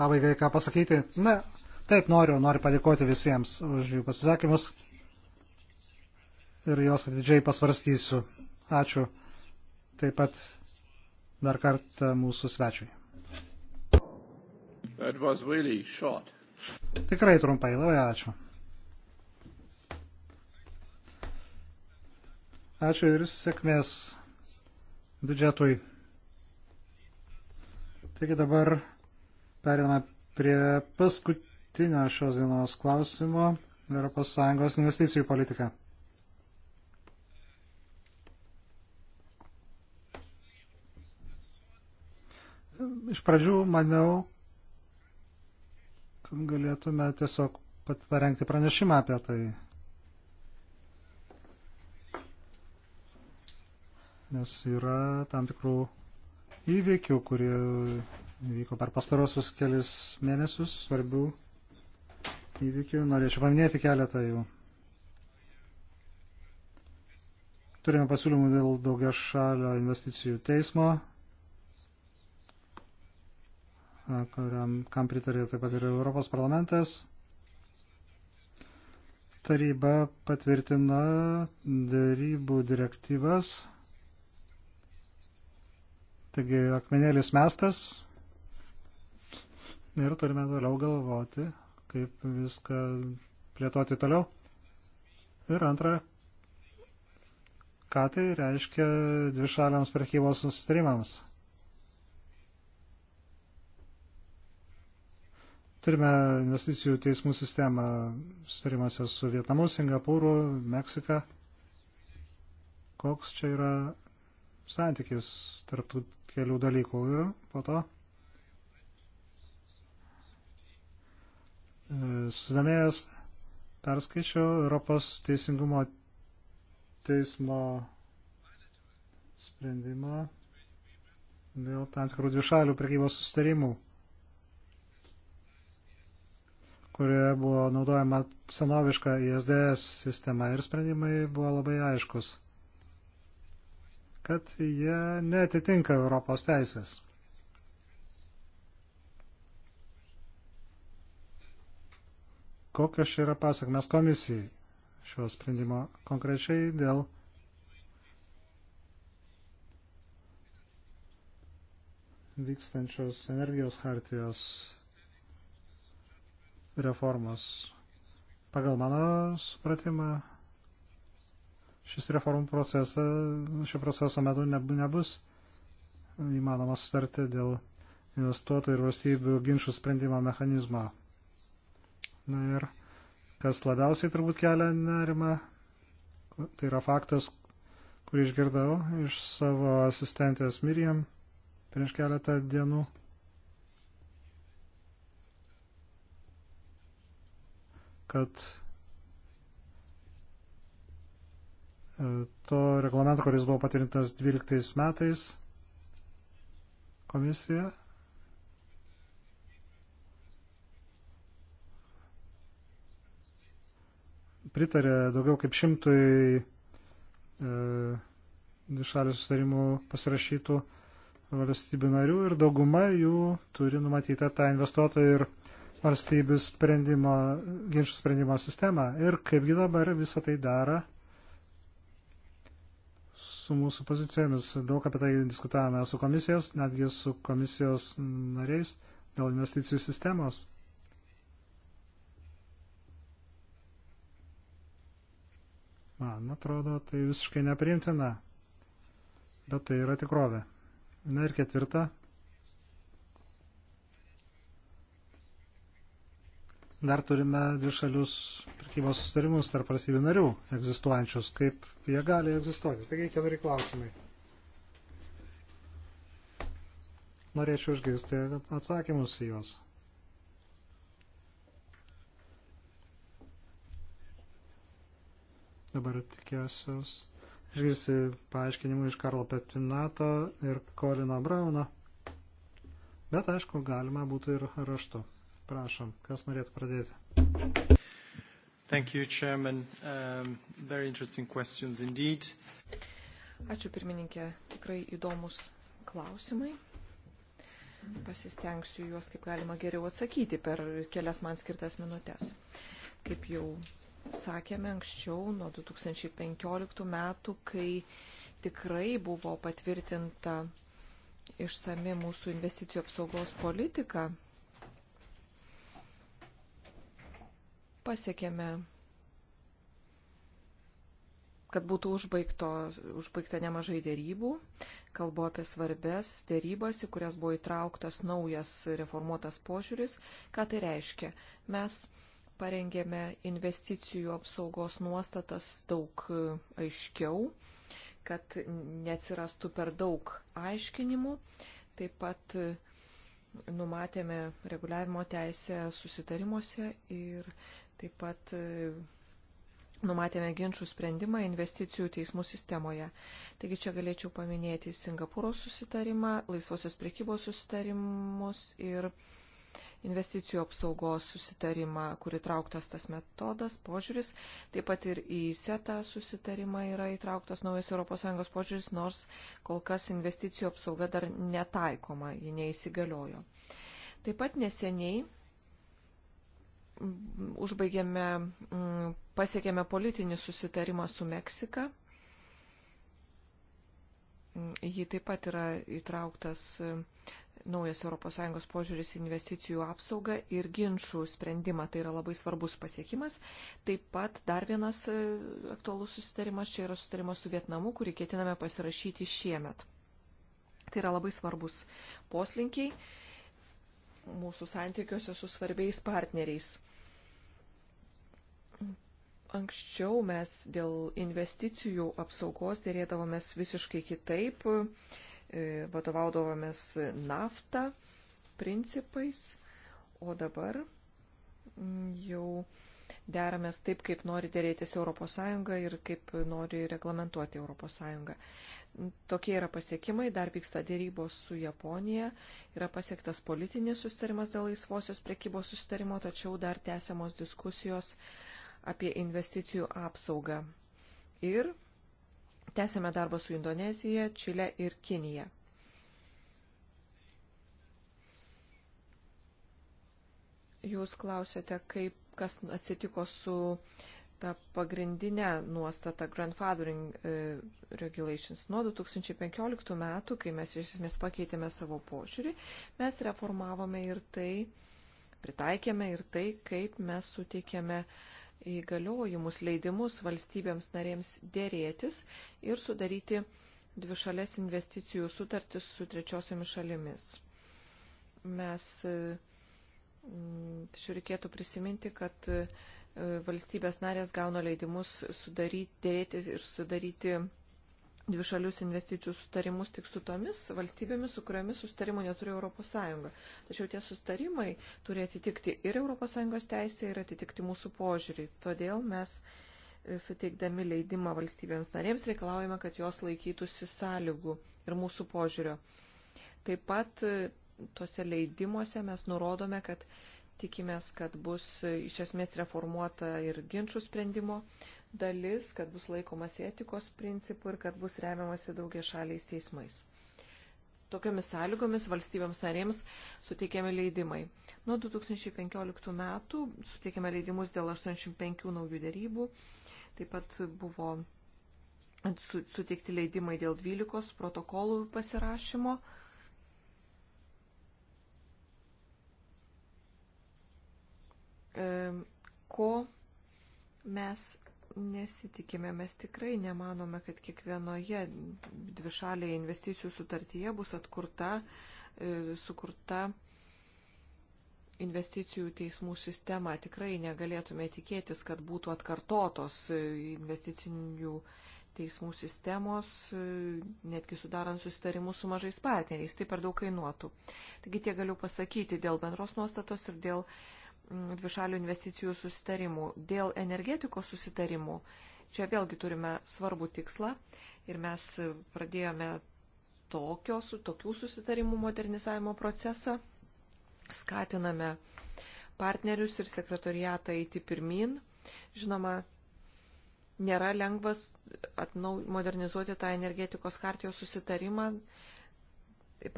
Speaker 1: pabaigai ką pasakyti? Ne, taip noriu, noriu padėkoti visiems už jų pasisakymus ir juos atidžiai pasvarstysiu. Ačiū taip pat dar kartą mūsų svečiui.
Speaker 3: Really
Speaker 2: short.
Speaker 1: Tikrai trumpai, labai ačiū. Ačiū ir sėkmės biudžetui. Taigi dabar periname prie paskutinio šios dienos klausimo ES investicijų politika. Iš pradžių maniau, kad galėtume tiesiog parengti pranešimą apie tai. Nes yra tam tikrų įvykių, kurie įvyko per pastarosius kelis mėnesius, svarbių įvykių. Norėčiau paminėti keletą jų. Turime pasiūlymų dėl daugia šalio investicijų teismo kuriam, kam pritarė taip pat ir Europos parlamentas, taryba patvirtino darybų direktyvas. Taigi akmenėlis mestas ir turime toliau galvoti, kaip viską plėtoti toliau. Ir antra, ką tai reiškia dvišaliams prekybos susitarimams. Turime investicijų teismų sistemą sutarimuose su Vietnamu, Singapūru, Meksika. Koks čia yra santykis tarptų kelių dalykų ir po to e, susidomėjęs perskaičiau Europos teisingumo teismo sprendimą dėl tam tikrų dvišalių prekybos sustarimų kurioje buvo naudojama senoviška ISDS sistema ir sprendimai buvo labai aiškus, kad jie netitinka Europos teisės. Kokios yra pasakmes komisijai šio sprendimo konkrečiai dėl vykstančios energijos hartijos reformos. Pagal mano supratimą, šis reformų procesas, šio proceso metu nebus įmanoma sustarti dėl investuotojų ir valstybių ginčių sprendimo mechanizmo. Na ir kas labiausiai turbūt kelia nerimą, tai yra faktas, kurį išgirdau iš savo asistentės Miriam prieš keletą dienų. kad e, to reglamento, kuris buvo patvirtintas 12 metais, komisija pritarė daugiau kaip šimtui e, dvišalių sustarimų pasirašytų valstybių narių ir dauguma jų turi numatytą tą investuotojų ir valstybių sprendimo, ginčių sprendimo sistemą ir kaipgi dabar visą tai daro su mūsų pozicijomis. Daug apie tai diskutavome su komisijos, netgi su komisijos nariais dėl investicijų sistemos. Man atrodo, tai visiškai nepriimtina, bet tai yra tikrovė. Na ir ketvirta dar turime dvišalius prekybos sustarimus tarp valstybių narių egzistuojančius, kaip jie gali egzistuoti. Taigi keturi klausimai. Norėčiau išgirsti atsakymus į juos. Dabar tikėsiuos išgirsti paaiškinimų iš Karlo Pepinato ir Kolino Brauno. Bet aišku, galima būtų ir raštu. Prašom, kas norėtų pradėti? Thank you, Chairman. Um, very interesting questions indeed.
Speaker 3: Ačiū pirmininkė, tikrai įdomus klausimai. Pasistengsiu juos kaip galima geriau atsakyti per kelias man skirtas minutės. Kaip jau sakėme anksčiau, nuo 2015 metų, kai tikrai buvo patvirtinta išsami mūsų investicijų apsaugos politika, pasiekėme, kad būtų užbaigto, užbaigta nemažai dėrybų. Kalbu apie svarbės dėrybas, į kurias buvo įtrauktas naujas reformuotas požiūris. Ką tai reiškia? Mes parengėme investicijų apsaugos nuostatas daug e, aiškiau, kad neatsirastų per daug aiškinimų. Taip pat e, numatėme reguliavimo teisę susitarimuose ir Taip pat e, numatėme ginčių sprendimą investicijų teismų sistemoje. Taigi čia galėčiau paminėti Singapūro susitarimą, laisvosios priekybos susitarimus ir investicijų apsaugos susitarimą, kuri trauktas tas metodas, požiūris. Taip pat ir į SETA susitarimą yra įtrauktas naujas ES požiūris, nors kol kas investicijų apsauga dar netaikoma, ji neįsigaliojo. Taip pat neseniai užbaigėme, mm, pasiekėme politinį susitarimą su Meksika. Jį taip pat yra įtrauktas e, naujas ES požiūris investicijų apsaugą ir ginčių sprendimą. Tai yra labai svarbus pasiekimas. Taip pat dar vienas e, aktualus susitarimas, čia yra susitarimas su Vietnamu, kurį ketiname pasirašyti šiemet. Tai yra labai svarbus poslinkiai mūsų santykiuose su svarbiais partneriais. Anksčiau mes dėl investicijų apsaugos dėrėdavomės visiškai kitaip, e, vadovaudavomės naftą principais, o dabar mm, jau deramės taip, kaip nori dėrėtis ES ir kaip nori reglamentuoti ES. Tokie yra pasiekimai, dar vyksta dėrybos su Japonija, yra pasiektas politinis sustarimas dėl laisvosios priekybos sustarimo, tačiau dar tęsiamos diskusijos apie investicijų apsaugą. Ir tęsėme darbą su Indonezija, Čile ir Kinija. Jūs klausėte, kaip kas atsitiko su ta pagrindinė nuostata grandfathering e, regulations. Nuo 2015 metų, kai mes iš esmės pakeitėme savo požiūrį, mes reformavome ir tai, pritaikėme ir tai, kaip mes suteikėme uh, įgaliojimus, leidimus valstybėms narėms dėrėtis ir sudaryti dvišalės investicijų sutartis su trečiosiomis šalimis. Mes mm, tačiau reikėtų prisiminti, kad e, valstybės narės gauna leidimus sudaryti, dėrėtis ir sudaryti dvišalius investicijų sustarimus tik su tomis valstybėmis, su kuriomis sustarimų neturi ES. Tačiau tie sustarimai turi atitikti ir ES teisę, ir atitikti mūsų požiūrį. Todėl mes e, suteikdami leidimą valstybėms narėms reikalaujame, kad jos laikytųsi sąlygų ir mūsų požiūrio. Taip pat e, tuose leidimuose mes nurodome, kad tikimės, kad bus e, iš esmės reformuota ir ginčių sprendimo dalis, kad bus laikomasi etikos principų ir kad bus remiamasi daugia šaliais teismais. Tokiomis sąlygomis valstybėms narėms suteikiami leidimai. Nuo 2015 metų suteikiame leidimus dėl 85 naujų dėrybų. Taip pat buvo suteikti leidimai dėl 12 protokolų pasirašymo. Ko mes nesitikime, mes tikrai nemanome, kad kiekvienoje dvišalėje investicijų sutartyje bus atkurta, e, sukurta investicijų teismų sistema. Tikrai negalėtume tikėtis, kad būtų atkartotos e, investicinių teismų sistemos, e, netgi sudarant susitarimus su mažais partneriais. Tai per daug kainuotų. Taigi tie galiu pasakyti dėl bendros nuostatos ir dėl uh, dvišalių investicijų susitarimų. Dėl energetikos susitarimų čia vėlgi turime svarbų tikslą ir mes pradėjome tokio, su tokių susitarimų modernizavimo procesą, skatiname partnerius ir sekretoriatą eiti pirmin. Žinoma, nėra lengvas atnau, modernizuoti tą energetikos kartijos susitarimą.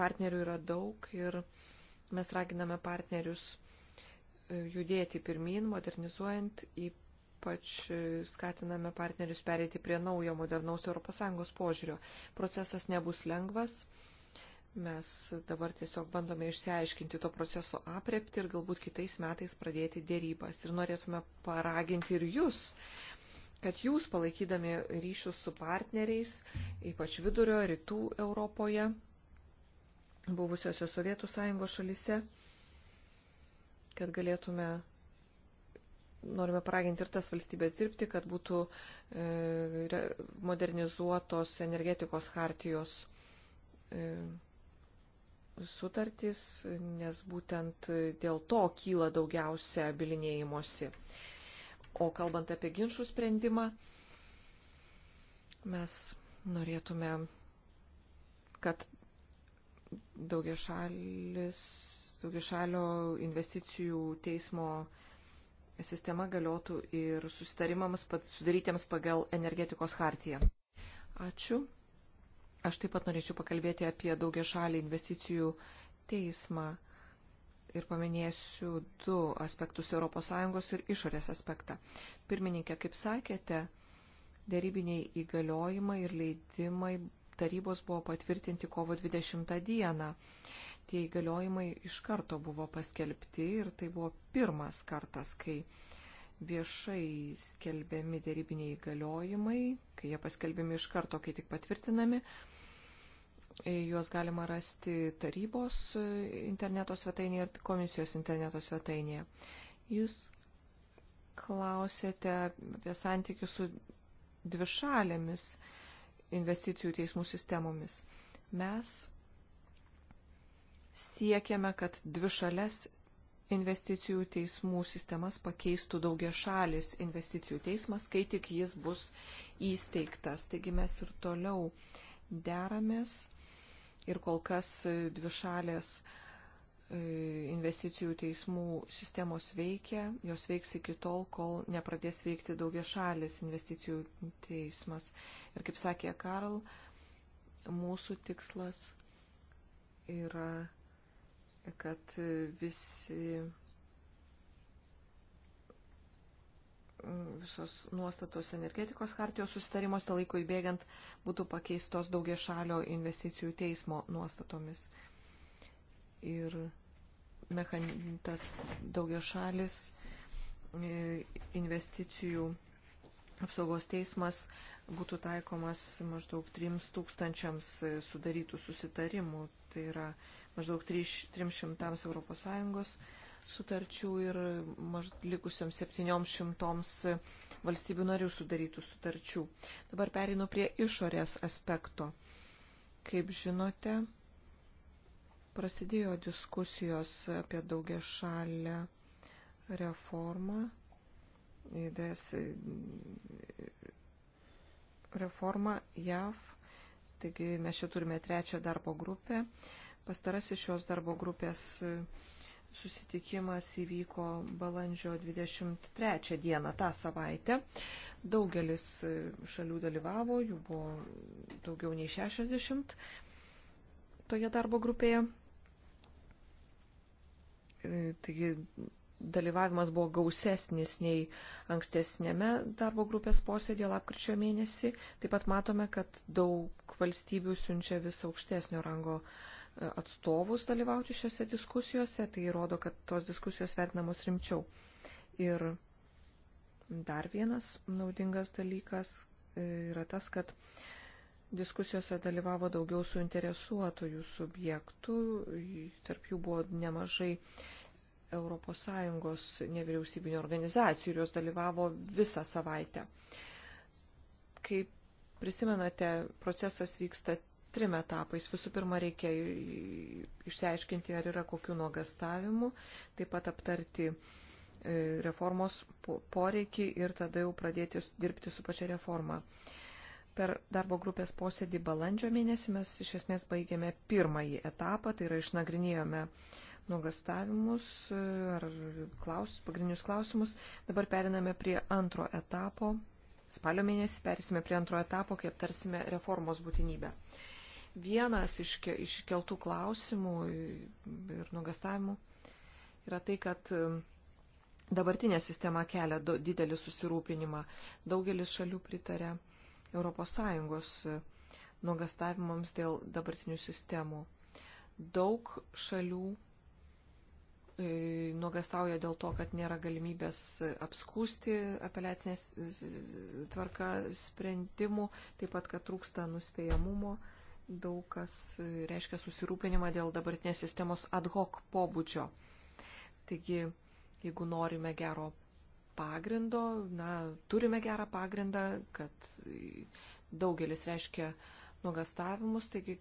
Speaker 3: Partnerių yra daug ir mes raginame partnerius judėti pirmin, modernizuojant, ypač skatiname partnerius pereiti prie naujo modernaus ES požiūrio. Procesas nebus lengvas. Mes dabar tiesiog bandome išsiaiškinti to proceso aprepti ir galbūt kitais metais pradėti dėrybas. Ir norėtume paraginti ir jūs, kad jūs palaikydami ryšius su partneriais, ypač vidurio, rytų Europoje, buvusiose Sovietų sąjungos šalise, kad galėtume, norime paraginti ir tas valstybės dirbti, kad būtų e, modernizuotos energetikos hartijos e, sutartys, nes būtent dėl to kyla daugiausia bilinėjimosi. O kalbant apie ginčių sprendimą, mes norėtume, kad daugia šalis daugišalio investicijų teismo sistema galiotų ir susitarimams sudarytiems pagal energetikos hartiją. Ačiū. Aš taip pat norėčiau pakalbėti apie daugišalį investicijų teismą ir paminėsiu du aspektus ES ir išorės aspektą. Pirmininkė, kaip sakėte, dėrybiniai įgaliojimai ir leidimai tarybos buvo patvirtinti kovo 20 dieną tie įgaliojimai iš karto buvo paskelbti ir tai buvo pirmas kartas, kai viešai skelbiami dėrybiniai įgaliojimai, kai jie paskelbiami iš karto, kai tik patvirtinami. Juos galima rasti tarybos interneto svetainėje ir komisijos interneto svetainėje. Jūs klausėte apie santykius su dvišalėmis investicijų teismų sistemomis. Mes siekiame, kad dvi šalės investicijų teismų sistemas pakeistų daugia šalis investicijų teismas, kai tik jis bus įsteigtas. Taigi mes ir toliau deramės ir kol kas dvi šalės e, investicijų teismų sistemos veikia, jos veiks iki tol, kol nepradės veikti daugia šalis investicijų teismas. Ir kaip sakė Karl, mūsų tikslas yra kad visi visos nuostatos energetikos hartijos susitarimuose laikui bėgant būtų pakeistos daugia šalio investicijų teismo nuostatomis. Ir mechantas daugia šalis e, investicijų apsaugos teismas būtų taikomas maždaug 3 tūkstančiams e, sudarytų susitarimų. Tai yra maždaug 300 ES sutarčių ir maž, likusiams 700 valstybių narių sudarytų sutarčių. Dabar perinu prie išorės aspekto. Kaip žinote, prasidėjo diskusijos apie daugia šalę reformą. Des, reforma JAV, taigi mes čia turime trečią darbo grupę. Uh, Pastarasis šios darbo grupės e, susitikimas įvyko balandžio 23 dieną tą savaitę. Daugelis e, šalių dalyvavo, jų buvo daugiau nei 60 toje darbo grupėje. E, taigi dalyvavimas buvo gausesnis nei ankstesnėme darbo grupės posėdėje lapkričio mėnesį. Taip pat matome, kad daug valstybių siunčia vis aukštesnio rango uh, atstovus dalyvauti šiuose diskusijose, tai rodo, kad tos diskusijos vertinamos rimčiau. Ir dar vienas naudingas dalykas e, yra tas, kad diskusijose dalyvavo daugiau suinteresuotųjų subjektų, tarp jų buvo nemažai ES nevyriausybinio organizacijų ir jos dalyvavo visą savaitę. Kaip prisimenate, procesas vyksta trim etapais. Visų pirma, reikia išsiaiškinti, ar yra kokių nuogastavimų, taip pat aptarti e, reformos poreikį ir tada jau pradėti dirbti su pačia reforma. Per darbo grupės posėdį balandžio mėnesį mes iš esmės baigėme pirmąjį etapą, tai yra išnagrinėjome nuogastavimus e, ar klaus, pagrindinius klausimus. Dabar periname prie antro etapo. Spalio mėnesį persime prie antro etapo, kai aptarsime reformos būtinybę. Vienas iš iškeltų klausimų ir nugastavimų yra tai, kad dabartinė sistema kelia didelį susirūpinimą. Daugelis šalių pritarė ES nuogastavimams dėl dabartinių sistemų. Daug šalių nuogastauja dėl to, kad nėra galimybės apskūsti apeliacinės tvarka sprendimų, taip pat, kad trūksta nuspėjamumo daug kas reiškia susirūpinimą dėl dabartinės sistemos ad hoc pobūdžio. Taigi, jeigu norime gero pagrindo, na, turime gerą pagrindą, kad daugelis reiškia nuogastavimus, taigi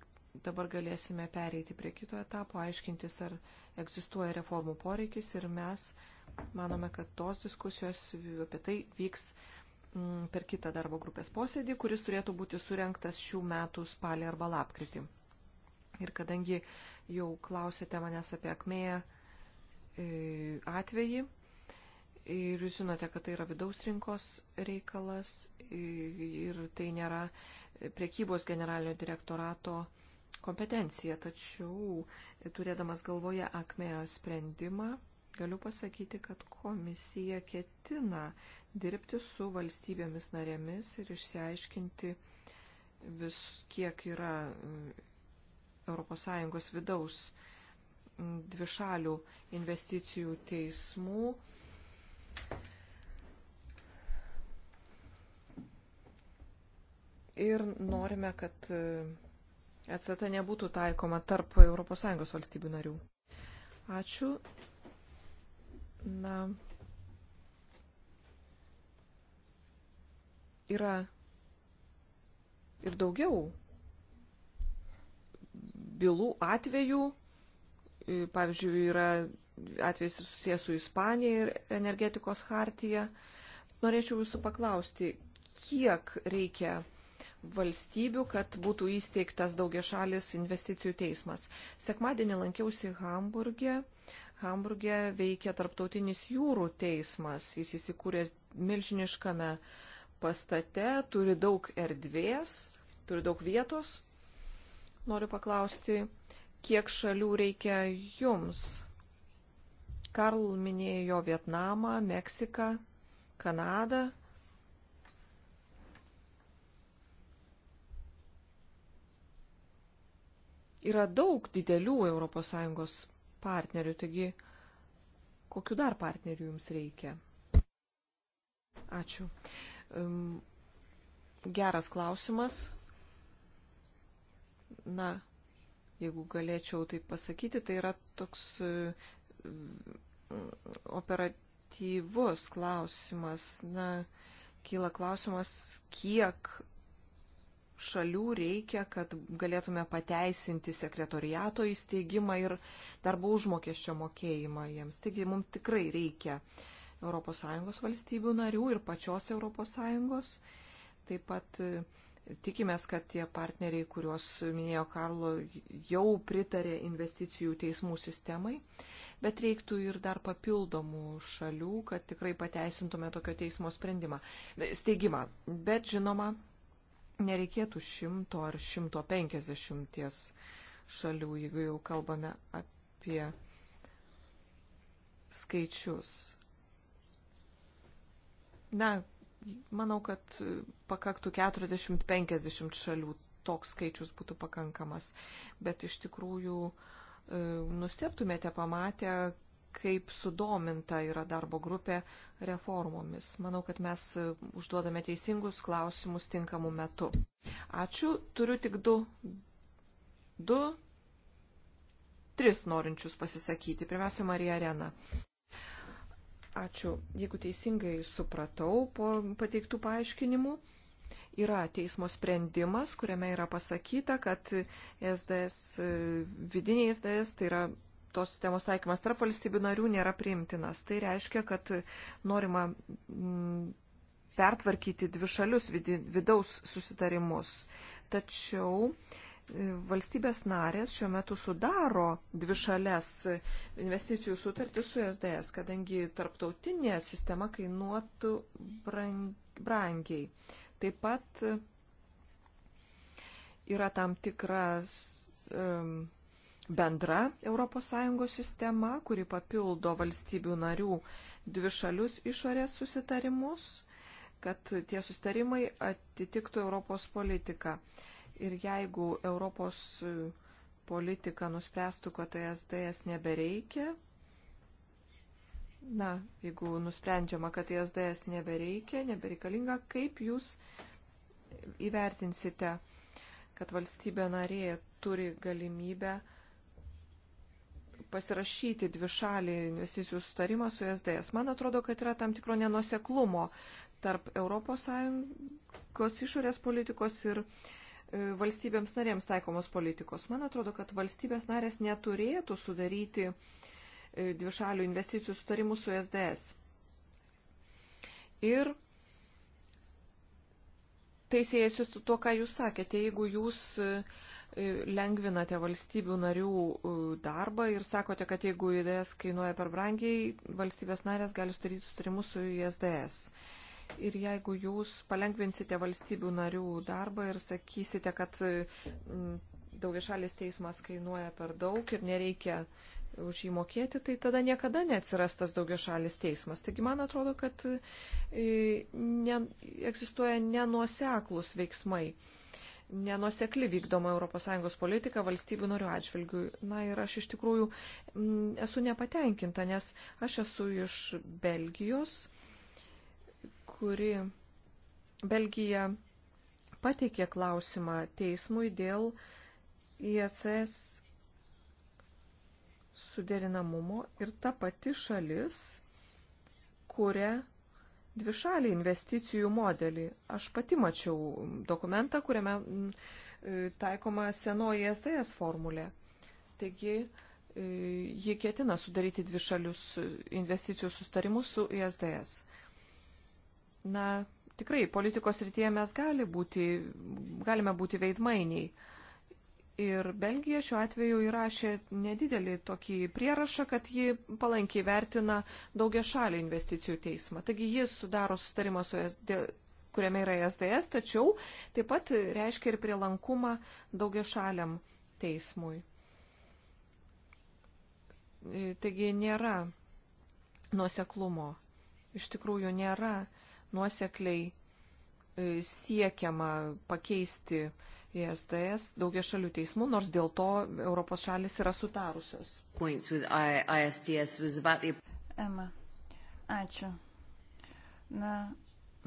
Speaker 3: dabar galėsime pereiti prie kito etapo, aiškintis, ar egzistuoja reformų poreikis ir mes manome, kad tos diskusijos apie tai vyks Mm, per kitą darbo grupės posėdį, kuris turėtų būti surenktas šių metų spalį arba lapkritį. Ir kadangi jau klausėte manęs apie akmėją e, atvejį, ir jūs žinote, kad tai yra vidaus rinkos reikalas ir tai nėra priekybos generalinio direktorato kompetencija, tačiau turėdamas galvoje akmėjo sprendimą, galiu pasakyti, kad komisija ketina dirbti su valstybėmis narėmis ir išsiaiškinti vis kiek yra mm, ES vidaus mm, dvišalių investicijų teismų. Ir norime, kad ECT nebūtų taikoma tarp ES valstybių narių. Ačiū. Na, yra ir daugiau bylų atvejų, e, pavyzdžiui, yra atvejs susijęs su Ispanija ir energetikos hartija. Norėčiau jūsų paklausti, kiek reikia valstybių, kad būtų įsteigtas daugiašalis investicijų teismas. Sekmadienį lankiausi Hamburgė. Hamburgė veikia tarptautinis jūrų teismas. Jis įsikūręs milžiniškame uh, pastate, turi daug erdvės, turi daug vietos. Noriu paklausti, kiek šalių reikia jums? Karl minėjo Vietnamą, Meksiką, Kanadą. Yra daug didelių ES partnerių, taigi kokiu dar partneriu jums reikia? Ačiū. Geras klausimas. Na, jeigu galėčiau tai pasakyti, tai yra toks e, operatyvus klausimas. Na, kyla klausimas, kiek šalių reikia, kad galėtume pateisinti sekretoriato įsteigimą ir darbo užmokesčio mokėjimą jiems. Taigi mums tikrai reikia uh, ES valstybių narių ir pačios ES. Taip pat e, tikimės, kad tie partneriai, kuriuos minėjo Karlo, jau pritarė investicijų teismų sistemai, bet reiktų ir dar papildomų šalių, kad tikrai pateisintume tokio teismo sprendimą, e, steigimą. Bet žinoma, nereikėtų šimto ar šimto penkisdešimties šalių, jeigu jau kalbame apie skaičius. Na, manau, kad pakaktų 40-50 šalių, toks skaičius būtų pakankamas, bet iš tikrųjų e, nustebtumėte pamatę, kaip sudominta yra darbo grupė reformomis. Manau, kad mes e, užduodame teisingus klausimus tinkamu metu. Ačiū, turiu tik du, du, tris norinčius pasisakyti. Pirmiausia, Marija Arena. Ačiū. Jeigu teisingai supratau po pateiktų paaiškinimų, yra teismo sprendimas, kuriame yra pasakyta, kad SDS, vidiniai SDS, tai yra tos sistemos taikymas tarp valstybių narių nėra priimtinas. Tai reiškia, kad norima mm, pertvarkyti dvišalius vidaus susitarimus. Tačiau valstybės narės šiuo metu sudaro dvi šalės investicijų sutartį su SDS, kadangi tarptautinė sistema kainuotų brangiai. Taip pat e, yra tam tikras e, bendra ES sistema, kuri papildo valstybių narių dvi šalius išorės susitarimus, kad tie susitarimai atitiktų Europos politiką. Ir jeigu Europos politika nuspręstų, kad ESDS nebereikia, na, jeigu nusprendžiama, kad ESDS nebereikia, nebereikalinga, kaip jūs įvertinsite, kad valstybė narė turi galimybę pasirašyti dvišalį investicijų sutarimą su SDS. E Man atrodo, kad yra tam tikro nenuseklumo tarp ES išorės politikos ir uh, E, valstybėms narėms taikomos politikos. Man atrodo, kad valstybės narės neturėtų sudaryti e, dvišalių investicijų sutarimų su SDS. Ir tai siejasi su to, ką jūs sakėte, jeigu jūs e, lengvinate valstybių narių darbą ir sakote, kad jeigu IDS kainuoja per brangiai, valstybės narės gali sudaryti sutarimus su ISDS. Uh, Ir jeigu jūs palengvinsite valstybių narių darbą ir sakysite, kad mm, daugiašalis teismas kainuoja per daug ir nereikia už jį mokėti, tai tada niekada neatsiras tas daugiašalis teismas. Taigi man atrodo, kad e, ne, egzistuoja nenuoseklus veiksmai, nenuosekli vykdoma ES politika valstybių norių atžvilgių. Na ir aš iš tikrųjų m, mm, esu nepatenkinta, nes aš esu iš Belgijos kuri Belgija pateikė klausimą teismui dėl IACS suderinamumo ir ta pati šalis kuria dvišalį investicijų modelį. Aš pati mačiau dokumentą, kuriame mm, e, taikoma senoji SDS formulė. Taigi, e, ji ketina sudaryti dvišalius investicijų sustarimus su ISDS na, tikrai politikos rytyje mes gali būti, galime būti veidmainiai. Ir Belgija šiuo atveju įrašė nedidelį tokį prierašą, kad ji palankiai vertina daugia šalį investicijų teismą. Taigi jis sudaro sustarimą su SD, kuriame yra SDS, tačiau taip pat reiškia ir prielankumą daugia šaliam teismui. Taigi nėra nuoseklumo. Iš tikrųjų nėra nuosekliai e, siekiama pakeisti ISDS daugia šalių teismų, nors dėl to Europos šalis yra sutarusios.
Speaker 2: Ema, ačiū. Na,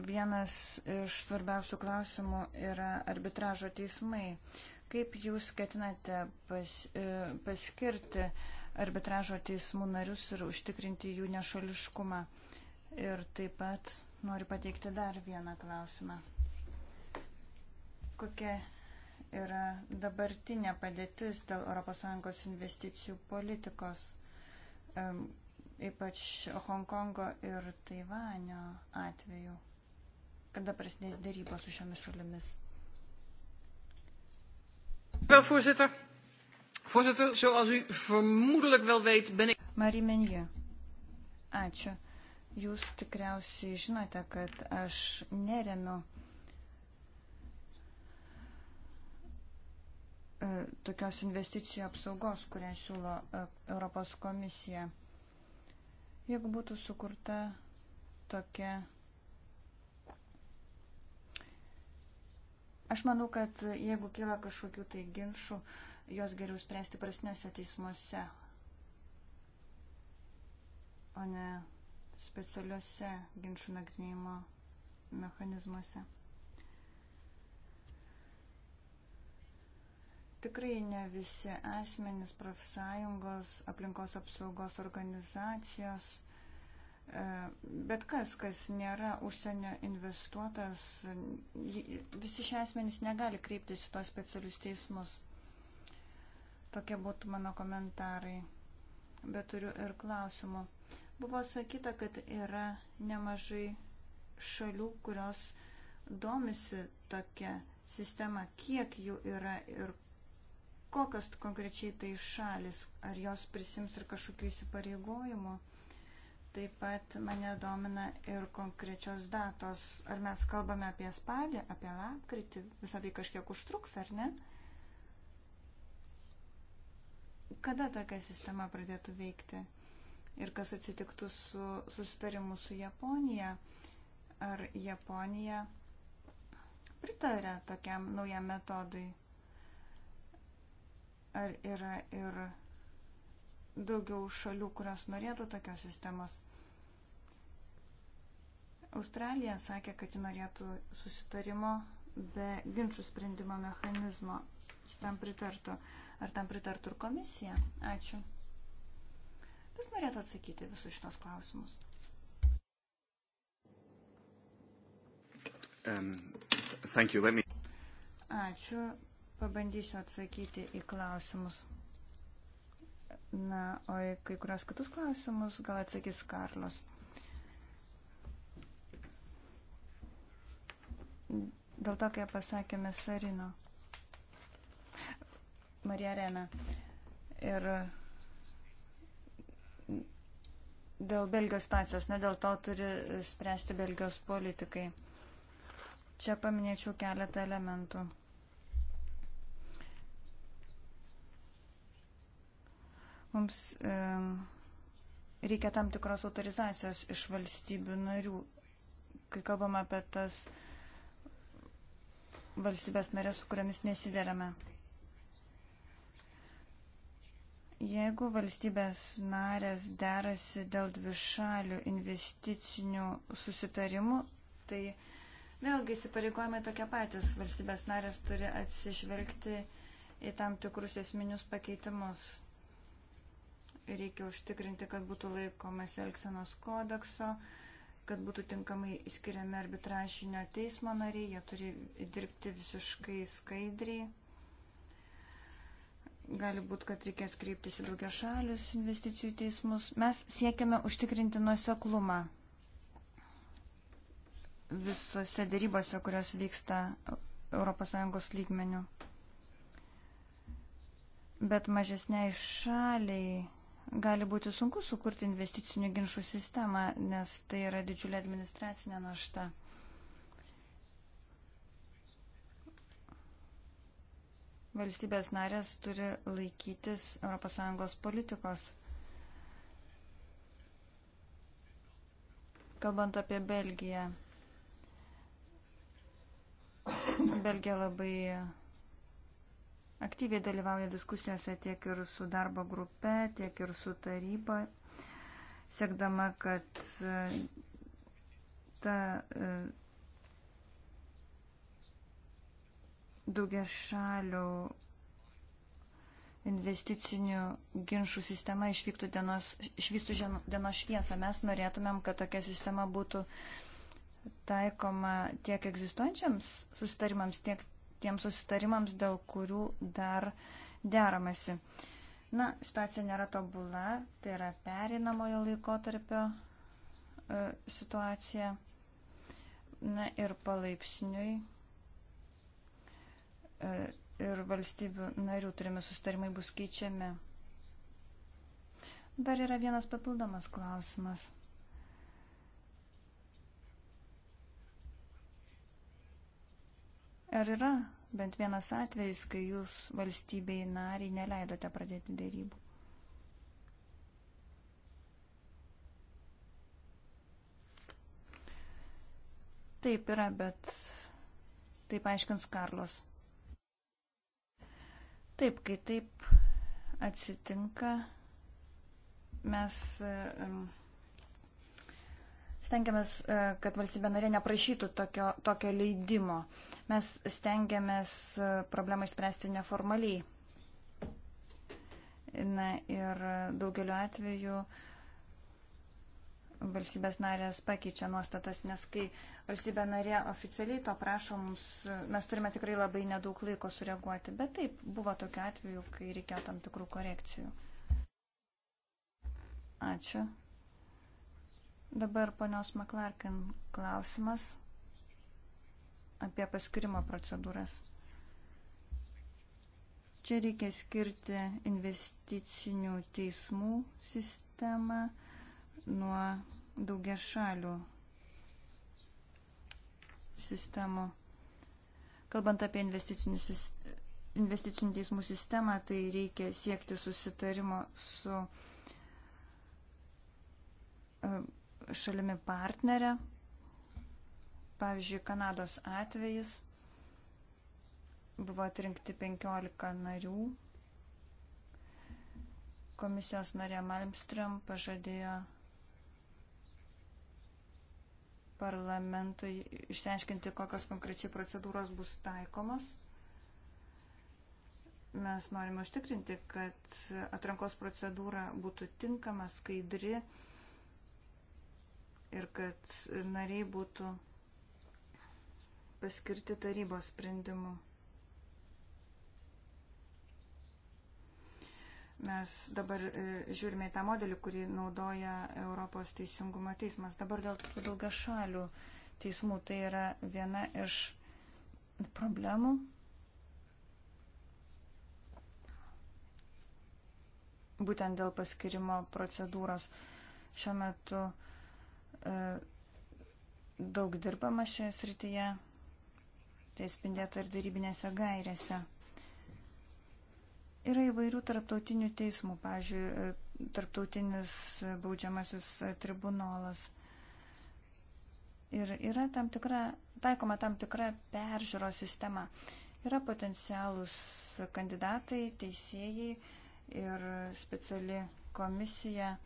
Speaker 2: vienas iš svarbiausių klausimų yra arbitražo teismai. Kaip jūs ketinate pas, e, paskirti arbitražo teismų narius ir užtikrinti jų nešališkumą? Ir taip pat Noriu pateikti dar vieną klausimą. Kokia yra dabartinė padėtis dėl ES investicijų politikos, ypač Hongkongo ir Taivanio atveju? Kada prasidės dėrybos su šiomis šalimis?
Speaker 1: Wel, voorzitter. Voorzitter, zoals
Speaker 2: u vermoedelijk wel weet, ben ik. Marie Menieu. Ačiū. Jūs tikriausiai žinote, kad aš neremiu e, tokios investicijų apsaugos, kurią siūlo e, Europos komisija. Jeigu būtų sukurta tokia. Aš manau, kad jeigu kyla kažkokių tai ginčių, juos geriau spręsti prasniuose teismuose, o ne specialiuose ginčių nagrinėjimo mechanizmuose. Tikrai ne visi asmenys, profsąjungos, aplinkos apsaugos organizacijos, e, bet kas, kas nėra užsienio investuotas, visi šie asmenys negali kreiptis į tos specialius teismus. Tokie būtų mano komentarai, bet turiu ir klausimų. Buvo sakyta, kad yra nemažai šalių, kurios domisi tokia sistema, kiek jų yra ir kokios konkrečiai tai šalis, ar jos prisims ir kažkokių įsipareigojimų. Taip pat mane domina ir konkrečios datos, ar mes kalbame apie spalį, apie lapkritį, visą tai kažkiek užtruks, ar ne? Kada tokia sistema pradėtų veikti? ir kas atsitiktų su susitarimu su Japonija. Ar Japonija pritarė tokiam naujam metodui? Ar yra ir daugiau šalių, kurios norėtų tokios sistemos? Australija sakė, kad ji norėtų susitarimo be ginčių sprendimo mechanizmo. Tam pritartų. Ar tam pritartų ir komisija? Ačiū. Kas norėtų atsakyti visus šitos klausimus?
Speaker 1: Um, thank you. Let me...
Speaker 2: Ačiū. Pabandysiu atsakyti į klausimus. Na, o į kai kurios kitus klausimus gal atsakys Karlos. Dėl to, kai pasakė Mesarino. Marija Rena. Ir dėl Belgijos situacijos, ne dėl to turi spręsti Belgijos politikai. Čia paminėčiau keletą elementų. Mums e, reikia tam tikros autorizacijos iš valstybių narių. Kai kalbam apie tas valstybės narės, su kuriamis nesiderėme. Jeigu valstybės narės derasi dėl dvišalių investicinių susitarimų, tai vėlgi įsipareigojimai tokie patys. Valstybės narės turi atsižvelgti į tam tikrus esminius pakeitimus. Reikia užtikrinti, kad būtų laikomas Elksenos kodekso, kad būtų tinkamai skiriami arbitrašinio teismo nariai, jie turi dirbti visiškai skaidriai gali būti, kad reikės kreiptis į daugia šalius investicijų teismus. Mes siekiame užtikrinti nuoseklumą visose dėrybose, kurios vyksta ES lygmenių. Bet mažesniai šaliai gali būti sunku sukurti investicinių ginčių sistemą, nes tai yra didžiulė administracinė našta. valstybės narės turi laikytis ES politikos. Kalbant apie Belgiją. Belgija labai aktyviai dalyvauja diskusijose tiek ir su darbo grupe, tiek ir su taryba, siekdama, kad ta e, daugia šalių investicinių ginčių sistema išvyktų dienos, išvystų dienos šviesą. Mes norėtumėm, kad tokia sistema būtų taikoma tiek egzistuojančiams susitarimams, tiek tiems susitarimams, dėl kurių dar deramasi. Na, situacija nėra tobula, tai yra perinamojo laikotarpio e, situacija. Na ir palaipsniui E, ir valstybių narių turime sustarimai bus keičiami. Dar yra vienas papildomas klausimas. Ar yra bent vienas atvejis, kai jūs valstybei nariai neleidote pradėti dėrybų? Taip yra, bet taip aiškins Karlos. Taip, kai taip atsitinka, mes stengiamės, e, kad valstybė narė neprašytų tokio, tokio leidimo. Mes stengiamės e, problemą išspręsti neformaliai. Na ir daugeliu atveju valstybės narės pakeičia nuostatas, nes kai uh, valstybė narė oficialiai to prašo mums, mes turime tikrai labai nedaug laiko sureaguoti, bet taip, buvo tokiu atveju, kai reikėjo tam tikrų korekcijų. Ačiū. Dabar ponios Maklarkin klausimas apie paskirimo procedūras. Čia reikia skirti investicinių teismų sistemą nuo daugia šalių sistemų. Kalbant apie investicinių teismų sistemą, tai reikia siekti susitarimo su e, šalimi partnerė. Pavyzdžiui, Kanados atvejis buvo atrinkti 15 narių. Komisijos narė Malmström pažadėjo parlamentui išsiaiškinti, kokios konkrečiai procedūros bus taikomos. Mes norime užtikrinti, kad atrankos procedūra būtų tinkama, skaidri ir kad nariai būtų paskirti tarybos sprendimu. Mes dabar e, žiūrime į tą modelį, kurį naudoja Europos teisingumo teismas. Dabar dėl daugia šalių teismų tai yra viena iš problemų. Būtent dėl paskirimo procedūros šiuo metu e, daug dirbama šioje srityje. Tai spindėta ir darybinėse gairėse. Yra įvairių tarptautinių teismų, pavyzdžiui, e, tarptautinis baudžiamasis e, tribunolas. Ir yra tam tikra, taikoma tam tikra peržiūros sistema. Yra potencialūs kandidatai, teisėjai ir speciali komisija e,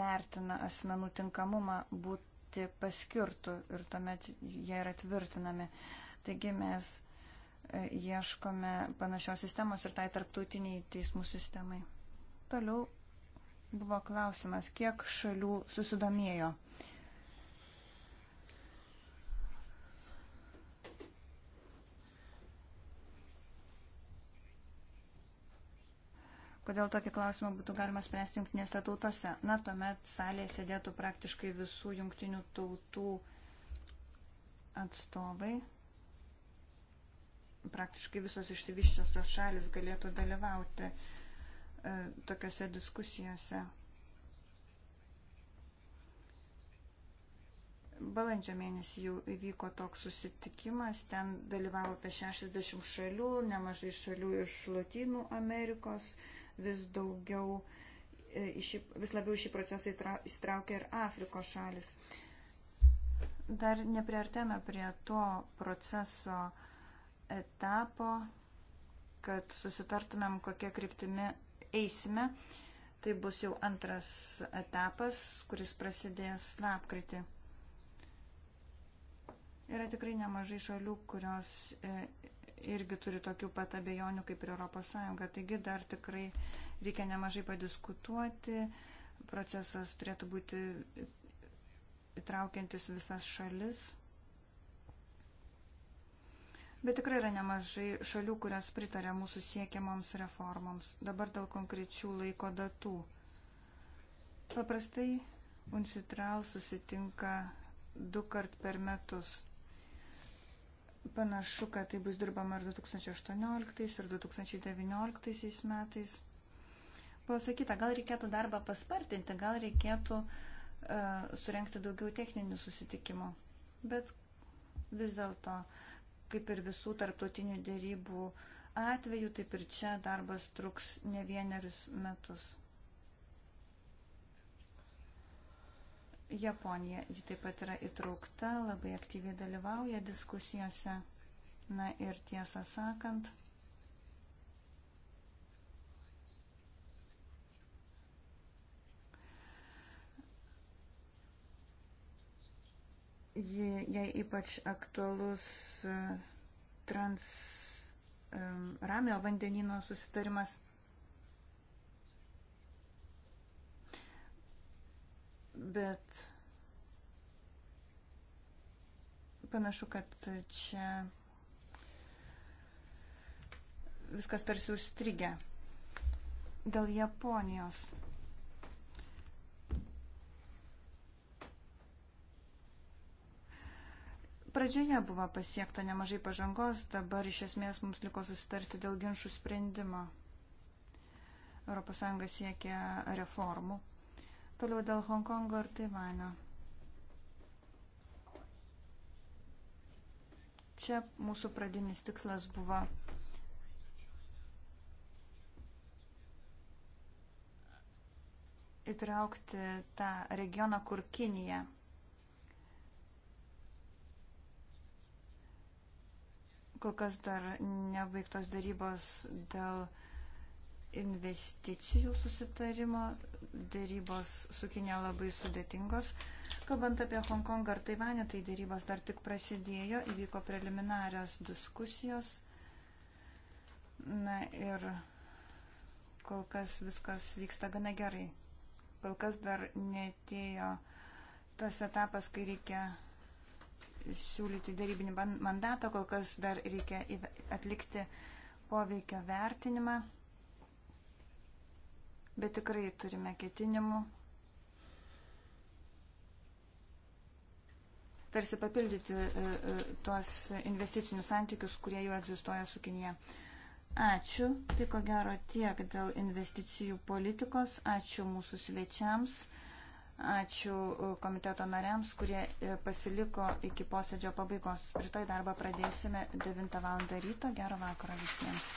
Speaker 2: vertina asmenų tinkamumą būti paskirtų ir tuomet jie yra tvirtinami. Taigi mes E, ieškome panašios sistemos ir tai tarptautiniai teismų sistemai. Toliau buvo klausimas, kiek šalių susidomėjo. Kodėl tokį klausimą būtų galima spręsti jungtinėse tautose? Na, tuomet salėje sėdėtų praktiškai visų jungtinių tautų atstovai praktiškai visos išsivyščiosios šalis galėtų dalyvauti e, tokiuose diskusijose. Balandžio mėnesį jau įvyko toks susitikimas, ten dalyvavo apie 60 šalių, nemažai šalių iš Latinų Amerikos, vis daugiau, e, šį, vis labiau šį procesą įtraukia ir Afrikos šalis. Dar nepriartėme prie to proceso uh, etapo, kad susitartumėm, kokie kryptimi eisime. Tai bus jau antras etapas, kuris prasidės lapkritį. Yra tikrai nemažai šalių, kurios e, irgi turi tokių pat abejonių kaip ir ES. Taigi dar tikrai reikia nemažai padiskutuoti. Procesas turėtų būti įtraukiantis visas šalis. Bet tikrai yra nemažai šalių, kurios pritarė mūsų siekiamoms reformoms. Dabar dėl konkrečių laiko datų. Paprastai UNCITRAL susitinka du kart per metus. Panašu, kad tai bus dirbama ir 2018 ir 2019 metais. Buvo sakyta, gal reikėtų darbą paspartinti, gal reikėtų uh, surenkti daugiau techninių susitikimų. Bet vis dėlto uh, kaip ir visų tarptautinių dėrybų atveju, taip ir čia darbas truks ne vienerius metus. Japonija, ji taip pat yra įtraukta, labai aktyviai dalyvauja diskusijose. Na ir tiesą sakant, jai ypač aktualus e, trans e, ramio vandenino susitarimas. Bet panašu, kad čia viskas tarsi užstrigę dėl Japonijos. Pradžioje buvo pasiekta nemažai pažangos, dabar iš esmės mums liko susitarti dėl ginčių sprendimo. ES siekia reformų. Toliau dėl Hongkongo ir Taivano. Čia mūsų pradinis tikslas buvo įtraukti tą regioną, kur Kinija kol kas dar nebaigtos darybos dėl investicijų susitarimo, darybos su Kinė labai sudėtingos. Kalbant apie Hongkongą ar Taivanį, tai darybos dar tik prasidėjo, įvyko preliminarios diskusijos. Na ir kol kas viskas vyksta gana gerai. Kol kas dar netėjo tas etapas, kai reikia siūlyti darybinį mandatą, kol kas dar reikia atlikti poveikio vertinimą, bet tikrai turime ketinimų. Tarsi papildyti e, e, tuos investicinius santykius, kurie jau egzistuoja su Kinija. Ačiū. Tai ko gero tiek dėl investicijų politikos. Ačiū mūsų svečiams. Ačiū e, komiteto nariams, kurie e, pasiliko iki posėdžio pabaigos. Rytoj darbą pradėsime 9 val. ryto. Gero vakaro visiems.